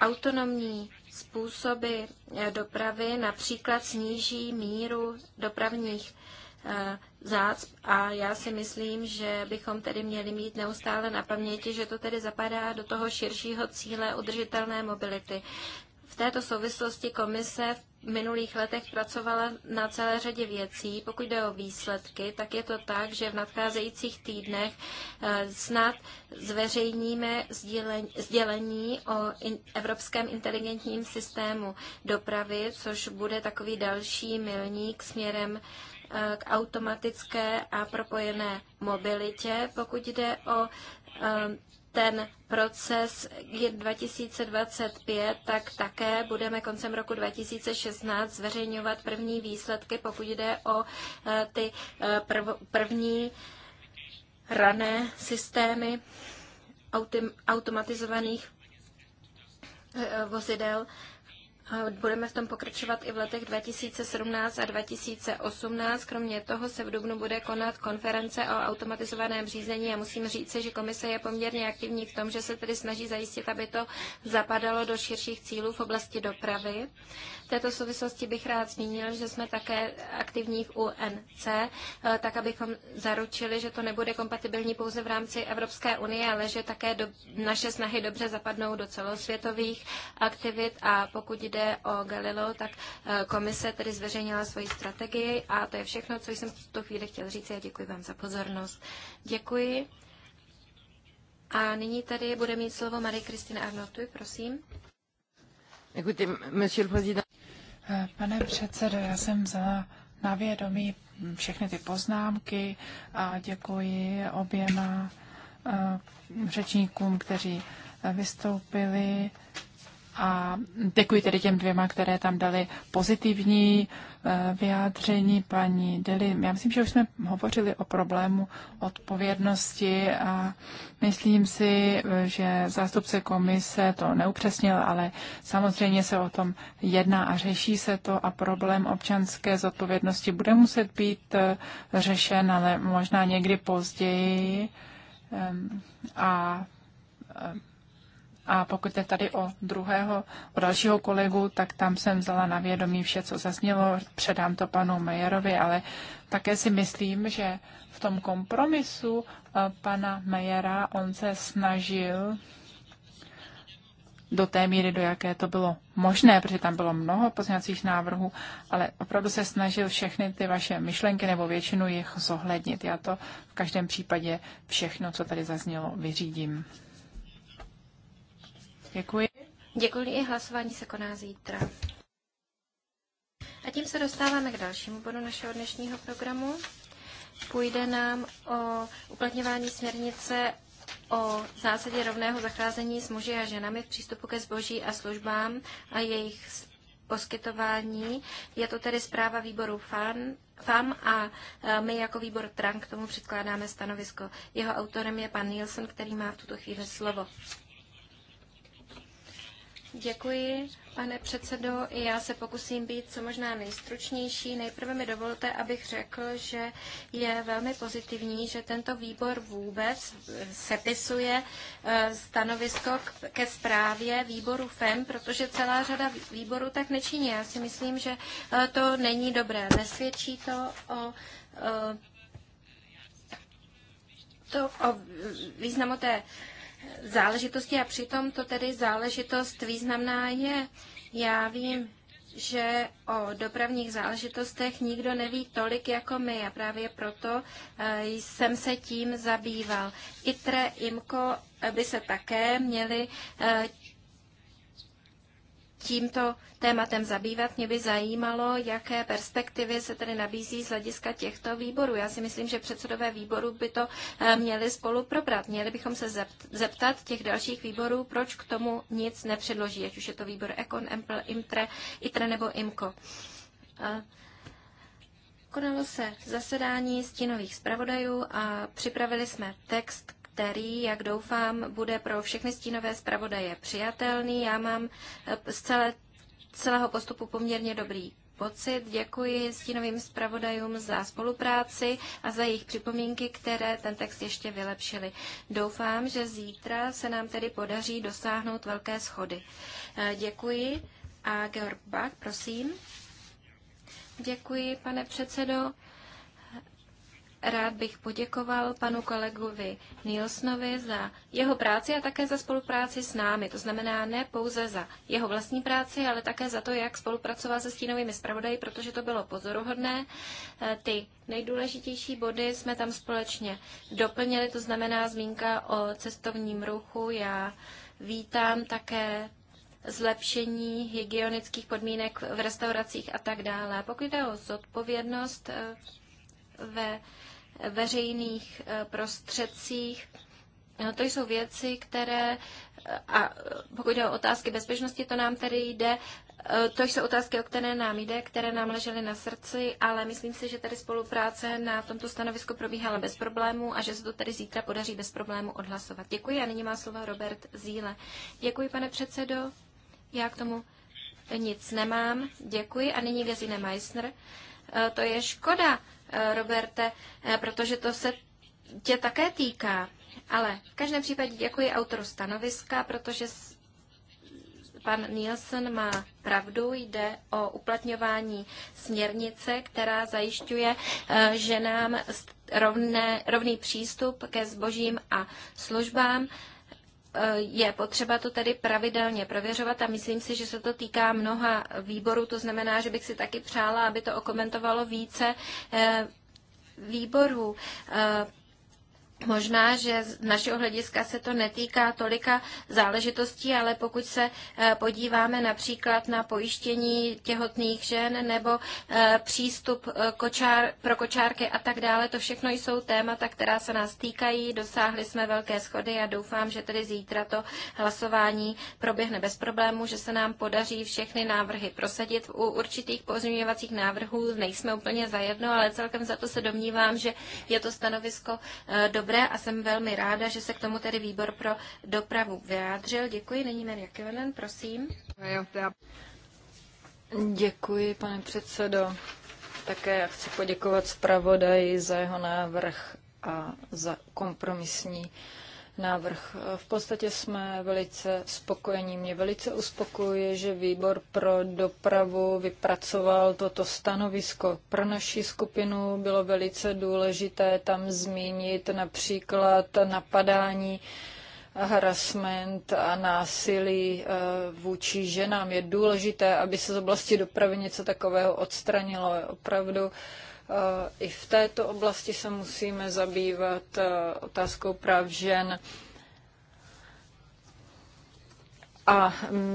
autonomní způsoby eh, dopravy například sníží míru dopravních eh, zácp a já si myslím, že bychom tedy měli mít neustále na paměti, že to tedy zapadá do toho širšího cíle udržitelné mobility. V této souvislosti komise v minulých letech pracovala na celé řadě věcí. Pokud jde o výsledky, tak je to tak, že v nadcházejících týdnech eh, snad zveřejníme sdělení o Evropském inteligentním systému dopravy, což bude takový další milník směrem eh, k automatické a propojené mobilitě. Pokud jde o eh, ten proces je 2025, tak také budeme koncem roku 2016 zveřejňovat první výsledky, pokud jde o e, ty e, první rané systémy automatizovaných e, vozidel Budeme v tom pokračovat i v letech 2017 a 2018. Kromě toho se v Dubnu bude konat konference o automatizovaném řízení a musím říct, že komise je poměrně aktivní v tom, že se tedy snaží zajistit, aby to zapadalo do širších cílů v oblasti dopravy. V této souvislosti bych rád zmínil, že jsme také aktivní v UNC, eh, tak abychom zaručili, že to nebude kompatibilní pouze v rámci Evropské unie, ale že také do, naše snahy dobře zapadnou do celosvětových aktivit a pokud jde jde o Galileo, tak eh, komise tedy zveřejnila svoji strategii a to je všechno, co jsem v tuto chvíli chtěl říct a děkuji vám za pozornost. Děkuji. A nyní tady bude mít slovo Marie Kristina Arnautuj, prosím. Écoutez, monsieur le président. Eh, pane předsedo, já jsem za na vědomí všechny ty poznámky a děkuji oběma eh, řečníkům, kteří vystoupili a děkuji tedy těm dvěma, které tam dali pozitivní eh, vyjádření paní Deli. Já myslím, že už jsme hovořili o problému odpovědnosti a myslím si, eh, že zástupce komise to neupřesnil, ale samozřejmě se o tom jedná a řeší se to a problém občanské zodpovědnosti bude muset být eh, řešen, ale možná někdy později a a pokud je tady o druhého, o dalšího kolegu, tak tam jsem vzala na vědomí vše, co zaznělo, předám to panu Mejerovi, ale také si myslím, že v tom kompromisu eh, pana Mejera, on se snažil do té míry, do jaké to bylo možné, protože tam bylo mnoho pozměňovacích návrhů, ale opravdu se snažil všechny ty vaše myšlenky nebo většinu jich zohlednit. Já to v každém případě všechno, co tady zaznělo, vyřídím. Děkuji. Děkuji. i Hlasování se koná zítra. A tím se dostáváme k dalšímu bodu našeho dnešního programu. Půjde nám o uplatňování směrnice o zásadě rovného zacházení s muži a ženami v přístupu ke zboží a službám a jejich poskytování. Je to tedy zpráva výboru FAN, FAM a e, my jako výbor TRAN k tomu předkládáme stanovisko. Jeho autorem je pan Nielsen, který má v tuto chvíli slovo. Děkuji, pane předsedo. I já se pokusím být co možná nejstručnější. Nejprve mi dovolte, abych řekl, že je velmi pozitivní, že tento výbor vůbec sepisuje eh, stanovisko ke zprávě výboru FEM, protože celá řada výborů tak nečiní. Já si myslím, že eh, to není dobré. Nesvědčí to o eh, to o významu té záležitosti a přitom to tedy záležitost významná je. Já vím, že o dopravních záležitostech nikdo neví tolik jako my a právě proto eh, jsem se tím zabýval. ITRE, IMCO by se také měli eh, tímto tématem zabývat. Mě by zajímalo, jaké perspektivy se tedy nabízí z hlediska těchto výborů. Já si myslím, že předsedové výborů by to eh, měli spolu probrat. Měli bychom se zeptat těch dalších výborů, proč k tomu nic nepředloží, ať už je to výbor Econ, Empl, Imtre, ITRE nebo IMCO. Konalo se zasedání stínových zpravodajů a připravili jsme text který, jak doufám, bude pro všechny stínové zpravodaje přijatelný. Já mám eh, z celé, celého postupu poměrně dobrý pocit. Děkuji stínovým zpravodajům za spolupráci a za jejich připomínky, které ten text ještě vylepšily. Doufám, že zítra se nám tedy podaří dosáhnout velké schody. Eh, děkuji. A Georg Bach, prosím. Děkuji, pane předsedo. Rád bych poděkoval panu kolegovi Nilsnovi za jeho práci a také za spolupráci s námi. To znamená ne pouze za jeho vlastní práci, ale také za to, jak spolupracoval se stínovými zpravodaji, protože to bylo pozoruhodné. E, ty nejdůležitější body jsme tam společně doplnili, to znamená zmínka o cestovním ruchu. Já vítám také zlepšení hygienických podmínek v restauracích a tak dále. Pokud jde o zodpovědnost e, ve veřejných eh, prostředcích. No, to jsou věci, které, eh, a pokud jde o otázky bezpečnosti, to nám tedy jde, eh, to jsou otázky, o které nám jde, které nám ležely na srdci, ale myslím si, že tady spolupráce na tomto stanovisku probíhala bez problémů a že se to tady zítra podaří bez problémů odhlasovat. Děkuji a nyní má slovo Robert Zíle. Děkuji, pane předsedo. Já k tomu nic nemám. Děkuji a nyní Gesine Meissner. To je škoda, Eh, Roberte, eh, protože to se tě také týká. Ale v každém případě děkuji autoru stanoviska, protože pan Nielsen má pravdu, jde o uplatňování směrnice, která zajišťuje eh, ženám rovné, rovný přístup ke zbožím a službám. Eh, je potřeba to tedy pravidelně prověřovat a myslím si, že se to týká mnoha výborů, to znamená, že bych si taky přála, aby to okomentovalo více eh, výborů. Eh, Možná, že z našeho hlediska se to netýká tolika záležitostí, ale pokud se eh, podíváme například na pojištění těhotných žen nebo eh, přístup eh, kočár, pro kočárky a tak dále, to všechno jsou témata, která se nás týkají. Dosáhli jsme velké schody a doufám, že tedy zítra to hlasování proběhne bez problémů, že se nám podaří všechny návrhy prosadit. U určitých pozměňovacích návrhů nejsme úplně zajedno, ale celkem za to se domnívám, že je to stanovisko dobré dobré a jsem velmi ráda, že se k tomu tedy výbor pro dopravu vyjádřil. Děkuji. Nyní Maria Kivelen, prosím. Děkuji, pane předsedo. Také já chci poděkovat zpravodaji za jeho návrh a za kompromisní návrh. V podstatě jsme velice spokojení. Mě velice uspokojuje, že výbor pro dopravu vypracoval toto stanovisko. Pro naši skupinu bylo velice důležité tam zmínit například napadání harassment a násilí eh, vůči ženám. Je důležité, aby se z oblasti dopravy něco takového odstranilo. Opravdu i v této oblasti se musíme zabývat eh, otázkou práv žen. A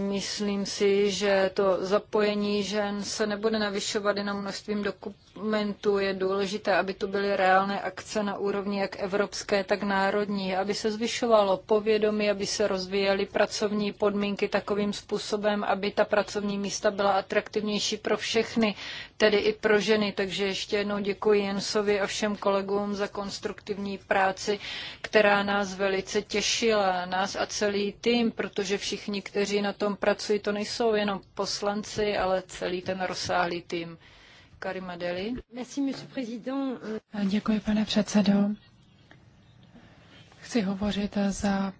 myslím si, že to zapojení žen se nebude navyšovat jenom množstvím dokumentů. Je důležité, aby tu byly reálné akce na úrovni jak evropské, tak národní, aby se zvyšovalo povědomí, aby se rozvíjely pracovní podmínky takovým způsobem, aby ta pracovní místa byla atraktivnější pro všechny tedy i pro ženy. Takže ještě jednou děkuji Jensovi a všem kolegům za konstruktivní práci, která nás velice těšila, nás a celý tým, protože všichni, kteří na tom pracují, to nejsou jenom poslanci, ale celý ten rozsáhlý tým. Karima Deli. Děkuji, pane předsedo. Chci hovořit za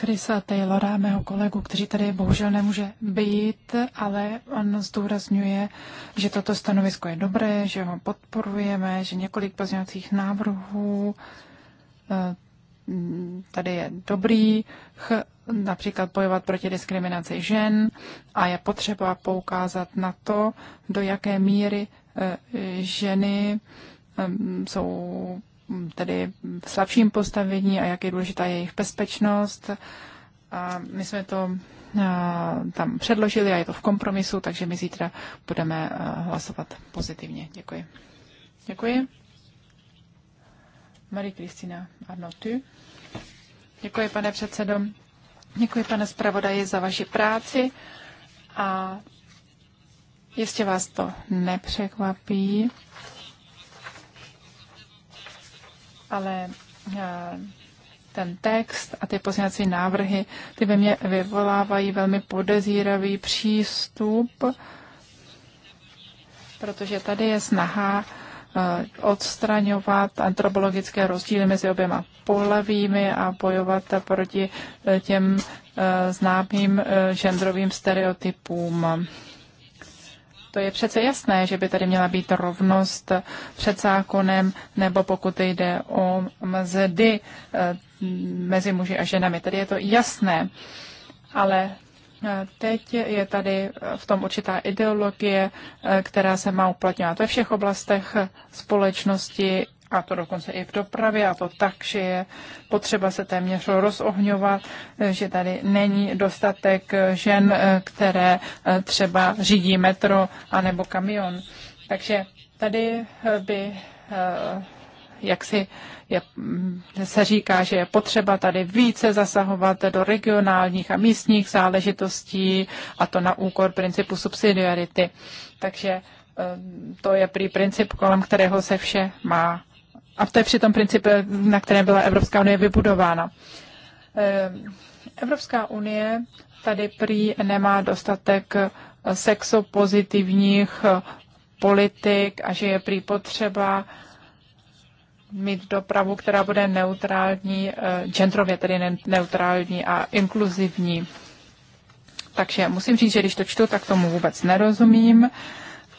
Chrisa Taylora, mého kolegu, který tady bohužel nemůže být, ale on zdůrazňuje, že toto stanovisko je dobré, že ho podporujeme, že několik pozměňovacích návrhů eh, tady je dobrý, například bojovat proti diskriminaci žen a je potřeba poukázat na to, do jaké míry eh, ženy eh, jsou tedy v slabším postavení a jak je důležitá jejich bezpečnost. A my jsme to tam předložili a je to v kompromisu, takže my zítra budeme hlasovat pozitivně. Děkuji. Děkuji. Marie Kristina Arnotu. Děkuji, pane předsedo. Děkuji, pane zpravodaji, za vaši práci a jestli vás to nepřekvapí, ale eh, ten text a ty pozměňovací návrhy, ty ve mně vyvolávají velmi podezíravý přístup, protože tady je snaha eh, odstraňovat antropologické rozdíly mezi oběma pohlavími a bojovat proti eh, těm známým genderovým stereotypům. To je přece jasné, že by tady měla být rovnost před zákonem, nebo pokud jde o mzdy eh, mezi muži a ženami. Tady je to jasné, ale eh, Teď je tady eh, v tom určitá ideologie, která se má uplatňovat ve všech oblastech společnosti a to dokonce i v dopravě, a to tak, že je potřeba se téměř rozohňovat, že tady není dostatek žen, které eh, třeba řídí metro anebo kamion. Takže tady eh, by eh, jak si je, mm, se říká, že je potřeba tady více zasahovat do regionálních a místních záležitostí a to na úkor principu subsidiarity. Takže to je prý princip, kolem kterého se vše má a to je přitom princip, eh, na kterém byla Evropská unie vybudována. Eh, Evropská unie tady prý nemá dostatek eh, sexopozitivních politik a že je prý potřeba mít dopravu, která bude neutrální, genderově tedy neutrální a inkluzivní. Takže musím říct, že když to čtu, tak tomu vůbec nerozumím.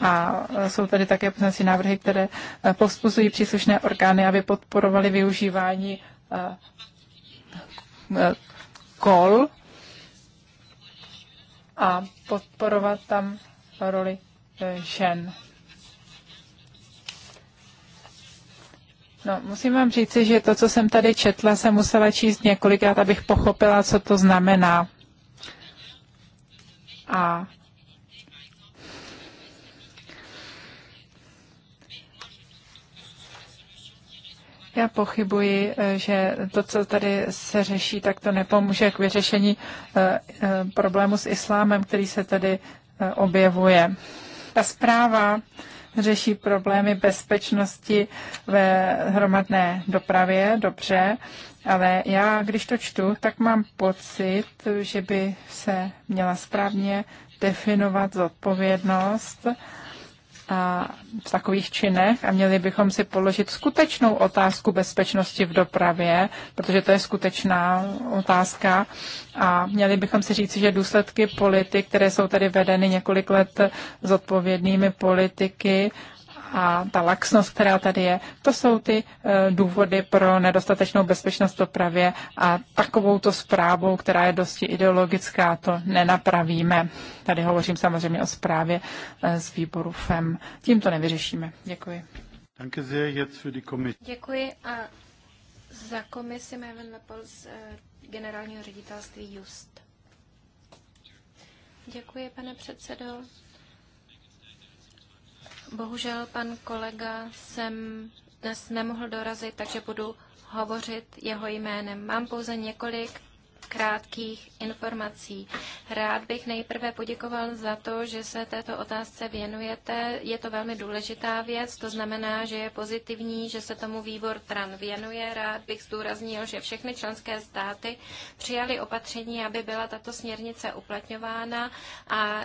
A jsou tady také poslanci návrhy, které eh, povzbuzují příslušné orgány, aby podporovali využívání eh, eh, kol a podporovat tam roli žen. No, musím vám říci, že to, co jsem tady četla, jsem musela číst několikrát, abych pochopila, co to znamená. A Já pochybuji, eh, že to, co tady se řeší, tak to nepomůže k vyřešení eh, eh, problému s islámem, který se tady objevuje. Ta zpráva řeší problémy bezpečnosti ve hromadné dopravě, dobře, ale já, když to čtu, tak mám pocit, že by se měla správně definovat zodpovědnost v takových činech a měli bychom si položit skutečnou otázku bezpečnosti v dopravě, protože to je skutečná otázka a měli bychom si říct, že důsledky politik, které jsou tady vedeny několik let zodpovědnými politiky, a ta laxnost, která tady je, to jsou ty eh, důvody pro nedostatečnou bezpečnost dopravě a takovou to zprávou, která je dosti ideologická, to nenapravíme. Tady hovořím samozřejmě o zprávě eh, z výboru FEM. Tím to nevyřešíme. Děkuji. Děkuji a za komisi Mervin Lepol z eh, generálního ředitelství Just. Děkuji, pane předsedo. Bohužel pan kolega jsem dnes nemohl dorazit, takže budu hovořit jeho jménem. Mám pouze několik krátkých informací. Rád bych nejprve poděkoval za to, že se této otázce věnujete. Je to velmi důležitá věc, to znamená, že je pozitivní, že se tomu výbor TRAN věnuje. Rád bych zdůraznil, že všechny členské státy přijali opatření, aby byla tato směrnice uplatňována a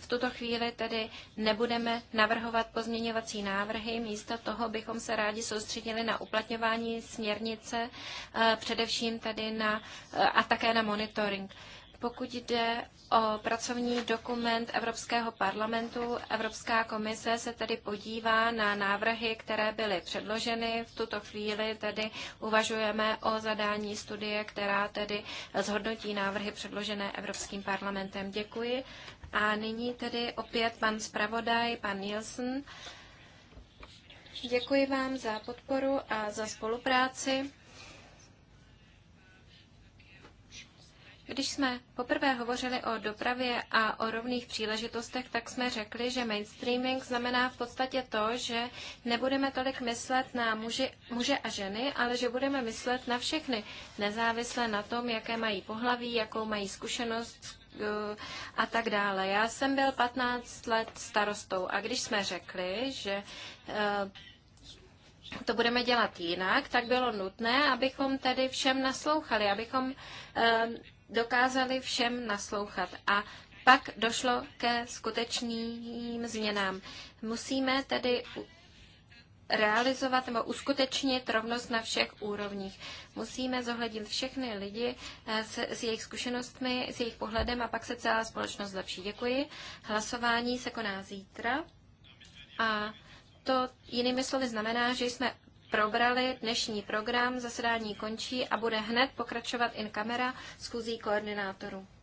v tuto chvíli tedy nebudeme navrhovat pozměňovací návrhy, místo toho bychom se rádi soustředili na uplatňování směrnice, eh, především tedy na, eh, a také na monitoring. Pokud jde o pracovní dokument Evropského parlamentu, Evropská komise se tedy podívá na návrhy, které byly předloženy. V tuto chvíli tedy uvažujeme o zadání studie, která tedy zhodnotí návrhy předložené Evropským parlamentem. Děkuji. A nyní tedy opět pan zpravodaj, pan Nielsen. Děkuji vám za podporu a za spolupráci. Když jsme poprvé hovořili o dopravě a o rovných příležitostech, tak jsme řekli, že mainstreaming znamená v podstatě to, že nebudeme tolik myslet na muži, muže a ženy, ale že budeme myslet na všechny, nezávisle na tom, jaké mají pohlaví, jakou mají zkušenost, a tak dále. Já jsem byl 15 let starostou a když jsme řekli, že eh, to budeme dělat jinak, tak bylo nutné, abychom tedy všem naslouchali, abychom eh, dokázali všem naslouchat. A pak došlo ke skutečným změnám. Musíme tedy realizovat nebo uskutečnit rovnost na všech úrovních. Musíme zohlednit všechny lidi eh, s, s jejich zkušenostmi, s jejich pohledem a pak se celá společnost zlepší. Děkuji. Hlasování se koná zítra a to jinými slovy znamená, že jsme probrali dnešní program, zasedání končí a bude hned pokračovat in kamera schůzí koordinátorů.